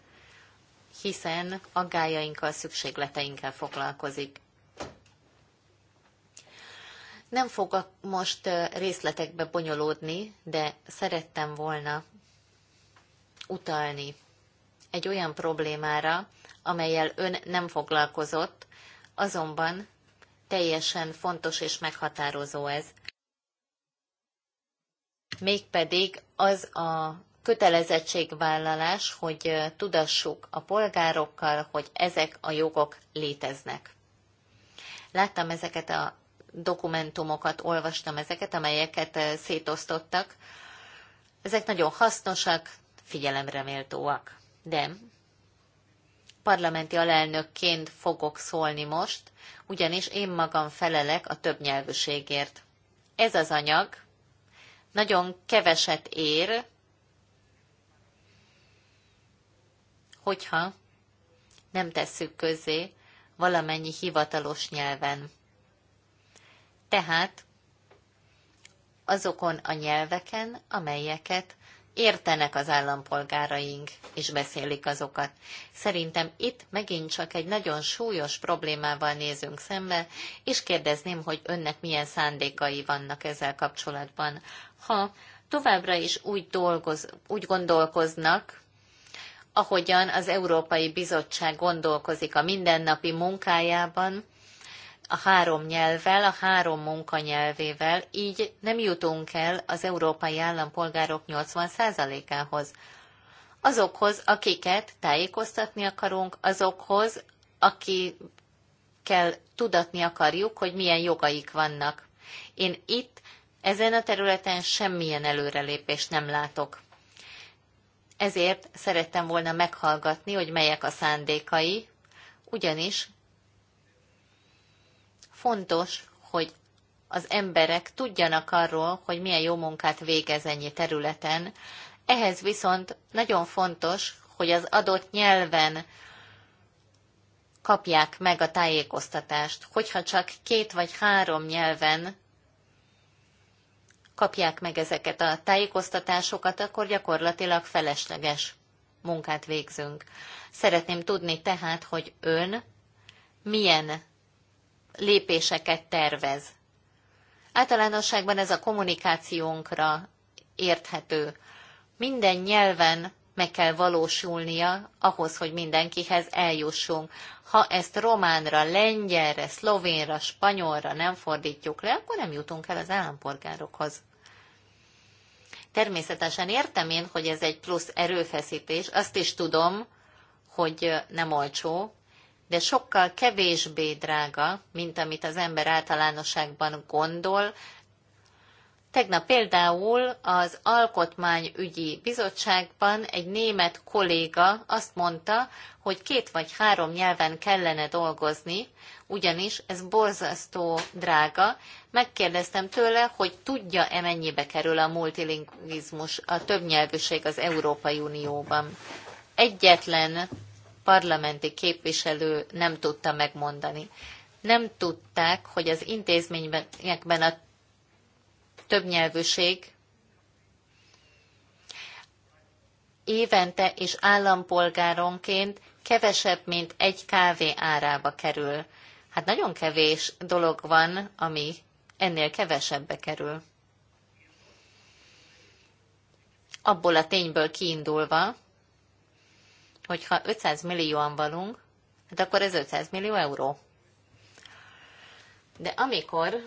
Speaker 4: hiszen aggájainkkal, szükségleteinkkel foglalkozik. Nem fogok most részletekbe bonyolódni, de szerettem volna utalni egy olyan problémára, amelyel ön nem foglalkozott, azonban teljesen fontos és meghatározó ez. Mégpedig az a kötelezettségvállalás, hogy tudassuk a polgárokkal, hogy ezek a jogok léteznek. Láttam ezeket a dokumentumokat, olvastam ezeket, amelyeket szétosztottak. Ezek nagyon hasznosak, figyelemre méltóak. De parlamenti alelnökként fogok szólni most, ugyanis én magam felelek a többnyelvűségért. Ez az anyag nagyon keveset ér, hogyha nem tesszük közzé valamennyi hivatalos nyelven. Tehát azokon a nyelveken, amelyeket értenek az állampolgáraink, és beszélik azokat. Szerintem itt megint csak egy nagyon súlyos problémával nézünk szembe, és kérdezném, hogy önnek milyen szándékai vannak ezzel kapcsolatban. Ha továbbra is úgy, dolgoz, úgy gondolkoznak, ahogyan az Európai Bizottság gondolkozik a mindennapi munkájában, a három nyelvvel, a három munkanyelvével, így nem jutunk el az európai állampolgárok 80%-ához. Azokhoz, akiket tájékoztatni akarunk, azokhoz, akikkel tudatni akarjuk, hogy milyen jogaik vannak. Én itt, ezen a területen semmilyen előrelépést nem látok. Ezért szerettem volna meghallgatni, hogy melyek a szándékai, ugyanis fontos, hogy az emberek tudjanak arról, hogy milyen jó munkát végez ennyi területen. Ehhez viszont nagyon fontos, hogy az adott nyelven kapják meg a tájékoztatást. Hogyha csak két vagy három nyelven kapják meg ezeket a tájékoztatásokat, akkor gyakorlatilag felesleges munkát végzünk. Szeretném tudni tehát, hogy ön milyen lépéseket tervez. Általánosságban ez a kommunikációnkra érthető. Minden nyelven meg kell valósulnia ahhoz, hogy mindenkihez eljussunk. Ha ezt románra, lengyelre, szlovénra, spanyolra nem fordítjuk le, akkor nem jutunk el az állampolgárokhoz. Természetesen értem én, hogy ez egy plusz erőfeszítés, azt is tudom, hogy nem olcsó, de sokkal kevésbé drága, mint amit az ember általánosságban gondol, Tegnap például az Alkotmányügyi Bizottságban egy német kolléga azt mondta, hogy két vagy három nyelven kellene dolgozni, ugyanis ez borzasztó drága. Megkérdeztem tőle, hogy tudja-e mennyibe kerül a multilingvizmus, a többnyelvűség az Európai Unióban. Egyetlen parlamenti képviselő nem tudta megmondani. Nem tudták, hogy az intézményekben a többnyelvűség évente és állampolgáronként kevesebb, mint egy kávé árába kerül. Hát nagyon kevés dolog van, ami ennél kevesebbe kerül. Abból a tényből kiindulva, hogyha 500 millióan valunk, hát akkor ez 500 millió euró. De amikor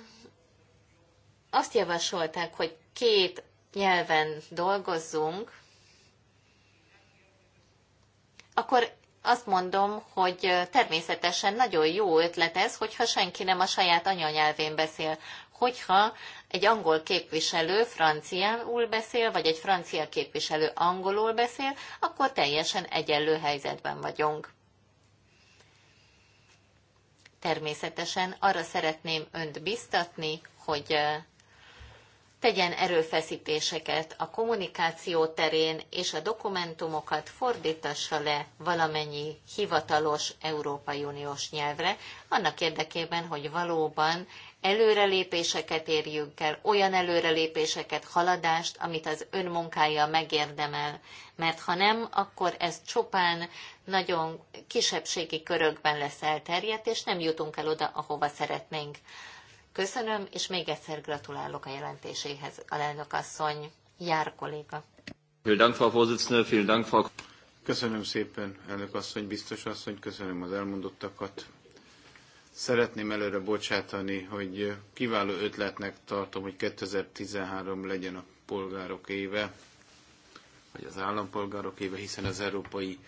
Speaker 4: azt javasolták, hogy két nyelven dolgozzunk, akkor azt mondom, hogy természetesen nagyon jó ötlet ez, hogyha senki nem a saját anyanyelvén beszél. Hogyha egy angol képviselő franciául beszél, vagy egy francia képviselő angolul beszél, akkor teljesen egyenlő helyzetben vagyunk. Természetesen arra szeretném önt biztatni, hogy tegyen erőfeszítéseket a kommunikáció terén, és a dokumentumokat fordítassa le valamennyi hivatalos Európai Uniós nyelvre, annak érdekében, hogy valóban előrelépéseket érjünk el, olyan előrelépéseket, haladást, amit az önmunkája megérdemel. Mert ha nem, akkor ez csupán nagyon kisebbségi körökben lesz elterjedt, és nem jutunk el oda, ahova szeretnénk. Köszönöm, és még egyszer gratulálok a jelentéséhez, alelnök asszony, jár kolléga.
Speaker 3: Köszönöm szépen, elnök asszony, biztos asszony, köszönöm az elmondottakat. Szeretném előre bocsátani, hogy kiváló ötletnek tartom, hogy 2013 legyen a polgárok éve, vagy az állampolgárok éve, hiszen az Európai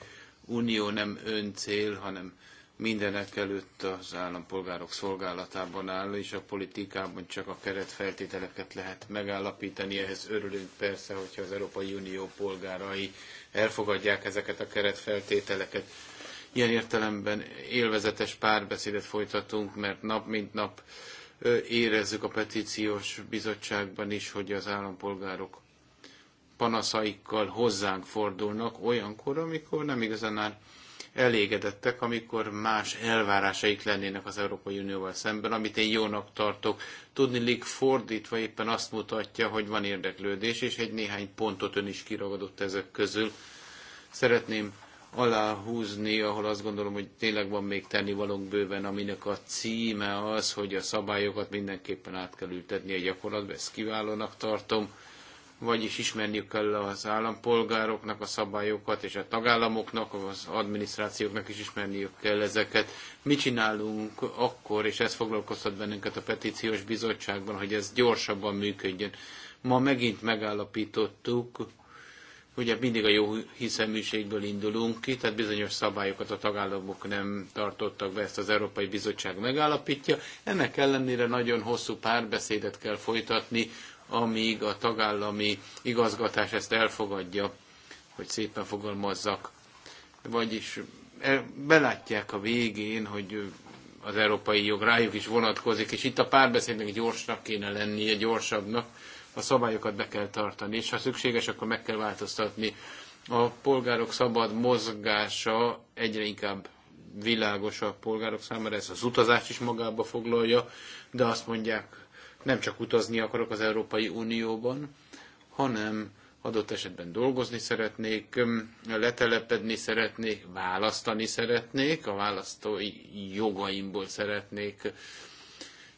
Speaker 3: Unió nem öncél, hanem mindenek előtt az állampolgárok szolgálatában áll, és a politikában csak a keretfeltételeket lehet megállapítani. Ehhez örülünk persze, hogyha az Európai Unió polgárai elfogadják ezeket a keretfeltételeket. Ilyen értelemben élvezetes párbeszédet folytatunk, mert nap mint nap érezzük a petíciós bizottságban is, hogy az állampolgárok panaszaikkal hozzánk fordulnak olyankor, amikor nem igazán áll elégedettek, amikor más elvárásaik lennének az Európai Unióval szemben, amit én jónak tartok. Tudnilik fordítva éppen azt mutatja, hogy van érdeklődés, és egy néhány pontot ön is kiragadott ezek közül. Szeretném aláhúzni, ahol azt gondolom, hogy tényleg van még tennivalónk bőven, aminek a címe az, hogy a szabályokat mindenképpen át kell ültetni a gyakorlatba, ezt kiválónak tartom vagyis ismerniük kell az állampolgároknak a szabályokat, és a tagállamoknak, az adminisztrációknak is ismerniük kell ezeket. Mi csinálunk akkor, és ez foglalkoztat bennünket a petíciós bizottságban, hogy ez gyorsabban működjön. Ma megint megállapítottuk, ugye mindig a jó hiszeműségből indulunk ki, tehát bizonyos szabályokat a tagállamok nem tartottak be, ezt az Európai Bizottság megállapítja. Ennek ellenére nagyon hosszú párbeszédet kell folytatni amíg a tagállami igazgatás ezt elfogadja, hogy szépen fogalmazzak. Vagyis e, belátják a végén, hogy az európai jog rájuk is vonatkozik, és itt a párbeszédnek gyorsnak kéne lennie, gyorsabbnak, a szabályokat be kell tartani, és ha szükséges, akkor meg kell változtatni. A polgárok szabad mozgása egyre inkább világos a polgárok számára, ez az utazást is magába foglalja, de azt mondják nem csak utazni akarok az Európai Unióban, hanem adott esetben dolgozni szeretnék, letelepedni szeretnék, választani szeretnék, a választói jogaimból szeretnék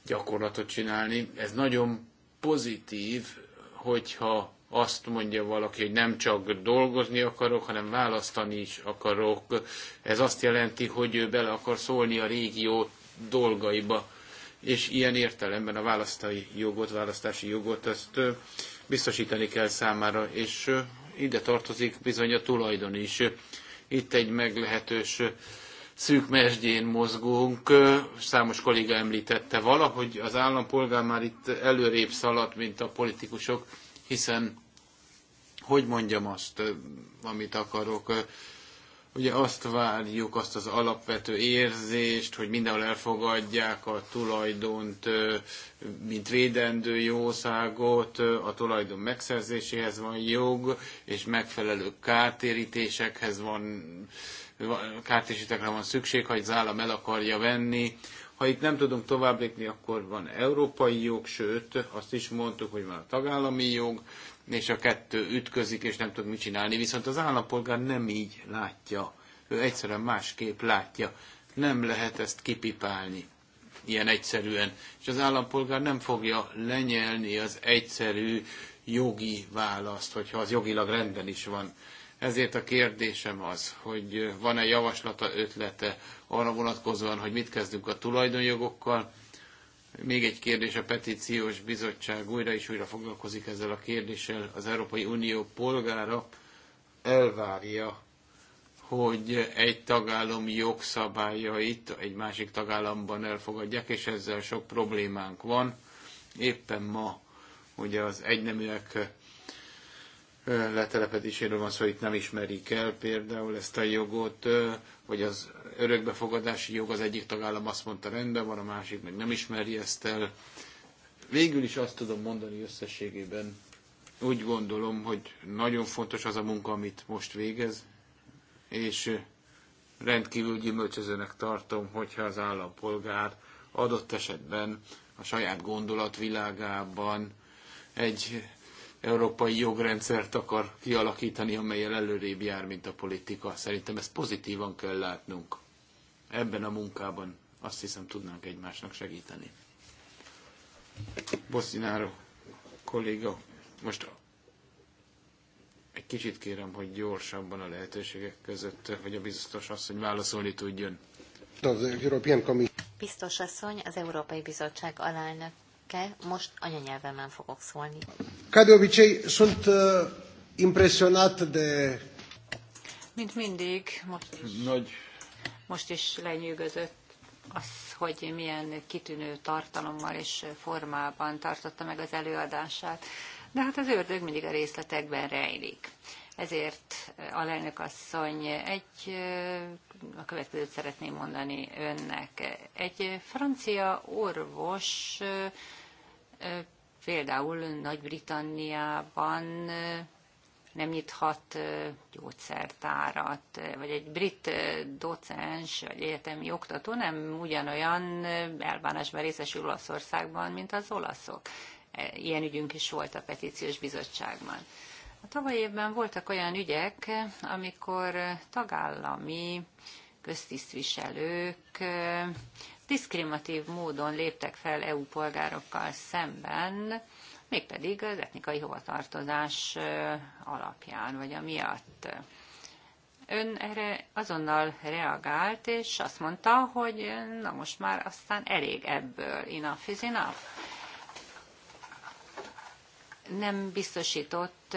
Speaker 3: gyakorlatot csinálni. Ez nagyon pozitív, hogyha azt mondja valaki, hogy nem csak dolgozni akarok, hanem választani is akarok. Ez azt jelenti, hogy ő bele akar szólni a régió dolgaiba és ilyen értelemben a választási jogot, választási jogot ezt biztosítani kell számára, és ide tartozik bizony a tulajdon is. Itt egy meglehetős szűk mesdjén mozgunk, számos kolléga említette, valahogy az állampolgár már itt előrébb szaladt, mint a politikusok, hiszen hogy mondjam azt, amit akarok, Ugye azt várjuk, azt az alapvető érzést, hogy mindenhol elfogadják a tulajdont, mint védendő jószágot, a tulajdon megszerzéséhez van jog, és megfelelő kártérítésekhez van, kártérítésekre van szükség, ha az állam el akarja venni ha itt nem tudunk tovább lépni, akkor van európai jog, sőt, azt is mondtuk, hogy van a tagállami jog, és a kettő ütközik, és nem tud mit csinálni. Viszont az állampolgár nem így látja. Ő egyszerűen másképp látja. Nem lehet ezt kipipálni ilyen egyszerűen. És az állampolgár nem fogja lenyelni az egyszerű jogi választ, hogyha az jogilag rendben is van. Ezért a kérdésem az, hogy van-e javaslata, ötlete arra vonatkozóan, hogy mit kezdünk a tulajdonjogokkal. Még egy kérdés, a petíciós bizottság újra és újra foglalkozik ezzel a kérdéssel. Az Európai Unió polgára elvárja, hogy egy tagállam jogszabályait egy másik tagállamban elfogadják, és ezzel sok problémánk van. Éppen ma ugye az egyneműek letelepedéséről van szó, itt nem ismerik el például ezt a jogot, vagy az örökbefogadási jog az egyik tagállam azt mondta rendben van, a másik meg nem ismeri ezt el. Végül is azt tudom mondani összességében, úgy gondolom, hogy nagyon fontos az a munka, amit most végez, és rendkívül gyümölcsözőnek tartom, hogyha az állampolgár adott esetben a saját gondolatvilágában egy európai jogrendszert akar kialakítani, amelyel előrébb jár, mint a politika. Szerintem ezt pozitívan kell látnunk. Ebben a munkában azt hiszem tudnánk egymásnak segíteni. Bosszináró kolléga, most egy kicsit kérem, hogy gyorsabban a lehetőségek között, hogy a biztos asszony válaszolni tudjon.
Speaker 4: Biztos asszony, az Európai Bizottság alelnök le, most anyanyelvemen fogok szólni.
Speaker 3: Ca de obicei, sunt uh, impresionat de...
Speaker 4: Mint mindig,
Speaker 2: most is, Nagy. most is lenyűgözött az, hogy milyen kitűnő tartalommal és formában tartotta meg az előadását. De hát az ördög mindig a részletekben rejlik. Ezért a uh, alelnök asszony, egy, uh, a következőt szeretném mondani önnek. Egy francia orvos Például Nagy-Britanniában nem nyithat gyógyszertárat, vagy egy brit docens, vagy egyetemi oktató nem ugyanolyan elbánásban részesül Olaszországban, mint az olaszok. Ilyen ügyünk is volt a petíciós bizottságban. A tavaly évben voltak olyan ügyek, amikor tagállami köztisztviselők diszkriminatív módon léptek fel EU polgárokkal szemben, mégpedig az etnikai hovatartozás alapján, vagy amiatt. Ön erre azonnal reagált, és azt mondta, hogy na most már aztán elég ebből, enough is enough nem biztosított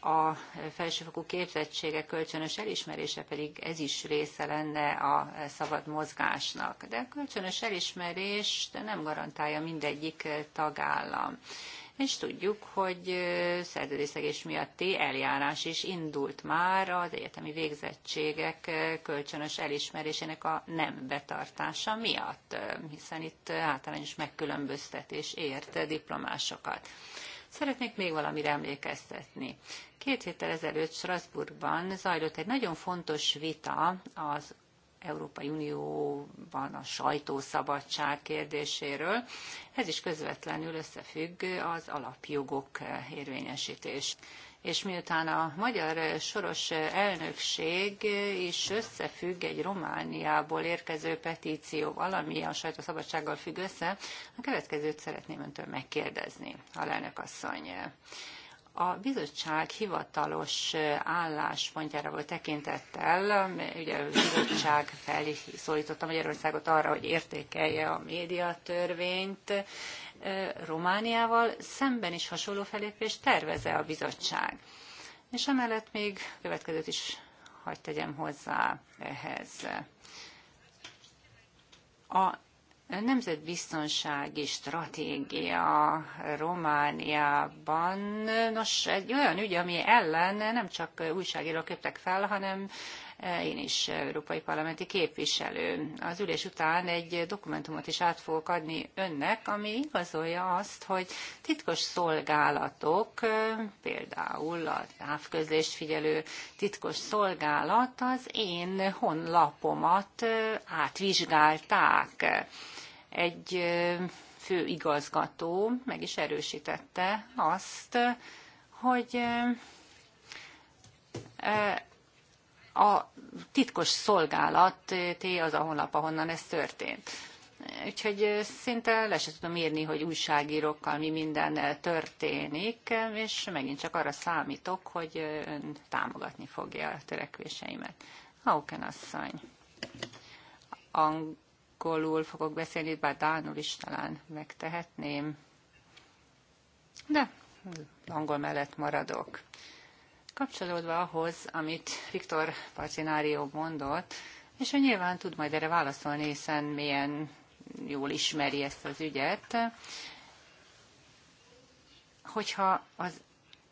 Speaker 2: a felsőfokú képzettsége kölcsönös elismerése, pedig ez is része lenne a szabad mozgásnak. De a kölcsönös elismerés nem garantálja mindegyik tagállam. És tudjuk, hogy szerződésszegés miatti eljárás is indult már az egyetemi végzettségek kölcsönös elismerésének a nem betartása miatt, hiszen itt általános megkülönböztetés érte diplomásokat. Szeretnék még valamire emlékeztetni. Két héttel ezelőtt Strasbourgban zajlott egy nagyon fontos vita az Európai Unióban a sajtószabadság kérdéséről. Ez is közvetlenül összefügg az alapjogok érvényesítés és miután a magyar soros elnökség is összefügg egy Romániából érkező petícióval, ami a sajtószabadsággal függ össze, a következőt szeretném öntől megkérdezni, lelnök asszony. A bizottság hivatalos álláspontjára volt tekintettel, ugye a bizottság felszólította Magyarországot arra, hogy értékelje a médiatörvényt, Romániával szemben is hasonló felépést terveze a bizottság. És emellett még következőt is hagyd tegyem hozzá ehhez. A nemzetbiztonsági stratégia Romániában. Nos, egy olyan ügy, ami ellen nem csak újságírók köptek fel, hanem Eh, én is európai parlamenti képviselő. Az ülés után egy dokumentumot is át fogok adni önnek, ami igazolja azt, hogy titkos szolgálatok, eh, például a távközlést figyelő titkos szolgálat az én honlapomat eh, átvizsgálták. Egy fő igazgató, meg is erősítette azt, hogy a titkos szolgálat eh, té, az a honlap, ahonnan ez történt. Úgyhogy eh, szinte le se tudom írni, hogy újságírókkal mi minden eh, történik, és megint csak arra számítok, hogy ön támogatni fogja a törekvéseimet. Hauken asszony. Angolul fogok beszélni, bár Dánul is talán megtehetném. De angol mellett maradok. Kapcsolódva ahhoz, amit Viktor Parcinárió mondott, és ő nyilván tud majd erre válaszolni, hiszen milyen jól ismeri ezt az ügyet, hogyha az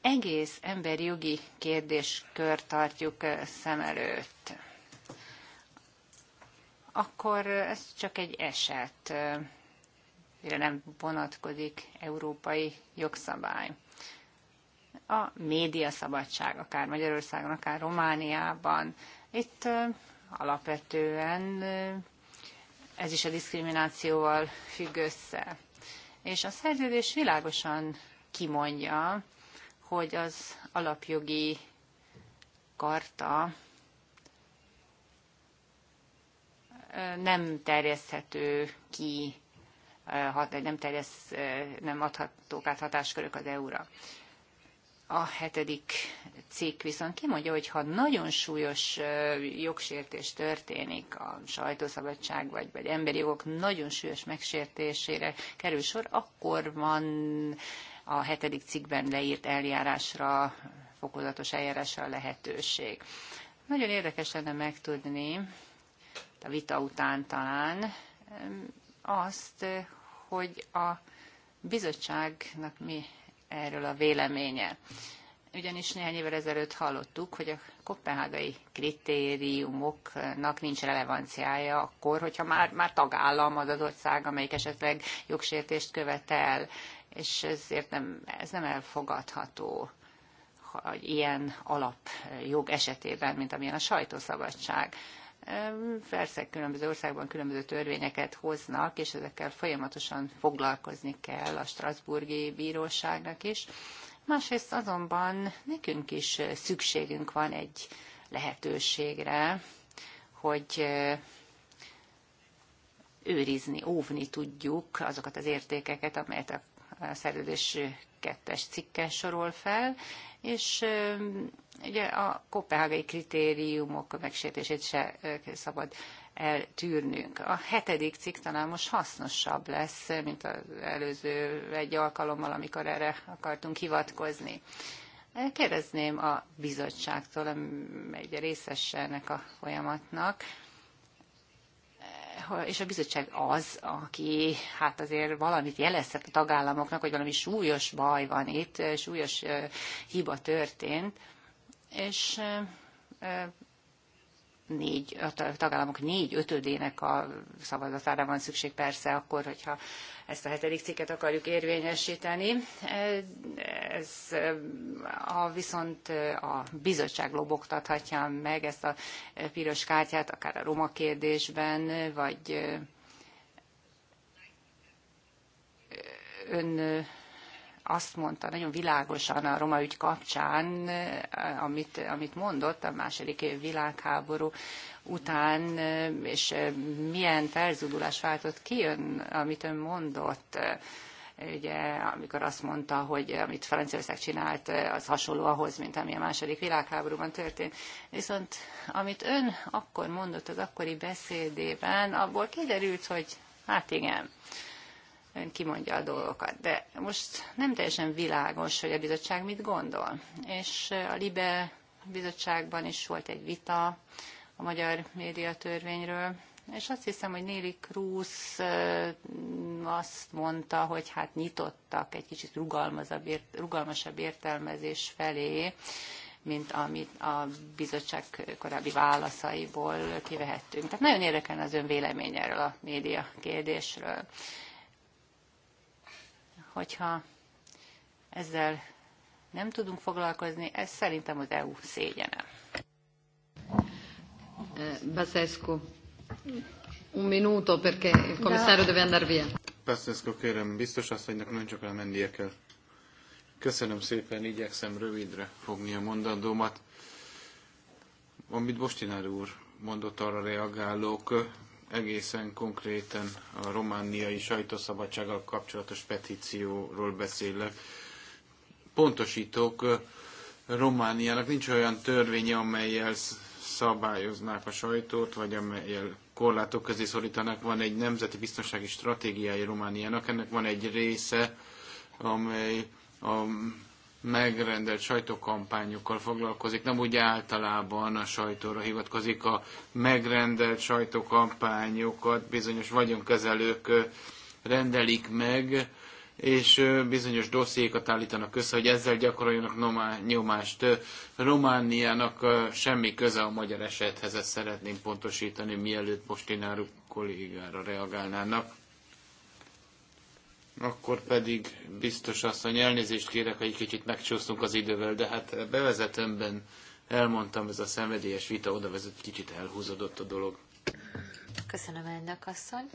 Speaker 2: egész emberi jogi kérdéskör tartjuk eh, szem előtt, akkor ez csak egy eset, eh, mire nem vonatkozik európai jogszabály a médiaszabadság, akár Magyarországon, akár Romániában. Itt alapvetően ez is a diszkriminációval függ össze. És a szerződés világosan kimondja, hogy az alapjogi karta nem terjeszthető ki, nem, terjesz, nem adhatók át hatáskörök az EU-ra. A hetedik cikk viszont kimondja, hogy ha nagyon súlyos jogsértés történik, a sajtószabadság vagy, vagy emberi jogok nagyon súlyos megsértésére kerül sor, akkor van a hetedik cikkben leírt eljárásra, fokozatos eljárásra lehetőség. Nagyon érdekes lenne megtudni, a vita után talán, azt, hogy a bizottságnak mi erről a véleménye. Ugyanis néhány évvel ezelőtt hallottuk, hogy a kopenhágai kritériumoknak nincs relevanciája akkor, hogyha már, már tagállam az az ország, amelyik esetleg jogsértést követel, és ezért nem, ez nem elfogadható hogy ilyen alapjog esetében, mint amilyen a sajtószabadság. Persze különböző országban különböző törvényeket hoznak, és ezekkel folyamatosan foglalkozni kell a Strasburgi Bíróságnak is. Másrészt azonban nekünk is szükségünk van egy lehetőségre, hogy őrizni, óvni tudjuk azokat az értékeket, amelyet a szerződés kettes cikke sorol fel, és Ugye a kopenhágai kritériumok megsértését se szabad eltűrnünk. A hetedik cikk talán most hasznosabb lesz, mint az előző egy alkalommal, amikor erre akartunk hivatkozni. Kérdezném a bizottságtól, egy részese ennek a folyamatnak, eh, és a bizottság az, aki hát azért valamit jelezhet a tagállamoknak, hogy valami súlyos baj van itt, súlyos eh, hiba történt, és négy, a tagállamok négy ötödének a szavazatára van szükség persze akkor, hogyha ezt a hetedik cikket akarjuk érvényesíteni. Ez a, viszont a bizottság lobogtathatja meg ezt a piros kártyát, akár a roma kérdésben, vagy ön azt mondta nagyon világosan a roma ügy kapcsán, eh, amit, amit mondott a második világháború után, eh, és eh, milyen felzúdulás váltott ki ön, amit ön mondott ugye, amikor azt mondta, hogy amit Franciaország csinált, az hasonló ahhoz, mint ami a második világháborúban történt. Viszont amit ön akkor mondott az akkori beszédében, abból kiderült, hogy hát igen, ön kimondja a dolgokat. De most nem teljesen világos, hogy a bizottság mit gondol. És a LIBE bizottságban is volt egy vita a magyar médiatörvényről, és azt hiszem, hogy Néli Krúz azt mondta, hogy hát nyitottak egy kicsit rugalmasabb, rugalmasabb értelmezés felé, mint amit a bizottság korábbi válaszaiból kivehettünk. Tehát nagyon érdekel az ön vélemény erről a média kérdésről hogyha ezzel nem tudunk foglalkozni, ez szerintem az EU szégyene.
Speaker 1: Eh, Basescu, un minuto perché il commissario deve andare via.
Speaker 3: Basescu, kérem, biztos asszonynak nagyon csak elmennie kell. Köszönöm szépen, igyekszem rövidre fogni a mondandómat. Amit Bostinár úr mondott, arra reagálok egészen konkrétan a romániai sajtószabadsággal kapcsolatos petícióról beszélek. Pontosítok, Romániának nincs olyan törvénye, amelyel szabályoznák a sajtót, vagy amelyel korlátok közé szorítanak. Van egy nemzeti biztonsági stratégiája Romániának, ennek van egy része, amely a megrendelt sajtókampányokkal foglalkozik, nem úgy általában a sajtóra hivatkozik a megrendelt sajtókampányokat, bizonyos vagyonkezelők rendelik meg, és bizonyos dossziékat állítanak össze, hogy ezzel gyakoroljanak nyomást. Romániának semmi köze a magyar esethez, ezt szeretném pontosítani, mielőtt mostináru kollégára reagálnának. Akkor pedig biztos asszony, elnézést kérek, hogy egy kicsit megcsúsztunk az idővel, de hát bevezetőmben elmondtam, ez a szenvedélyes vita oda vezet, kicsit elhúzódott a dolog.
Speaker 4: Köszönöm, elnök asszony.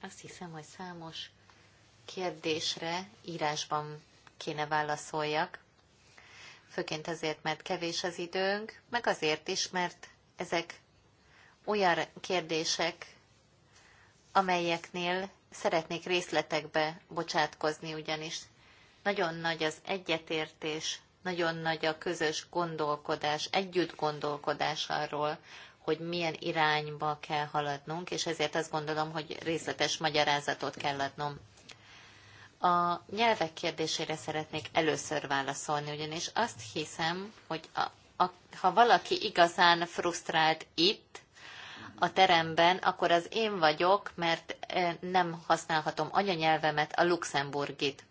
Speaker 4: Azt hiszem, hogy számos kérdésre írásban kéne válaszoljak. Főként azért, mert kevés az időnk, meg azért is, mert ezek olyan kérdések, amelyeknél szeretnék részletekbe bocsátkozni, ugyanis nagyon nagy az egyetértés, nagyon nagy a közös gondolkodás, együtt gondolkodás arról, hogy milyen irányba kell haladnunk, és ezért azt gondolom, hogy részletes magyarázatot kell adnom. A nyelvek kérdésére szeretnék először válaszolni, ugyanis azt hiszem, hogy a, a, ha valaki igazán frusztrált itt, a teremben, akkor az én vagyok, mert eh, nem használhatom anyanyelvemet, a luxemburgit.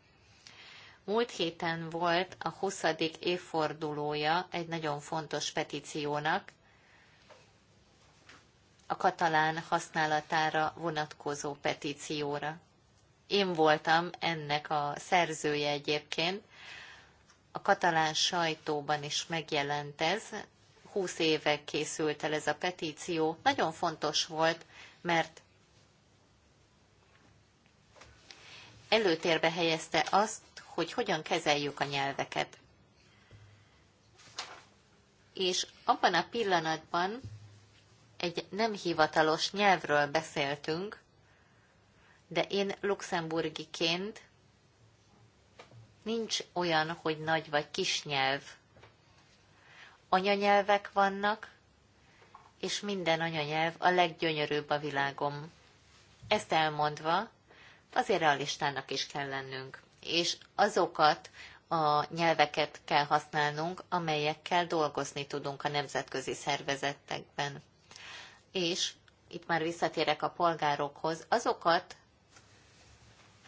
Speaker 4: Múlt héten volt a 20. évfordulója egy nagyon fontos petíciónak, a katalán használatára vonatkozó petícióra. Én voltam ennek a szerzője egyébként. A katalán sajtóban is megjelent ez, 20 éve készült el ez a petíció. Nagyon fontos volt, mert előtérbe helyezte azt, hogy hogyan kezeljük a nyelveket. És abban a pillanatban egy nem hivatalos nyelvről beszéltünk, de én luxemburgiként nincs olyan, hogy nagy vagy kis nyelv Anyanyelvek vannak, és minden anyanyelv a leggyönyörűbb a világom. Ezt elmondva, azért realistának is kell lennünk, és azokat a nyelveket kell használnunk, amelyekkel dolgozni tudunk a nemzetközi szervezetekben. És itt már visszatérek a polgárokhoz, azokat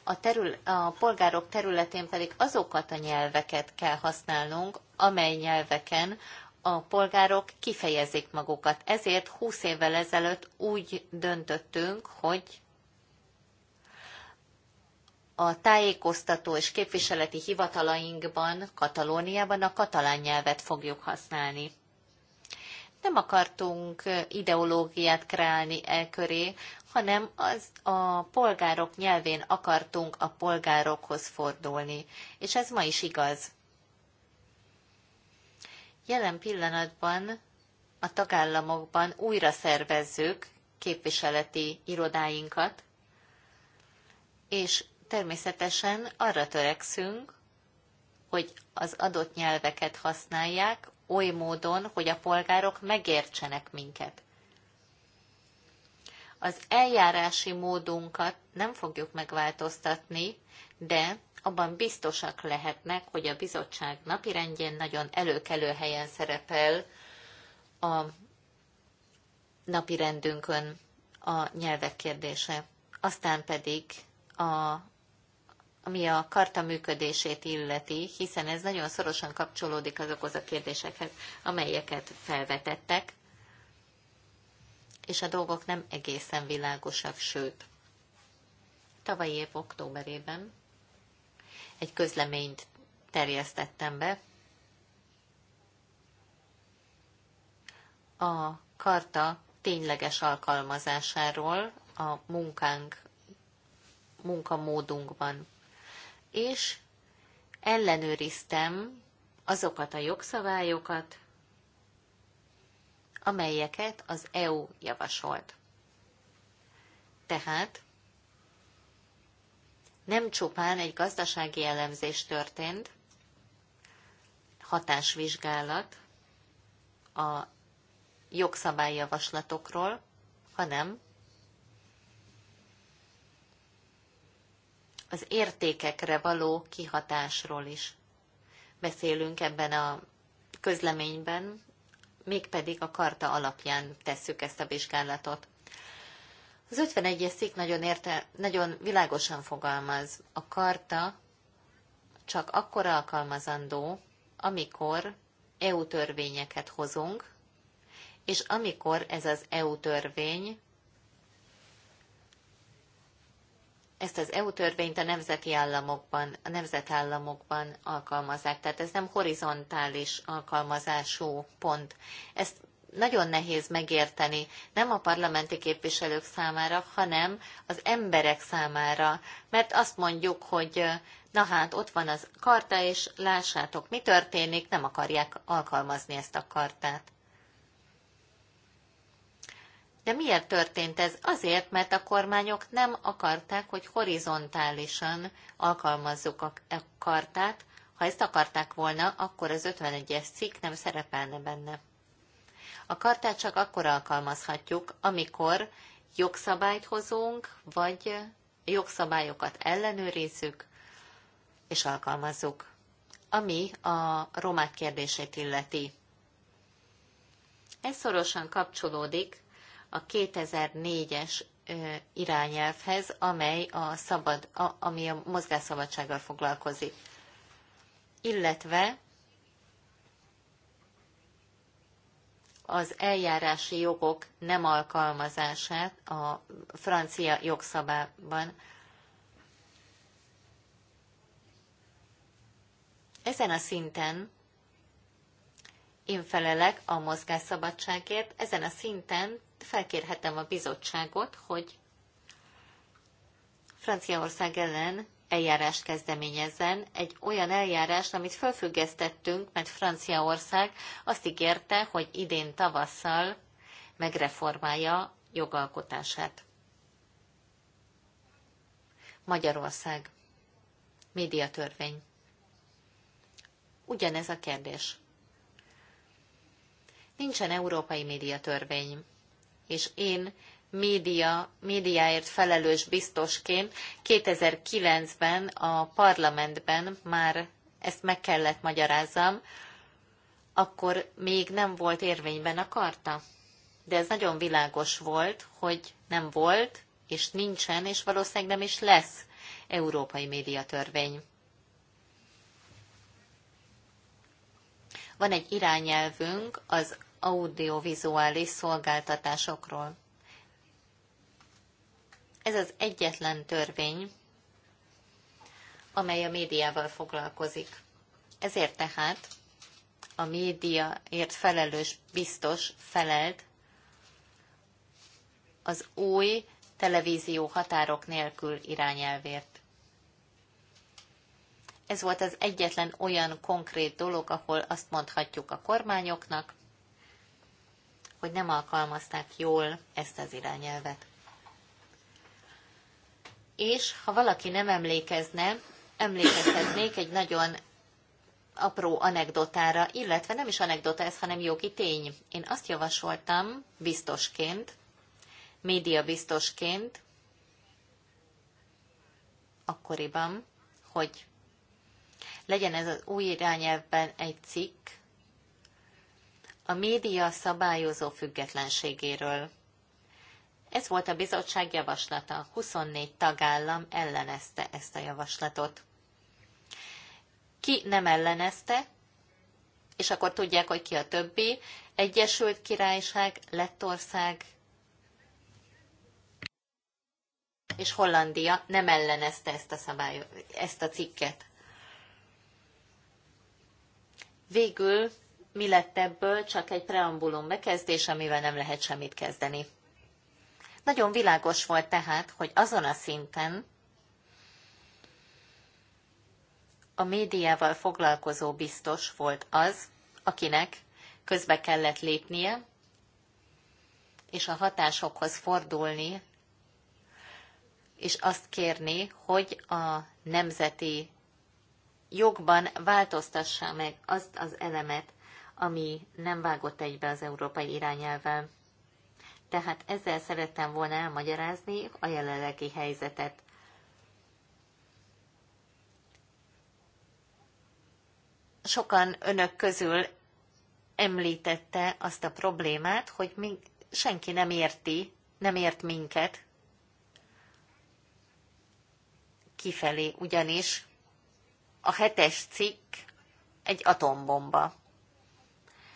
Speaker 4: a, terül, a polgárok területén pedig azokat a nyelveket kell használnunk, amely nyelveken a polgárok kifejezik magukat. Ezért 20 évvel ezelőtt úgy döntöttünk, hogy a tájékoztató és képviseleti hivatalainkban, Katalóniában a katalán nyelvet fogjuk használni. Nem akartunk ideológiát kreálni e köré, hanem az a polgárok nyelvén akartunk a polgárokhoz fordulni. És ez ma is igaz. Jelen pillanatban a tagállamokban újra szervezzük képviseleti irodáinkat, és természetesen arra törekszünk, hogy az adott nyelveket használják oly módon, hogy a polgárok megértsenek minket. Az eljárási módunkat nem fogjuk megváltoztatni, de abban biztosak lehetnek, hogy a bizottság napirendjén nagyon előkelő helyen szerepel a napirendünkön a nyelvek kérdése. Aztán pedig a ami a karta működését illeti, hiszen ez nagyon szorosan kapcsolódik azokhoz a kérdésekhez, amelyeket felvetettek, és a dolgok nem egészen világosak, sőt. Tavalyi év októberében egy közleményt terjesztettem be. A karta tényleges alkalmazásáról a munkánk, munkamódunkban. És ellenőriztem azokat a jogszabályokat, amelyeket az EU javasolt. Tehát nem csupán egy gazdasági elemzés történt, hatásvizsgálat a jogszabályjavaslatokról, hanem az értékekre való kihatásról is beszélünk ebben a közleményben, mégpedig a karta alapján tesszük ezt a vizsgálatot. Az 51-es szik nagyon, érte, nagyon világosan fogalmaz. A karta csak akkor alkalmazandó, amikor EU törvényeket hozunk, és amikor ez az EU törvény, ezt az EU törvényt a nemzeti államokban, a nemzetállamokban alkalmazzák. Tehát ez nem horizontális alkalmazású pont. Ezt nagyon nehéz megérteni, nem a parlamenti képviselők számára, hanem az emberek számára. Mert azt mondjuk, hogy na hát ott van az karta, és lássátok, mi történik, nem akarják alkalmazni ezt a kartát. De miért történt ez? Azért, mert a kormányok nem akarták, hogy horizontálisan alkalmazzuk a kartát. Ha ezt akarták volna, akkor az 51-es cikk nem szerepelne benne. A kartát csak akkor alkalmazhatjuk, amikor jogszabályt hozunk, vagy jogszabályokat ellenőrizzük és alkalmazzuk. Ami a romák kérdését illeti. Ez szorosan kapcsolódik a 2004-es irányelvhez, amely a szabad, a, ami a mozgásszabadsággal foglalkozik. Illetve az eljárási jogok nem alkalmazását a francia jogszabályban. Ezen a szinten én felelek a mozgásszabadságért, ezen a szinten felkérhetem a bizottságot, hogy Franciaország ellen eljárást kezdeményezzen, egy olyan eljárást, amit felfüggesztettünk, mert Franciaország azt ígérte, hogy idén tavasszal megreformálja jogalkotását. Magyarország. Médiatörvény. Ugyanez a kérdés. Nincsen európai médiatörvény, és én média, médiáért felelős biztosként 2009-ben a parlamentben már ezt meg kellett magyarázzam, akkor még nem volt érvényben a karta. De ez nagyon világos volt, hogy nem volt, és nincsen, és valószínűleg nem is lesz európai médiatörvény. Van egy irányelvünk az audiovizuális szolgáltatásokról. Ez az egyetlen törvény, amely a médiával foglalkozik. Ezért tehát a médiaért felelős biztos felelt az új televízió határok nélkül irányelvért. Ez volt az egyetlen olyan konkrét dolog, ahol azt mondhatjuk a kormányoknak, hogy nem alkalmazták jól ezt az irányelvet. És ha valaki nem emlékezne, emlékeztetnék egy nagyon apró anekdotára, illetve nem is anekdota ez, hanem jogi tény. Én azt javasoltam biztosként, média biztosként, akkoriban, hogy legyen ez az új irányelvben egy cikk a média szabályozó függetlenségéről. Ez volt a bizottság javaslata. 24 tagállam ellenezte ezt a javaslatot. Ki nem ellenezte, és akkor tudják, hogy ki a többi. Egyesült Királyság, Lettország és Hollandia nem ellenezte ezt a, szabály, ezt a cikket. Végül mi lett ebből? Csak egy preambulum bekezdés, amivel nem lehet semmit kezdeni. Nagyon világos volt tehát, hogy azon a szinten a médiával foglalkozó biztos volt az, akinek közbe kellett lépnie, és a hatásokhoz fordulni, és azt kérni, hogy a nemzeti jogban változtassa meg azt az elemet, ami nem vágott egybe az európai irányelvvel. Tehát ezzel szerettem volna elmagyarázni a jelenlegi helyzetet. Sokan önök közül említette azt a problémát, hogy mi, senki nem érti, nem ért minket kifelé, ugyanis a hetes cikk egy atombomba.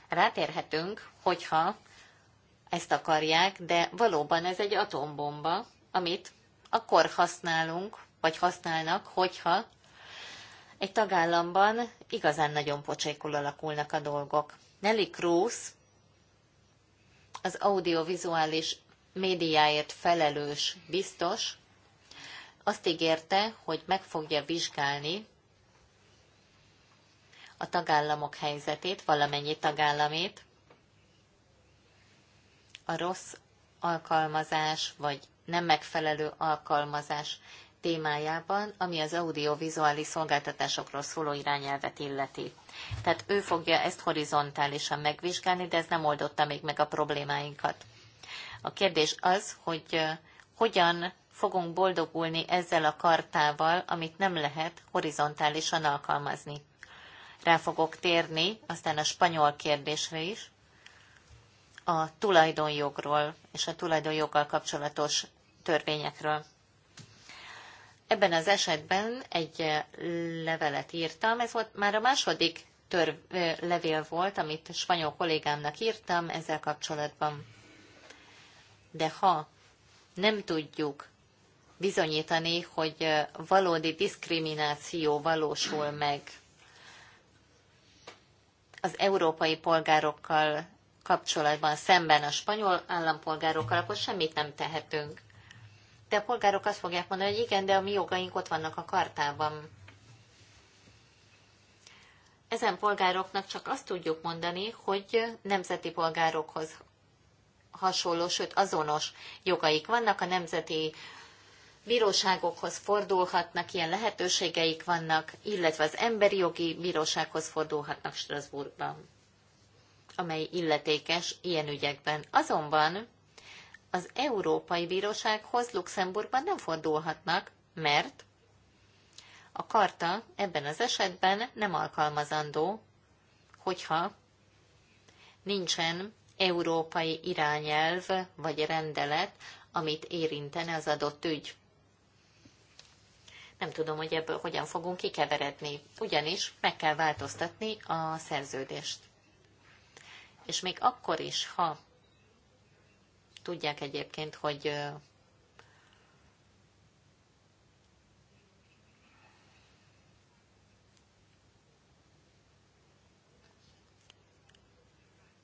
Speaker 4: Rátérhetünk, hogyha ezt akarják, de valóban ez egy atombomba, amit akkor használunk, vagy használnak, hogyha egy tagállamban igazán nagyon pocsékul alakulnak a dolgok. Nelly Cruz, az audiovizuális médiáért felelős biztos, azt ígérte, hogy meg fogja vizsgálni a tagállamok helyzetét, valamennyi tagállamét, a rossz alkalmazás vagy nem megfelelő alkalmazás témájában, ami az audiovizuális szolgáltatásokról szóló irányelvet illeti. Tehát ő fogja ezt horizontálisan megvizsgálni, de ez nem oldotta még meg a problémáinkat. A kérdés az, hogy hogyan fogunk boldogulni ezzel a kartával, amit nem lehet horizontálisan alkalmazni. Rá fogok térni aztán a spanyol kérdésre is, a tulajdonjogról és a tulajdonjoggal kapcsolatos törvényekről. Ebben az esetben egy levelet írtam, ez volt már a második törv, levél volt, amit spanyol kollégámnak írtam ezzel kapcsolatban. De ha nem tudjuk bizonyítani, hogy valódi diszkrimináció valósul meg az európai polgárokkal kapcsolatban szemben a spanyol állampolgárokkal, akkor semmit nem tehetünk. De a polgárok azt fogják mondani, hogy igen, de a mi jogaink ott vannak a kartában. Ezen polgároknak csak azt tudjuk mondani, hogy nemzeti polgárokhoz hasonló, sőt azonos jogaik vannak, a nemzeti bíróságokhoz fordulhatnak, ilyen lehetőségeik vannak, illetve az emberi jogi bírósághoz fordulhatnak Strasbourgban amely illetékes ilyen ügyekben. Azonban az Európai Bírósághoz Luxemburgban nem fordulhatnak, mert a karta ebben az esetben nem alkalmazandó, hogyha nincsen európai irányelv vagy rendelet, amit érintene az adott ügy. Nem tudom, hogy ebből hogyan fogunk kikeveredni, ugyanis meg kell változtatni a szerződést és még akkor is, ha tudják egyébként, hogy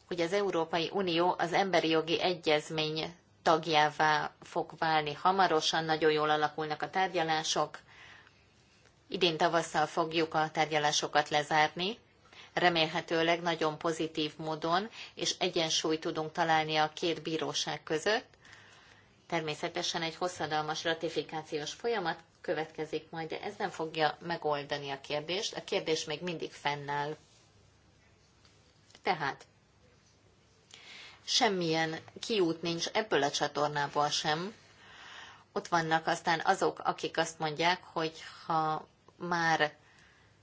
Speaker 4: hogy az Európai Unió az emberi jogi egyezmény tagjává fog válni hamarosan, nagyon jól alakulnak a tárgyalások. Idén tavasszal fogjuk a tárgyalásokat lezárni, remélhetőleg nagyon pozitív módon, és egyensúlyt tudunk találni a két bíróság között. Természetesen egy hosszadalmas ratifikációs folyamat következik majd, de ez nem fogja megoldani a kérdést. A kérdés még mindig fennáll. Tehát semmilyen kiút nincs ebből a csatornából sem. Ott vannak aztán azok, akik azt mondják, hogy ha már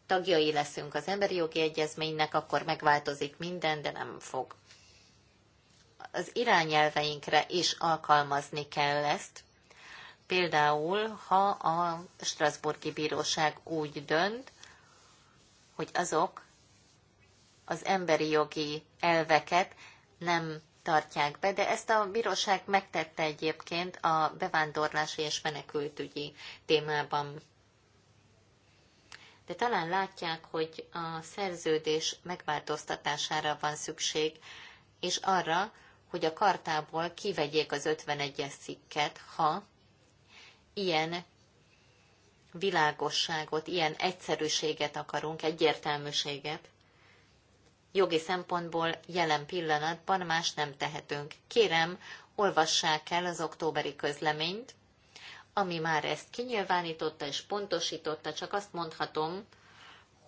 Speaker 4: tagjai leszünk az emberi jogi egyezménynek, akkor megváltozik minden, de nem fog. Az irányelveinkre is alkalmazni kell ezt. Például, ha a Strasburgi Bíróság úgy dönt, hogy azok az emberi jogi elveket nem tartják be, de ezt a bíróság megtette egyébként a bevándorlási és menekültügyi témában de talán látják, hogy a szerződés megváltoztatására van szükség, és arra, hogy a kartából kivegyék az 51-es cikket, ha ilyen világosságot, ilyen egyszerűséget akarunk, egyértelműséget. Jogi szempontból jelen pillanatban más nem tehetünk. Kérem, olvassák el az októberi közleményt, ami már ezt kinyilvánította és pontosította, csak azt mondhatom,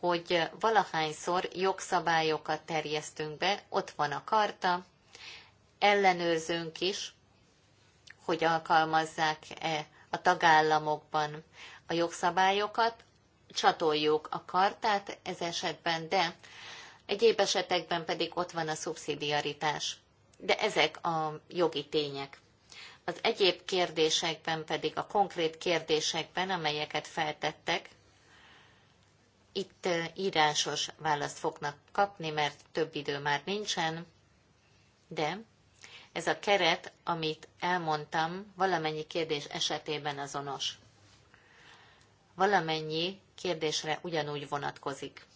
Speaker 4: hogy valahányszor jogszabályokat terjesztünk be, ott van a karta, ellenőrzünk is, hogy alkalmazzák-e a tagállamokban a jogszabályokat, csatoljuk a kartát ez esetben, de egyéb esetekben pedig ott van a szubszidiaritás. De ezek a jogi tények. Az egyéb kérdésekben pedig, a konkrét kérdésekben, amelyeket feltettek, itt írásos választ fognak kapni, mert több idő már nincsen, de ez a keret, amit elmondtam, valamennyi kérdés esetében azonos. Valamennyi kérdésre ugyanúgy vonatkozik.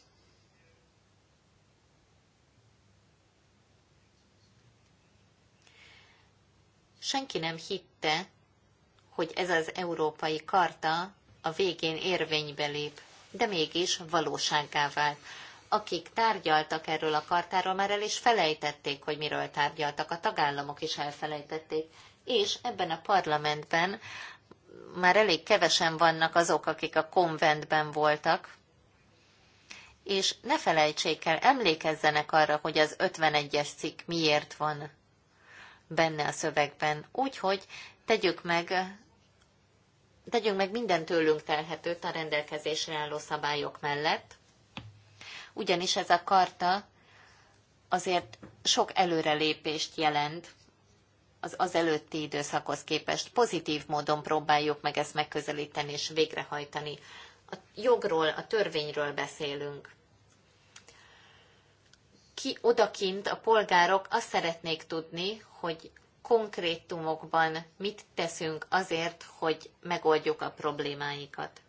Speaker 4: senki nem hitte, hogy ez az európai karta a végén érvénybe lép, de mégis valósággá vált. Akik tárgyaltak erről a kartáról, már el is felejtették, hogy miről tárgyaltak, a tagállamok is elfelejtették. És ebben a parlamentben már elég kevesen vannak azok, akik a konventben voltak, és ne felejtsék el, emlékezzenek arra, hogy az 51-es cikk miért van benne a szövegben. Úgyhogy tegyük meg, tegyünk meg minden tőlünk telhetőt a rendelkezésre álló szabályok mellett, ugyanis ez a karta azért sok előrelépést jelent az az előtti időszakhoz képest. Pozitív módon próbáljuk meg ezt megközelíteni és végrehajtani. A jogról, a törvényről beszélünk ki odakint a polgárok azt szeretnék tudni, hogy konkrétumokban mit teszünk azért, hogy megoldjuk a problémáikat.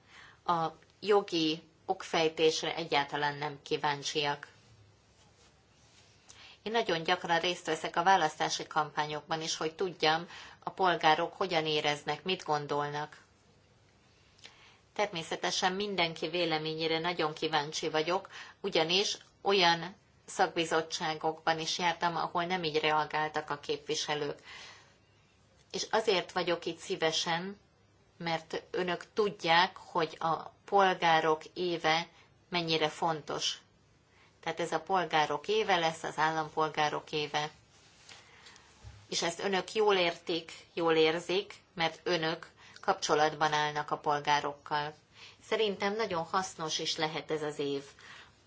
Speaker 4: A jogi okfejtésre egyáltalán nem kíváncsiak. Én nagyon gyakran részt veszek a választási kampányokban is, hogy tudjam, a polgárok hogyan éreznek, mit gondolnak. Természetesen mindenki véleményére nagyon kíváncsi vagyok, ugyanis olyan szakbizottságokban is jártam, ahol nem így reagáltak a képviselők. És azért vagyok itt szívesen, mert önök tudják, hogy a polgárok éve mennyire fontos. Tehát ez a polgárok éve lesz, az állampolgárok éve. És ezt önök jól értik, jól érzik, mert önök kapcsolatban állnak a polgárokkal. Szerintem nagyon hasznos is lehet ez az év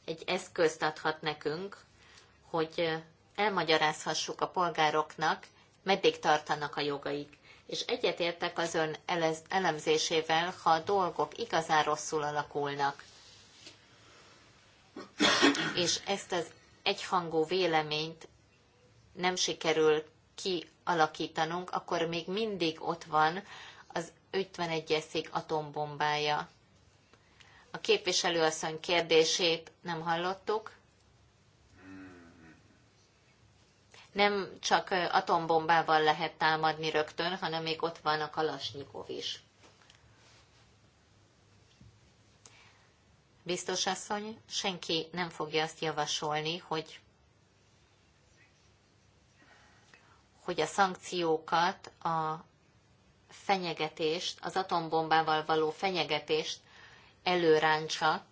Speaker 4: egy eszközt adhat nekünk, hogy elmagyarázhassuk a polgároknak, meddig tartanak a jogaik. És egyetértek az ön elemzésével, ha a dolgok igazán rosszul alakulnak. És ezt az egyhangú véleményt nem sikerül kialakítanunk, akkor még mindig ott van az 51 szék atombombája. A képviselőasszony kérdését nem hallottuk. Nem csak atombombával lehet támadni rögtön, hanem még ott van a Kalasnyikov is. Biztos asszony, senki nem fogja azt javasolni, hogy hogy a szankciókat, a fenyegetést, az atombombával való fenyegetést előráncsa,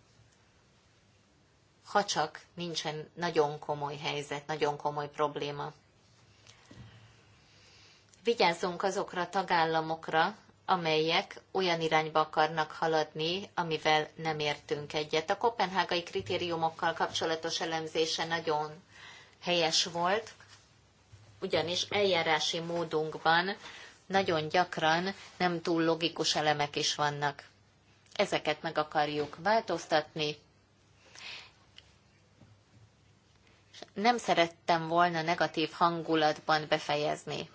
Speaker 4: ha csak nincsen nagyon komoly helyzet, nagyon komoly probléma. Vigyázzunk azokra a tagállamokra, amelyek olyan irányba akarnak haladni, amivel nem értünk egyet. A kopenhágai kritériumokkal kapcsolatos elemzése nagyon helyes volt, ugyanis eljárási módunkban nagyon gyakran nem túl logikus elemek is vannak ezeket meg akarjuk változtatni. Nem szerettem volna negatív hangulatban befejezni.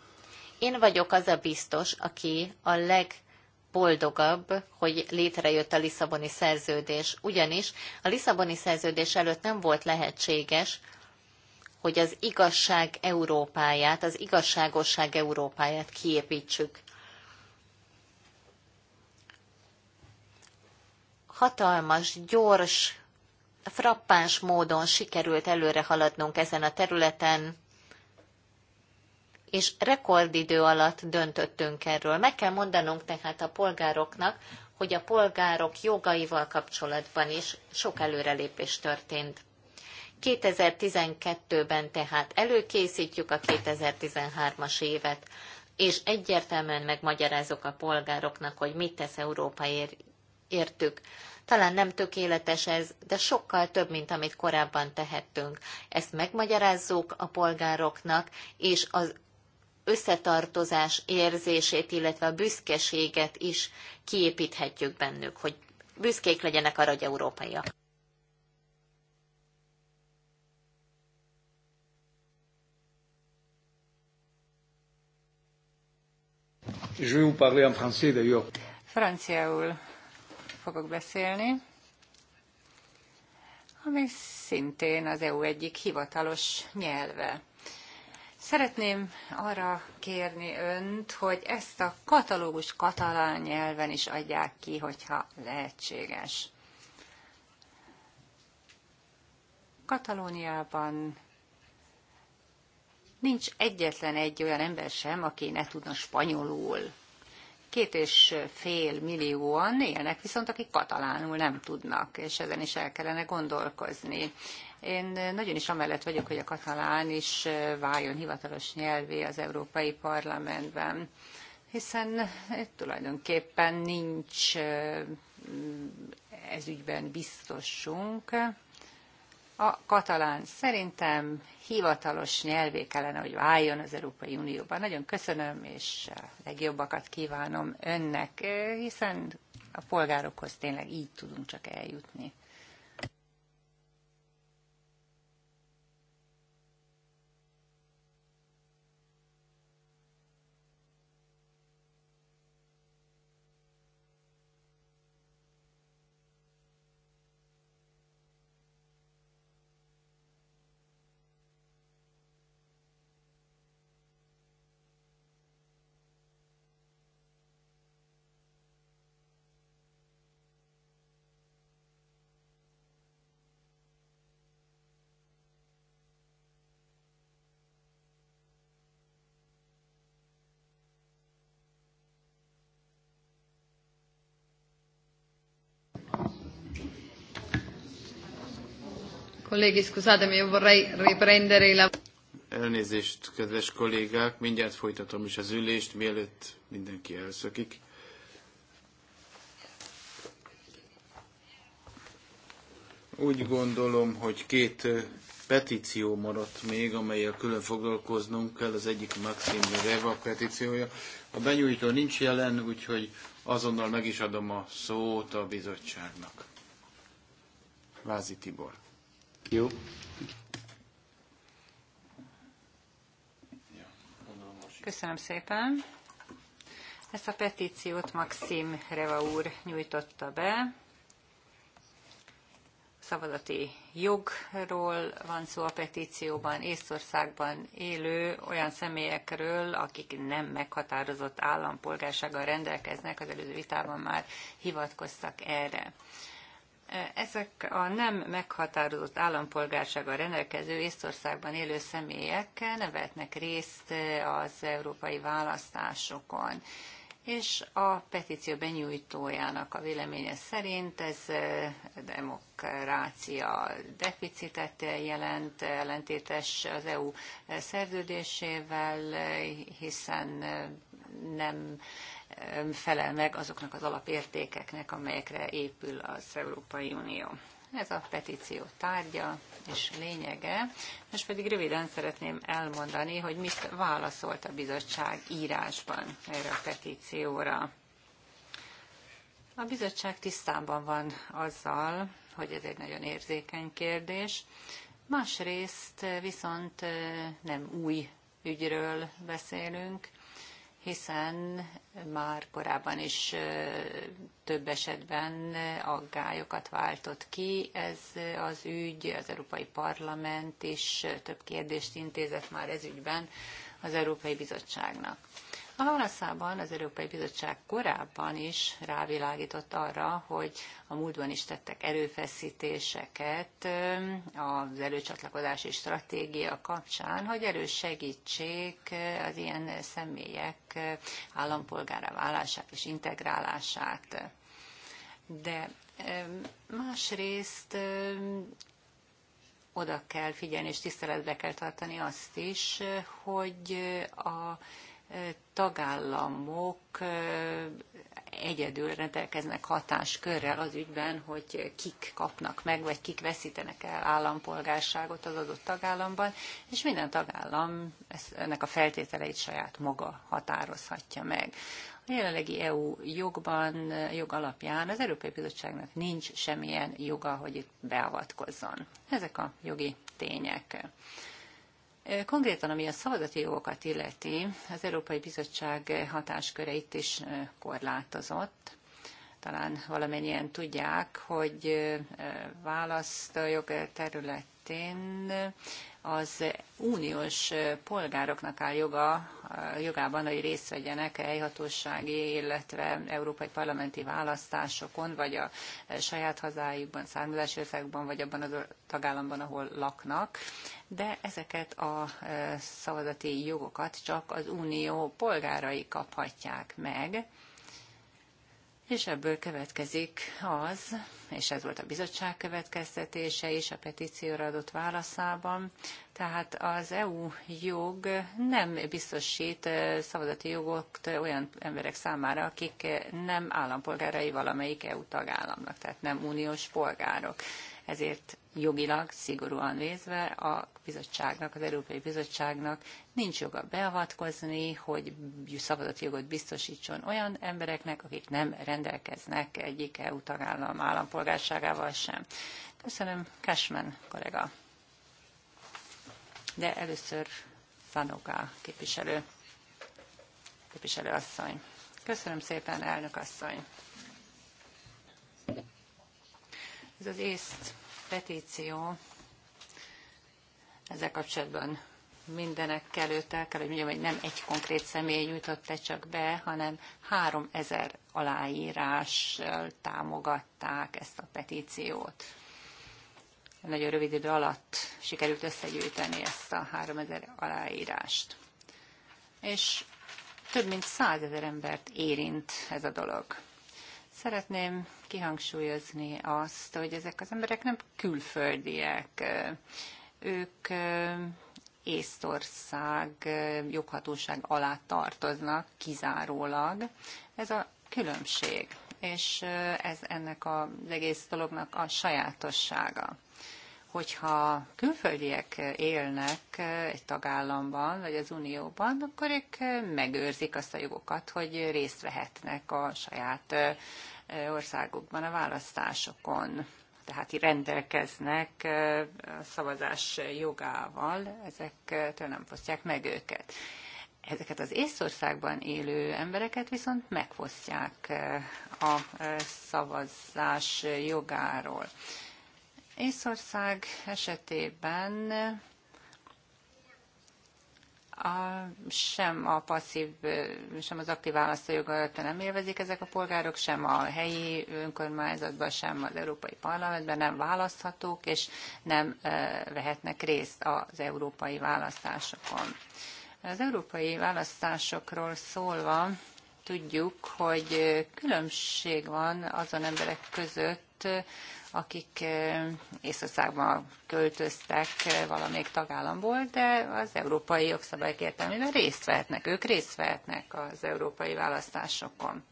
Speaker 4: Én vagyok az a biztos, aki a leg boldogabb, hogy létrejött a Lisszaboni szerződés, ugyanis a Lisszaboni szerződés előtt nem volt lehetséges, hogy az igazság Európáját, az igazságosság Európáját kiépítsük. hatalmas, gyors, frappáns módon sikerült előre haladnunk ezen a területen, és rekordidő alatt döntöttünk erről. Meg kell mondanunk tehát a polgároknak, hogy a polgárok jogaival kapcsolatban is sok előrelépés történt. 2012-ben tehát előkészítjük a 2013-as évet, és egyértelműen megmagyarázok a polgároknak, hogy mit tesz Európa értük. Talán nem tökéletes ez, de sokkal több, mint amit korábban tehettünk. Ezt megmagyarázzuk a polgároknak, és az összetartozás érzését, illetve a büszkeséget is kiépíthetjük bennük, hogy büszkék legyenek arra, hogy európaiak.
Speaker 3: Je vais vous parler en français d'ailleurs.
Speaker 2: Franciaul fogok beszélni, ami szintén az EU egyik hivatalos nyelve. Szeretném arra kérni önt, hogy ezt a katalógus katalán nyelven is adják ki, hogyha lehetséges. Katalóniában nincs egyetlen egy olyan ember sem, aki ne tudna spanyolul két és fél millióan élnek, viszont akik katalánul nem tudnak, és ezen is el kellene gondolkozni. Én nagyon is amellett vagyok, hogy a katalán is váljon hivatalos nyelvé az Európai Parlamentben, hiszen tulajdonképpen nincs mm, ez ügyben biztosunk, a katalán szerintem hivatalos nyelvé kellene, hogy váljon az Európai Unióban. Nagyon köszönöm, és a legjobbakat kívánom önnek, hiszen a polgárokhoz tényleg így tudunk csak eljutni.
Speaker 1: scusatemi, vorrei riprendere la...
Speaker 3: Elnézést, kedves kollégák, mindjárt folytatom is az ülést, mielőtt mindenki elszökik. Úgy gondolom, hogy két petíció maradt még, amelyel külön foglalkoznunk kell, az egyik Maxim Reva petíciója. A benyújtó nincs jelen, úgyhogy azonnal meg is adom a szót a bizottságnak. Vázi Tibor. Jó.
Speaker 2: Köszönöm szépen. Ezt a petíciót Maxim Reva úr nyújtotta be. Szavazati jogról van szó a petícióban, Észországban élő olyan személyekről, akik nem meghatározott állampolgársággal rendelkeznek, az előző vitában már hivatkoztak erre ezek a nem meghatározott állampolgársága rendelkező Észtországban élő személyek nevetnek részt eh, az európai választásokon. És a petíció benyújtójának a véleménye szerint ez eh, demokrácia deficitet jelent, ellentétes az EU eh, szerződésével, hiszen nem felel meg azoknak az alapértékeknek, amelyekre épül az Európai Unió. Ez a petíció tárgya és lényege. Most pedig röviden szeretném elmondani, hogy mit válaszolt a bizottság írásban erre a petícióra. A bizottság tisztában van azzal, hogy ez egy nagyon érzékeny kérdés. Másrészt viszont nem új ügyről beszélünk, hiszen már korábban is több esetben aggályokat váltott ki ez az ügy, az Európai Parlament is több kérdést intézett már ez ügyben az Európai Bizottságnak. A válaszában az Európai Bizottság korábban is rávilágított arra, hogy a múltban is tettek erőfeszítéseket az előcsatlakozási stratégia kapcsán, hogy elősegítsék az ilyen személyek állampolgára válását és integrálását. De másrészt oda kell figyelni és tiszteletbe kell tartani azt is, hogy a tagállamok egyedül rendelkeznek hatáskörrel az ügyben, hogy kik kapnak meg, vagy kik veszítenek el állampolgárságot az adott tagállamban, és minden tagállam ennek a feltételeit saját maga határozhatja meg. A jelenlegi EU jogban, jog alapján az Európai Bizottságnak nincs semmilyen joga, hogy itt beavatkozzon. Ezek a jogi tények. Konkrétan, ami a szavazati jogokat illeti, az Európai Bizottság hatásköre itt is korlátozott. Talán valamennyien tudják, hogy választójog területén az uniós polgároknak áll joga, jogában, hogy részt vegyenek helyhatósági, illetve európai parlamenti választásokon, vagy a saját hazájukban, származási országban, vagy abban a tagállamban, ahol laknak. De ezeket a e, szavazati jogokat csak az unió polgárai kaphatják meg és ebből következik az, és ez volt a bizottság következtetése is a petícióra adott válaszában, tehát az EU jog nem biztosít szavazati jogot olyan emberek számára, akik nem állampolgárai valamelyik EU tagállamnak, tehát nem uniós polgárok ezért jogilag szigorúan nézve a bizottságnak, az Európai Bizottságnak nincs joga beavatkozni, hogy szabadott jogot biztosítson olyan embereknek, akik nem rendelkeznek egyik EU tagállam állampolgárságával sem. Köszönöm, Cashman kollega. De először Fanoka képviselő, képviselő asszony. Köszönöm szépen, elnök asszony. Ez az észt petíció ezzel kapcsolatban mindenek előtt el kell, hogy mondjam, hogy nem egy konkrét személy nyújtotta csak be, hanem három ezer aláírás támogatták ezt a petíciót. Nagyon rövid idő alatt sikerült összegyűjteni ezt a három ezer aláírást. És több mint százezer embert érint ez a dolog. Szeretném kihangsúlyozni azt, hogy ezek az emberek nem külföldiek. Ők Észtország joghatóság alá tartoznak kizárólag. Ez a különbség, és ez ennek az egész dolognak a sajátossága hogyha külföldiek élnek egy tagállamban, vagy az Unióban, akkor ők megőrzik azt a jogokat, hogy részt vehetnek a saját országukban a választásokon. Tehát rendelkeznek szavazás jogával, ezektől nem fosztják meg őket. Ezeket az Észországban élő embereket viszont megfosztják a szavazás jogáról. Észország esetében a, sem a passzív, sem az aktív választójogot nem élvezik ezek a polgárok, sem a helyi önkormányzatban, sem az Európai Parlamentben nem választhatók, és nem e, vehetnek részt az európai választásokon. Az európai választásokról szólva tudjuk, hogy különbség van azon emberek között, azokat, akik Észországban költöztek valamelyik tagállamból, de az európai jogszabályok értelmében részt vehetnek, ők részt vehetnek az európai választásokon.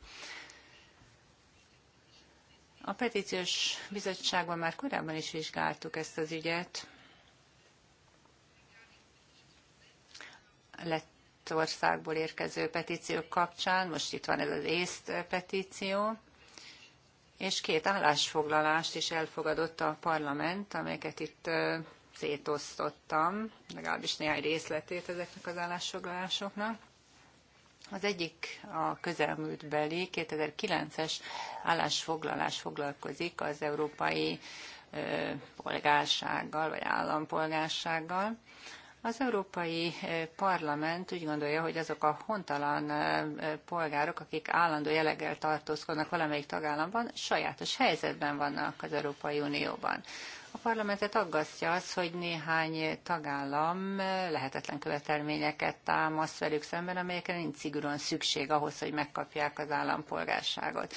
Speaker 2: A petíciós bizottságban már korábban is vizsgáltuk ezt az ügyet. Lettországból érkező petíciók kapcsán, most itt van ez az észt petíció, és két állásfoglalást is elfogadott a parlament, amelyeket itt szétosztottam, legalábbis néhány részletét ezeknek az állásfoglalásoknak. Az egyik a közelmúltbeli 2009-es állásfoglalás foglalkozik az európai polgársággal vagy állampolgársággal. Az Európai eh, Parlament úgy gondolja, hogy azok a hontalan eh, polgárok, akik állandó jeleggel tartózkodnak valamelyik tagállamban, sajátos helyzetben vannak az Európai Unióban. A parlamentet aggasztja az, hogy néhány tagállam lehetetlen követelményeket támaszt velük szemben, amelyekre nincs szigorúan szükség ahhoz, hogy megkapják az állampolgárságot.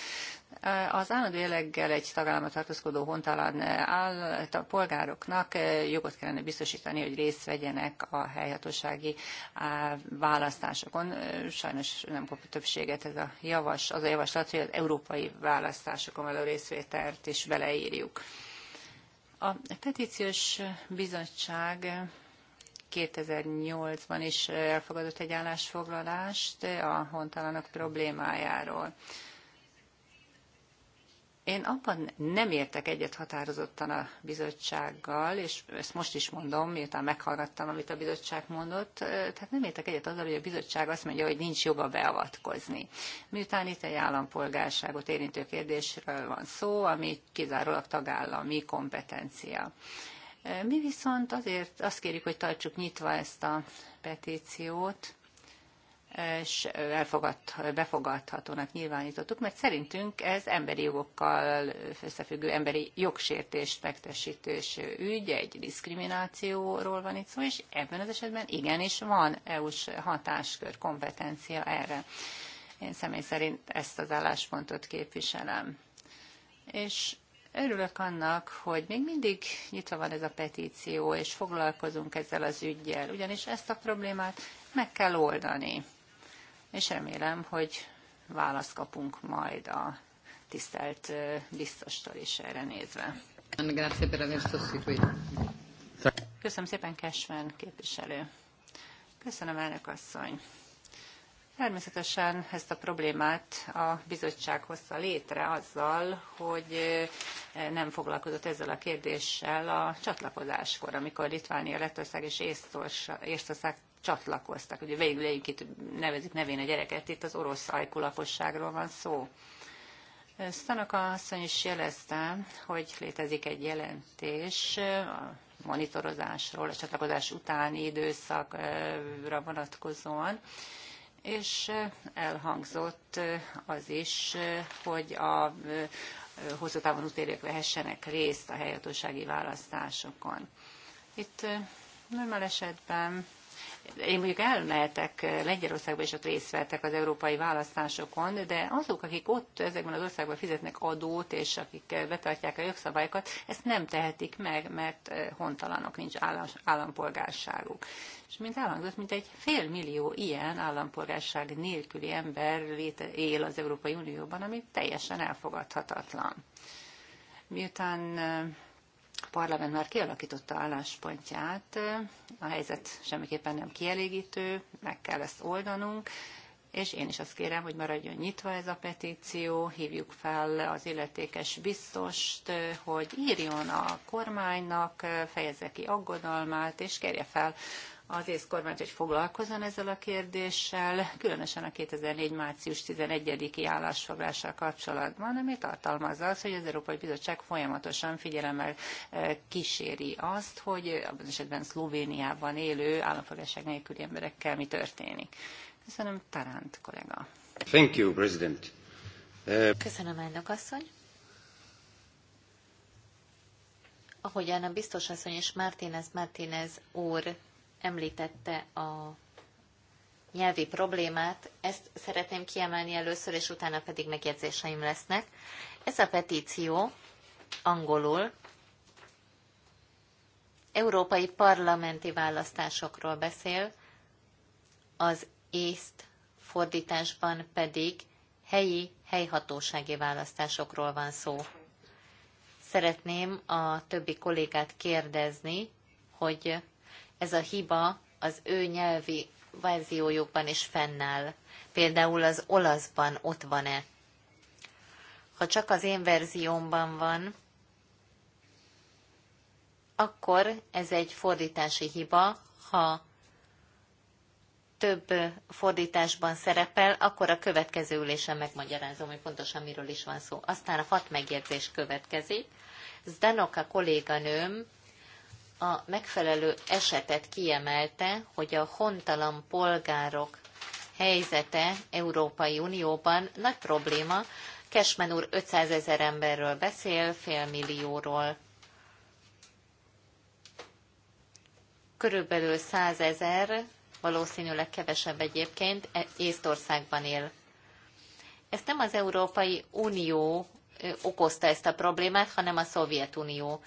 Speaker 2: Az állandó jelleggel egy tagállama tartózkodó hontalan áll, a polgároknak jogot kellene biztosítani, hogy részt vegyenek a helyhatósági választásokon. Sajnos nem kap többséget ez a javas, az a javaslat, hogy az európai választásokon való részvételt is beleírjuk. A petíciós bizottság 2008-ban is elfogadott egy állásfoglalást a hontalanok problémájáról. Én abban nem értek egyet határozottan a bizottsággal, és ezt most is mondom, miután meghallgattam, amit a bizottság mondott, tehát nem értek egyet azzal, hogy a bizottság azt mondja, hogy nincs joga beavatkozni. Miután itt egy állampolgárságot érintő kérdésről van szó, ami kizárólag tagállami kompetencia. Mi viszont azért azt kérjük, hogy tartsuk nyitva ezt a petíciót, és elfogad, befogadhatónak nyilvánítottuk, mert szerintünk ez emberi jogokkal összefüggő emberi jogsértést megtesítős ügy, egy diszkriminációról van itt szó, és ebben az esetben igenis van EU-s hatáskör, kompetencia erre. Én személy szerint ezt az álláspontot képviselem. És Örülök annak, hogy még mindig nyitva van ez a petíció, és foglalkozunk ezzel az ügyjel, ugyanis ezt a problémát meg kell oldani és remélem, hogy választ kapunk majd a tisztelt biztostól is erre nézve. Köszönöm szépen, Kesven képviselő. Köszönöm, elnök asszony. Természetesen ezt a problémát a bizottság hozta létre azzal, hogy nem foglalkozott ezzel a kérdéssel a csatlakozáskor, amikor Litvánia, Lettország és Észtország csatlakoztak. Ugye végül egyébként nevezik nevén a gyereket, itt az orosz ajkulaposságról van szó. Stanaka asszony is jelezte, hogy létezik egy jelentés a monitorozásról, a csatlakozás utáni időszakra vonatkozóan, és elhangzott az is, hogy a hosszú távon utérők vehessenek részt a helyhatósági választásokon. Itt normál esetben én mondjuk elmehetek Lengyelországba, és ott részt vettek az európai választásokon, de azok, akik ott ezekben az országban fizetnek adót, és akik betartják a jogszabályokat, ezt nem tehetik meg, mert eh, hontalanok, nincs állampolgárságuk. És mint elhangzott, mint egy fél millió ilyen állampolgárság nélküli ember léte, él az Európai Unióban, ami teljesen elfogadhatatlan. Miután eh, parlament már kialakította álláspontját, a helyzet semmiképpen nem kielégítő, meg kell ezt oldanunk, és én is azt kérem, hogy maradjon nyitva ez a petíció, hívjuk fel az illetékes biztost, hogy írjon a kormánynak, fejezze ki aggodalmát, és kérje fel az ész kormány, hogy foglalkozzon ezzel a kérdéssel, különösen a 2004. március 11-i állásfoglással kapcsolatban, ami tartalmazza az, hogy az Európai Bizottság folyamatosan figyelemmel eh, kíséri azt, hogy abban esetben Szlovéniában élő állampolgárság nélküli emberekkel mi történik. Köszönöm, Taránt kollega.
Speaker 3: Thank you, President. Eh,
Speaker 4: Köszönöm, elnök asszony. Ahogyan a biztos asszony és Martínez Martínez úr említette a nyelvi problémát, ezt szeretném kiemelni először, és utána pedig megjegyzéseim lesznek. Ez a petíció angolul európai parlamenti választásokról beszél, az észt fordításban pedig helyi helyhatósági választásokról van szó. Szeretném a többi kollégát kérdezni, hogy ez a hiba az ő nyelvi verziójukban is fennáll. Például az olaszban ott van-e. Ha csak az én verziómban van, akkor ez egy fordítási hiba, ha több fordításban szerepel, akkor a következő ülésen megmagyarázom, hogy pontosan miről is van szó. Aztán a hat megjegyzés következik. Zdenoka, kolléganőm a megfelelő esetet kiemelte, hogy a hontalan polgárok helyzete Európai Unióban nagy probléma. Kesmen úr 500 ezer emberről beszél, félmillióról. Körülbelül 100 ezer, valószínűleg kevesebb egyébként, e- Észtországban él. Ezt nem az Európai Unió okozta ezt a problémát, hanem a Szovjetunió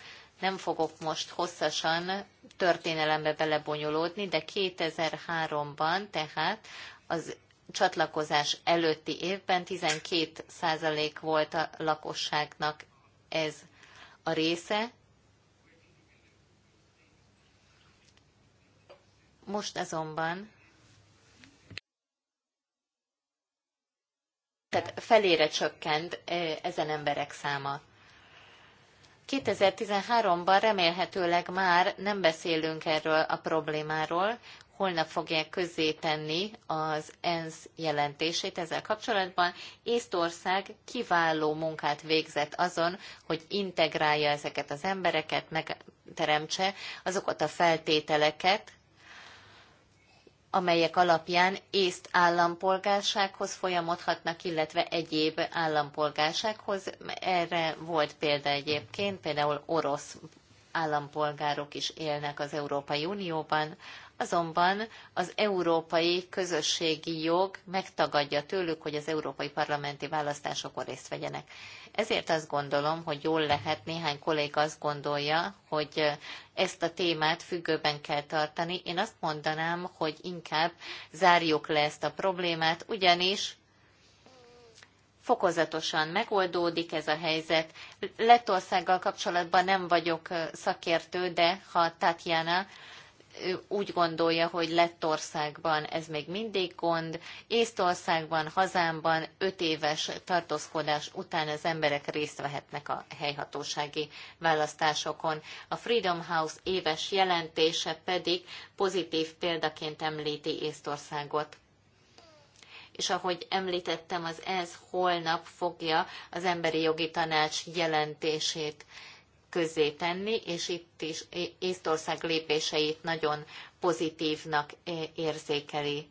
Speaker 4: nem fogok most hosszasan történelembe belebonyolódni, de 2003-ban, tehát az csatlakozás előtti évben 12% volt a lakosságnak ez a része. Most azonban tehát felére csökkent ezen emberek száma. 2013-ban remélhetőleg már nem beszélünk erről a problémáról, holnap fogják tenni az ENSZ jelentését ezzel kapcsolatban. Észtország kiváló munkát végzett azon, hogy integrálja ezeket az embereket, megteremtse azokat a feltételeket, amelyek alapján észt állampolgársághoz folyamodhatnak, illetve egyéb állampolgársághoz. Erre volt példa egyébként, például orosz állampolgárok is élnek az Európai Unióban, azonban az európai közösségi jog megtagadja tőlük, hogy az európai parlamenti választásokon részt vegyenek. Ezért azt gondolom, hogy jól lehet, néhány kolléga azt gondolja, hogy ezt a témát függőben kell tartani. Én azt mondanám, hogy inkább zárjuk le ezt a problémát, ugyanis fokozatosan megoldódik ez a helyzet. Lettországgal kapcsolatban nem vagyok szakértő, de ha Tatjana úgy gondolja, hogy Lettországban ez még mindig gond, Észtországban, hazámban öt éves tartózkodás után az emberek részt vehetnek a helyhatósági választásokon. A Freedom House éves jelentése pedig pozitív példaként említi Észtországot és ahogy említettem, az ENSZ holnap fogja az emberi jogi tanács jelentését közzé tenni, és itt is Észtország lépéseit nagyon pozitívnak érzékeli.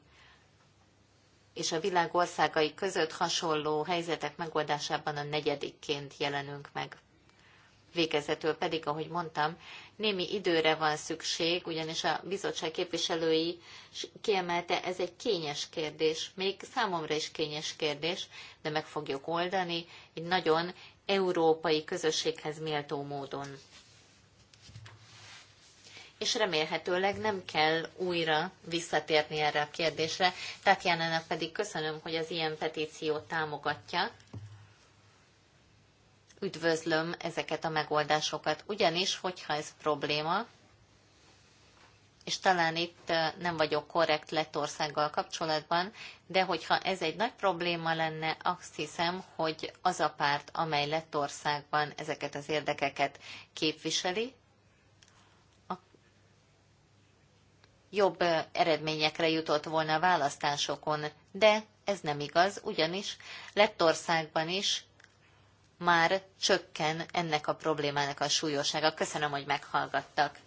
Speaker 4: És a világ országai között hasonló helyzetek megoldásában a negyedikként jelenünk meg. Végezetül pedig, ahogy mondtam, némi időre van szükség, ugyanis a bizottság képviselői kiemelte, ez egy kényes kérdés, még számomra is kényes kérdés, de meg fogjuk oldani. Egy nagyon európai közösséghez méltó módon. És remélhetőleg nem kell újra visszatérni erre a kérdésre. Tatjánának pedig köszönöm, hogy az ilyen petíciót támogatja. Üdvözlöm ezeket a megoldásokat, ugyanis, hogyha ez probléma, és talán itt nem vagyok korrekt Lettországgal kapcsolatban, de hogyha ez egy nagy probléma lenne, azt hiszem, hogy az a párt, amely Lettországban ezeket az érdekeket képviseli, jobb eredményekre jutott volna a választásokon, de ez nem igaz, ugyanis Lettországban is már csökken ennek a problémának a súlyossága. Köszönöm, hogy meghallgattak.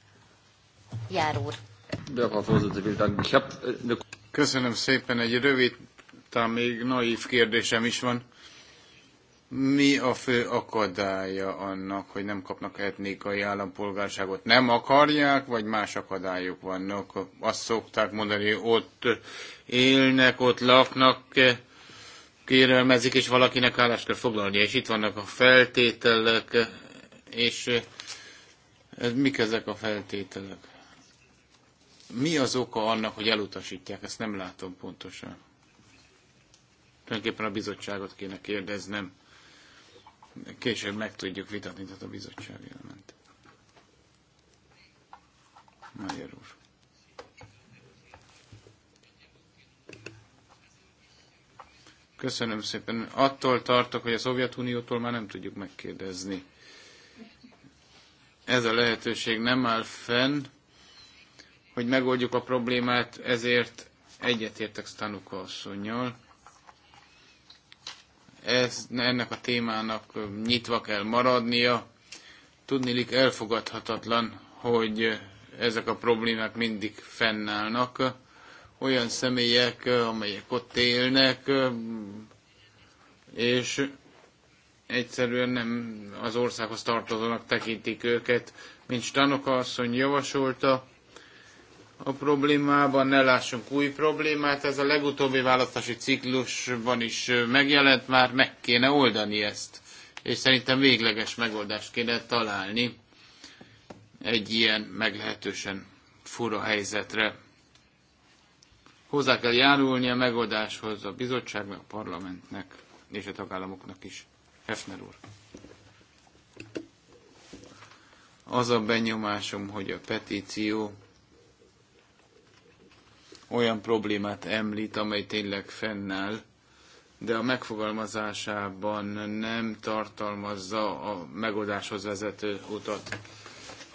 Speaker 3: Köszönöm szépen, egy rövid, talán még naív kérdésem is van. Mi a fő akadálya annak, hogy nem kapnak etnikai állampolgárságot? Nem akarják, vagy más akadályok vannak? Azt szokták mondani, ott élnek, ott laknak, kérelmezik, és valakinek állást kell foglalnia, és itt vannak a feltételek, és eh, mik ezek a feltételek? mi az oka annak, hogy elutasítják, ezt nem látom pontosan. Tulajdonképpen a bizottságot kéne kérdeznem. Később meg tudjuk vitatni, tehát a bizottság jelent. Magyar úr. Köszönöm szépen. Attól tartok, hogy a Szovjetuniótól már nem tudjuk megkérdezni. Ez a lehetőség nem áll fenn hogy megoldjuk a problémát, ezért egyetértek Stanuka asszonynal. Ez, ennek a témának nyitva kell maradnia. Tudnilik elfogadhatatlan, hogy ezek a problémák mindig fennállnak. Olyan személyek, amelyek ott élnek, és egyszerűen nem az országhoz tartozónak tekintik őket, mint Stanoka asszony javasolta, a problémában, ne lássunk új problémát. Ez a legutóbbi választási ciklusban is megjelent, már meg kéne oldani ezt. És szerintem végleges megoldást kéne találni egy ilyen meglehetősen fura helyzetre. Hozzá kell járulni a megoldáshoz a bizottságnak, a parlamentnek és a tagállamoknak is. Hefner úr. Az a benyomásom, hogy a petíció olyan problémát említ, amely tényleg fennáll, de a megfogalmazásában nem tartalmazza a megoldáshoz vezető utat.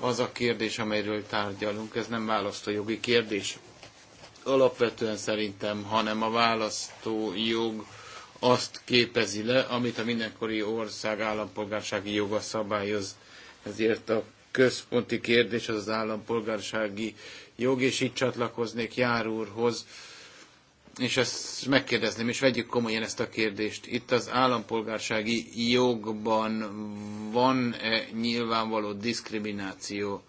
Speaker 3: Az a kérdés, amelyről tárgyalunk, ez nem választó jogi kérdés. Alapvetően szerintem, hanem a választó jog azt képezi le, amit a mindenkori ország állampolgársági joga szabályoz. Ezért a központi kérdés az az állampolgársági jog, és itt csatlakoznék Jár úrhoz, és ezt megkérdezném, és vegyük komolyan ezt a kérdést. Itt az állampolgársági jogban van-e nyilvánvaló diszkrimináció?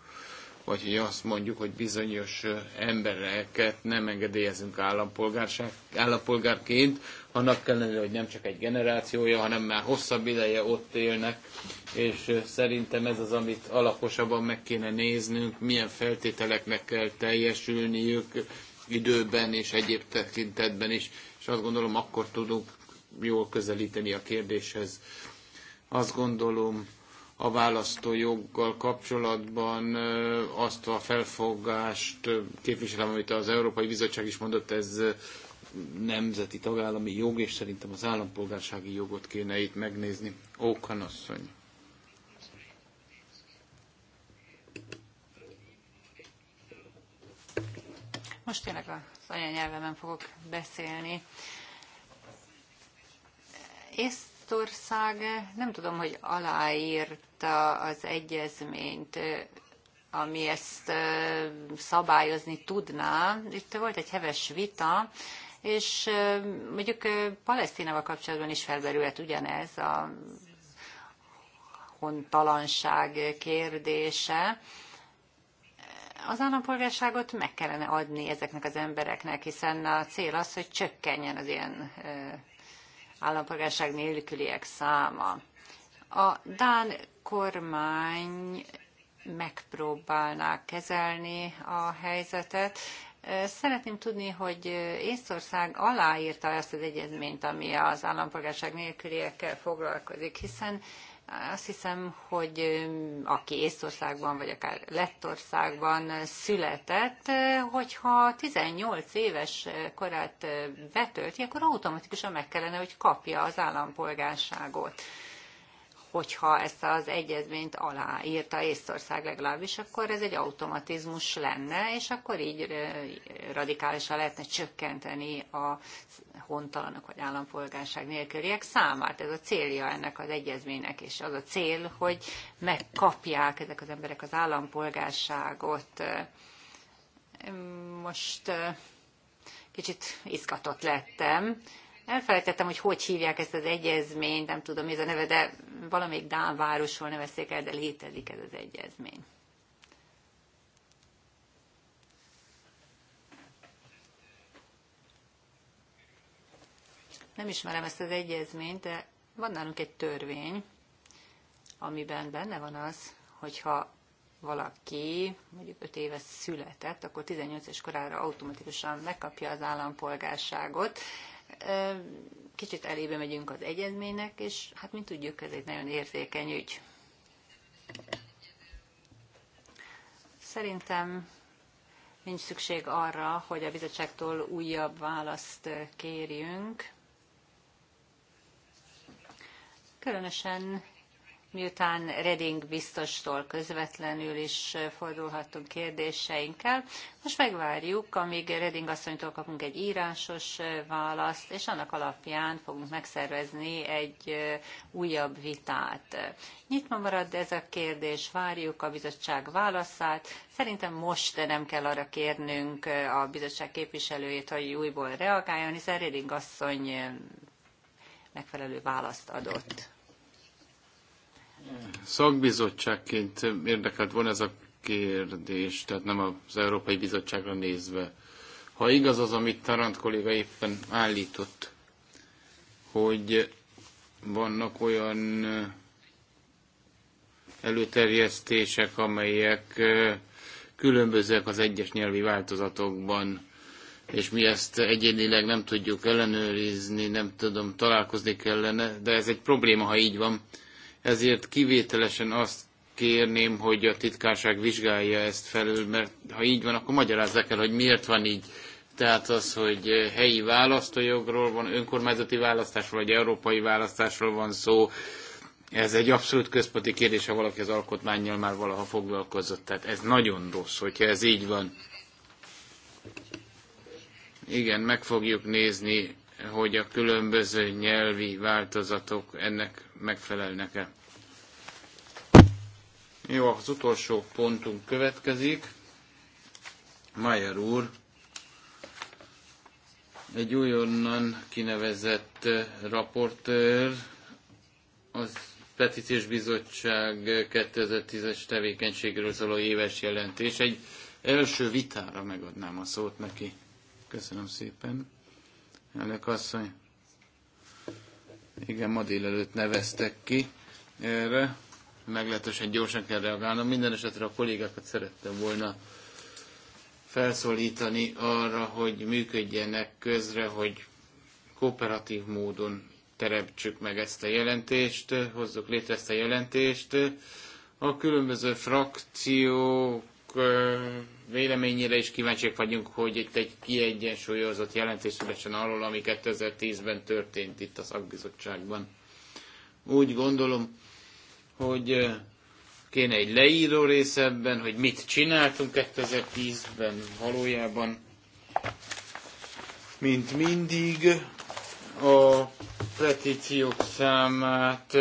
Speaker 3: vagy hogy azt mondjuk, hogy bizonyos embereket nem engedélyezünk állampolgárság, állampolgárként, annak kellene, hogy nem csak egy generációja, hanem már hosszabb ideje ott élnek, és szerintem ez az, amit alaposabban meg kéne néznünk, milyen feltételeknek kell teljesülniük időben és egyéb tekintetben is, és azt gondolom, akkor tudunk jól közelíteni a kérdéshez. Azt gondolom, a választójoggal kapcsolatban azt a felfogást képviselem, amit az Európai Bizottság is mondott, ez nemzeti tagállami jog, és szerintem az állampolgársági jogot kéne itt megnézni. Ókan asszony.
Speaker 2: Most tényleg az anyanyelvemen fogok beszélni. Ész, Lettország nem tudom, hogy aláírta az egyezményt, ami ezt szabályozni tudná. Itt volt egy heves vita, és mondjuk Palesztinával kapcsolatban is felmerülhet ugyanez a hontalanság kérdése az állampolgárságot meg kellene adni ezeknek az embereknek, hiszen a cél az, hogy csökkenjen az ilyen állampolgárság nélküliek száma. A Dán kormány megpróbálná kezelni a helyzetet. Szeretném tudni, hogy Észország aláírta ezt az egyezményt, ami az állampolgárság nélküliekkel foglalkozik, hiszen azt hiszem, hogy aki Észtországban, vagy akár Lettországban született, hogyha 18 éves korát betölti, akkor automatikusan meg kellene, hogy kapja az állampolgárságot hogyha ezt az egyezményt aláírta Észtország legalábbis, akkor ez egy automatizmus lenne, és akkor így radikálisan lehetne csökkenteni a hontalanok vagy állampolgárság nélküliek számát. Ez a célja ennek az egyezménynek, és az a cél, hogy megkapják ezek az emberek az állampolgárságot. Most kicsit izgatott lettem. Elfelejtettem, hogy hogy hívják ezt az egyezményt, nem tudom, mi ez a neve, de valamelyik Dán városról nevezték el, de létezik ez az egyezmény. nem ismerem ezt az egyezményt, de van nálunk egy törvény, amiben benne van az, hogyha valaki mondjuk 5 éves született, akkor 18 es korára automatikusan megkapja az állampolgárságot. Kicsit elébe megyünk az egyezménynek, és hát mint tudjuk, ez egy nagyon érzékeny ügy. Szerintem nincs szükség arra, hogy a bizottságtól újabb választ kérjünk. Különösen miután Reding biztostól közvetlenül is fordulhattunk kérdéseinkkel. Most megvárjuk, amíg Reding asszonytól kapunk egy írásos választ, és annak alapján fogunk megszervezni egy újabb vitát. Nyitva marad ez a kérdés, várjuk a bizottság válaszát. Szerintem most nem kell arra kérnünk a bizottság képviselőjét, hogy újból reagáljon, hiszen Reding asszony megfelelő választ adott.
Speaker 3: Szakbizottságként érdekelt volna ez a kérdés, tehát nem az Európai Bizottságra nézve. Ha igaz az, amit Tarant kolléga éppen állított, hogy vannak olyan eh, előterjesztések, amelyek eh, különbözőek az egyes nyelvi változatokban és mi ezt egyénileg nem tudjuk ellenőrizni, nem tudom, találkozni kellene, de ez egy probléma, ha így van. Ezért kivételesen azt kérném, hogy a titkárság vizsgálja ezt felül, mert ha így van, akkor magyarázzák el, hogy miért van így. Tehát az, hogy helyi választójogról van, önkormányzati választásról, vagy európai választásról van szó, ez egy abszolút központi kérdés, ha valaki az alkotmányjal már valaha foglalkozott. Tehát ez nagyon rossz, hogyha ez így van. Igen, meg fogjuk nézni, hogy a különböző nyelvi változatok ennek megfelelnek-e. Jó, az utolsó pontunk következik. Mayer úr egy újonnan kinevezett eh, raportőr, az Petíciós Bizottság 2010-es tevékenységről szóló éves jelentés. Egy első vitára megadnám a szót neki. Köszönöm szépen. Elnök asszony. Igen, ma délelőtt neveztek ki erre. Meglehetősen gyorsan kell reagálnom. Minden esetre a kollégákat szerettem volna felszólítani arra, hogy működjenek közre, hogy kooperatív módon teremtsük meg ezt a jelentést, hozzuk létre ezt a jelentést. A különböző frakciók véleményére is kíváncsiak vagyunk, hogy itt egy kiegyensúlyozott jelentés szülessen arról, ami 2010-ben történt itt a szakbizottságban. Úgy gondolom, hogy kéne egy leíró rész ebben, hogy mit csináltunk 2010-ben valójában. Mint mindig, a petíciók számát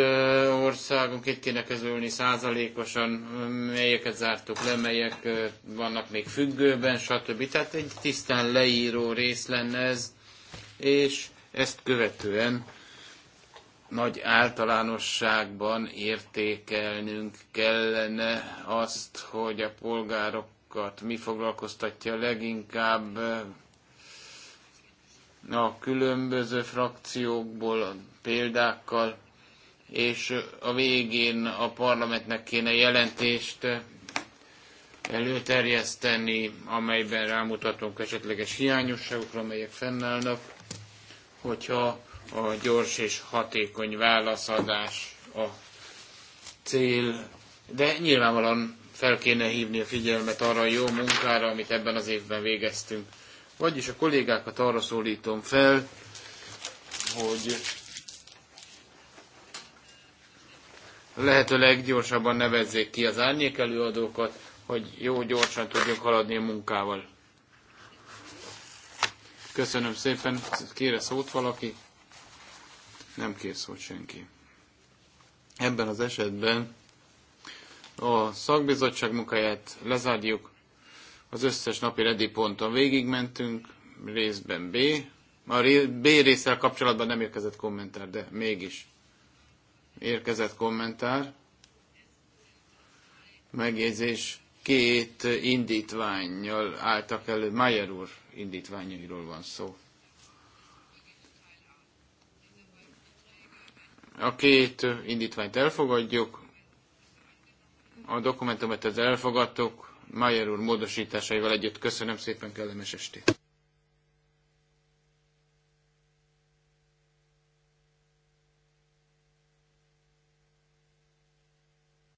Speaker 3: itt kéne közölni százalékosan, melyeket zártuk le, melyek vannak még függőben, stb. Tehát egy tisztán leíró rész lenne ez, és ezt követően nagy általánosságban értékelnünk kellene azt, hogy a polgárokat mi foglalkoztatja leginkább, a különböző frakciókból, példákkal, és a végén a parlamentnek kéne jelentést előterjeszteni, amelyben rámutatunk esetleges hiányosságokra, amelyek fennállnak, hogyha a gyors és hatékony válaszadás a cél, de nyilvánvalóan fel kéne hívni a figyelmet arra a jó munkára, amit ebben az évben végeztünk. Vagyis a kollégákat arra szólítom fel, hogy lehető leggyorsabban nevezzék ki az árnyék előadókat, hogy jó gyorsan tudjunk haladni a munkával. Köszönöm szépen. Kére szót valaki? Nem kér szót senki. Ebben az esetben a szakbizottság munkáját lezárjuk. Az összes napi redi ponton végigmentünk, részben B. A B részsel kapcsolatban nem érkezett kommentár, de mégis érkezett kommentár. Megjegyzés két indítványjal álltak elő. Mayer úr indítványairól van szó. A két indítványt elfogadjuk, a dokumentumot az elfogadtuk, Mayer úr módosításaival együtt. Köszönöm szépen, kellemes estét!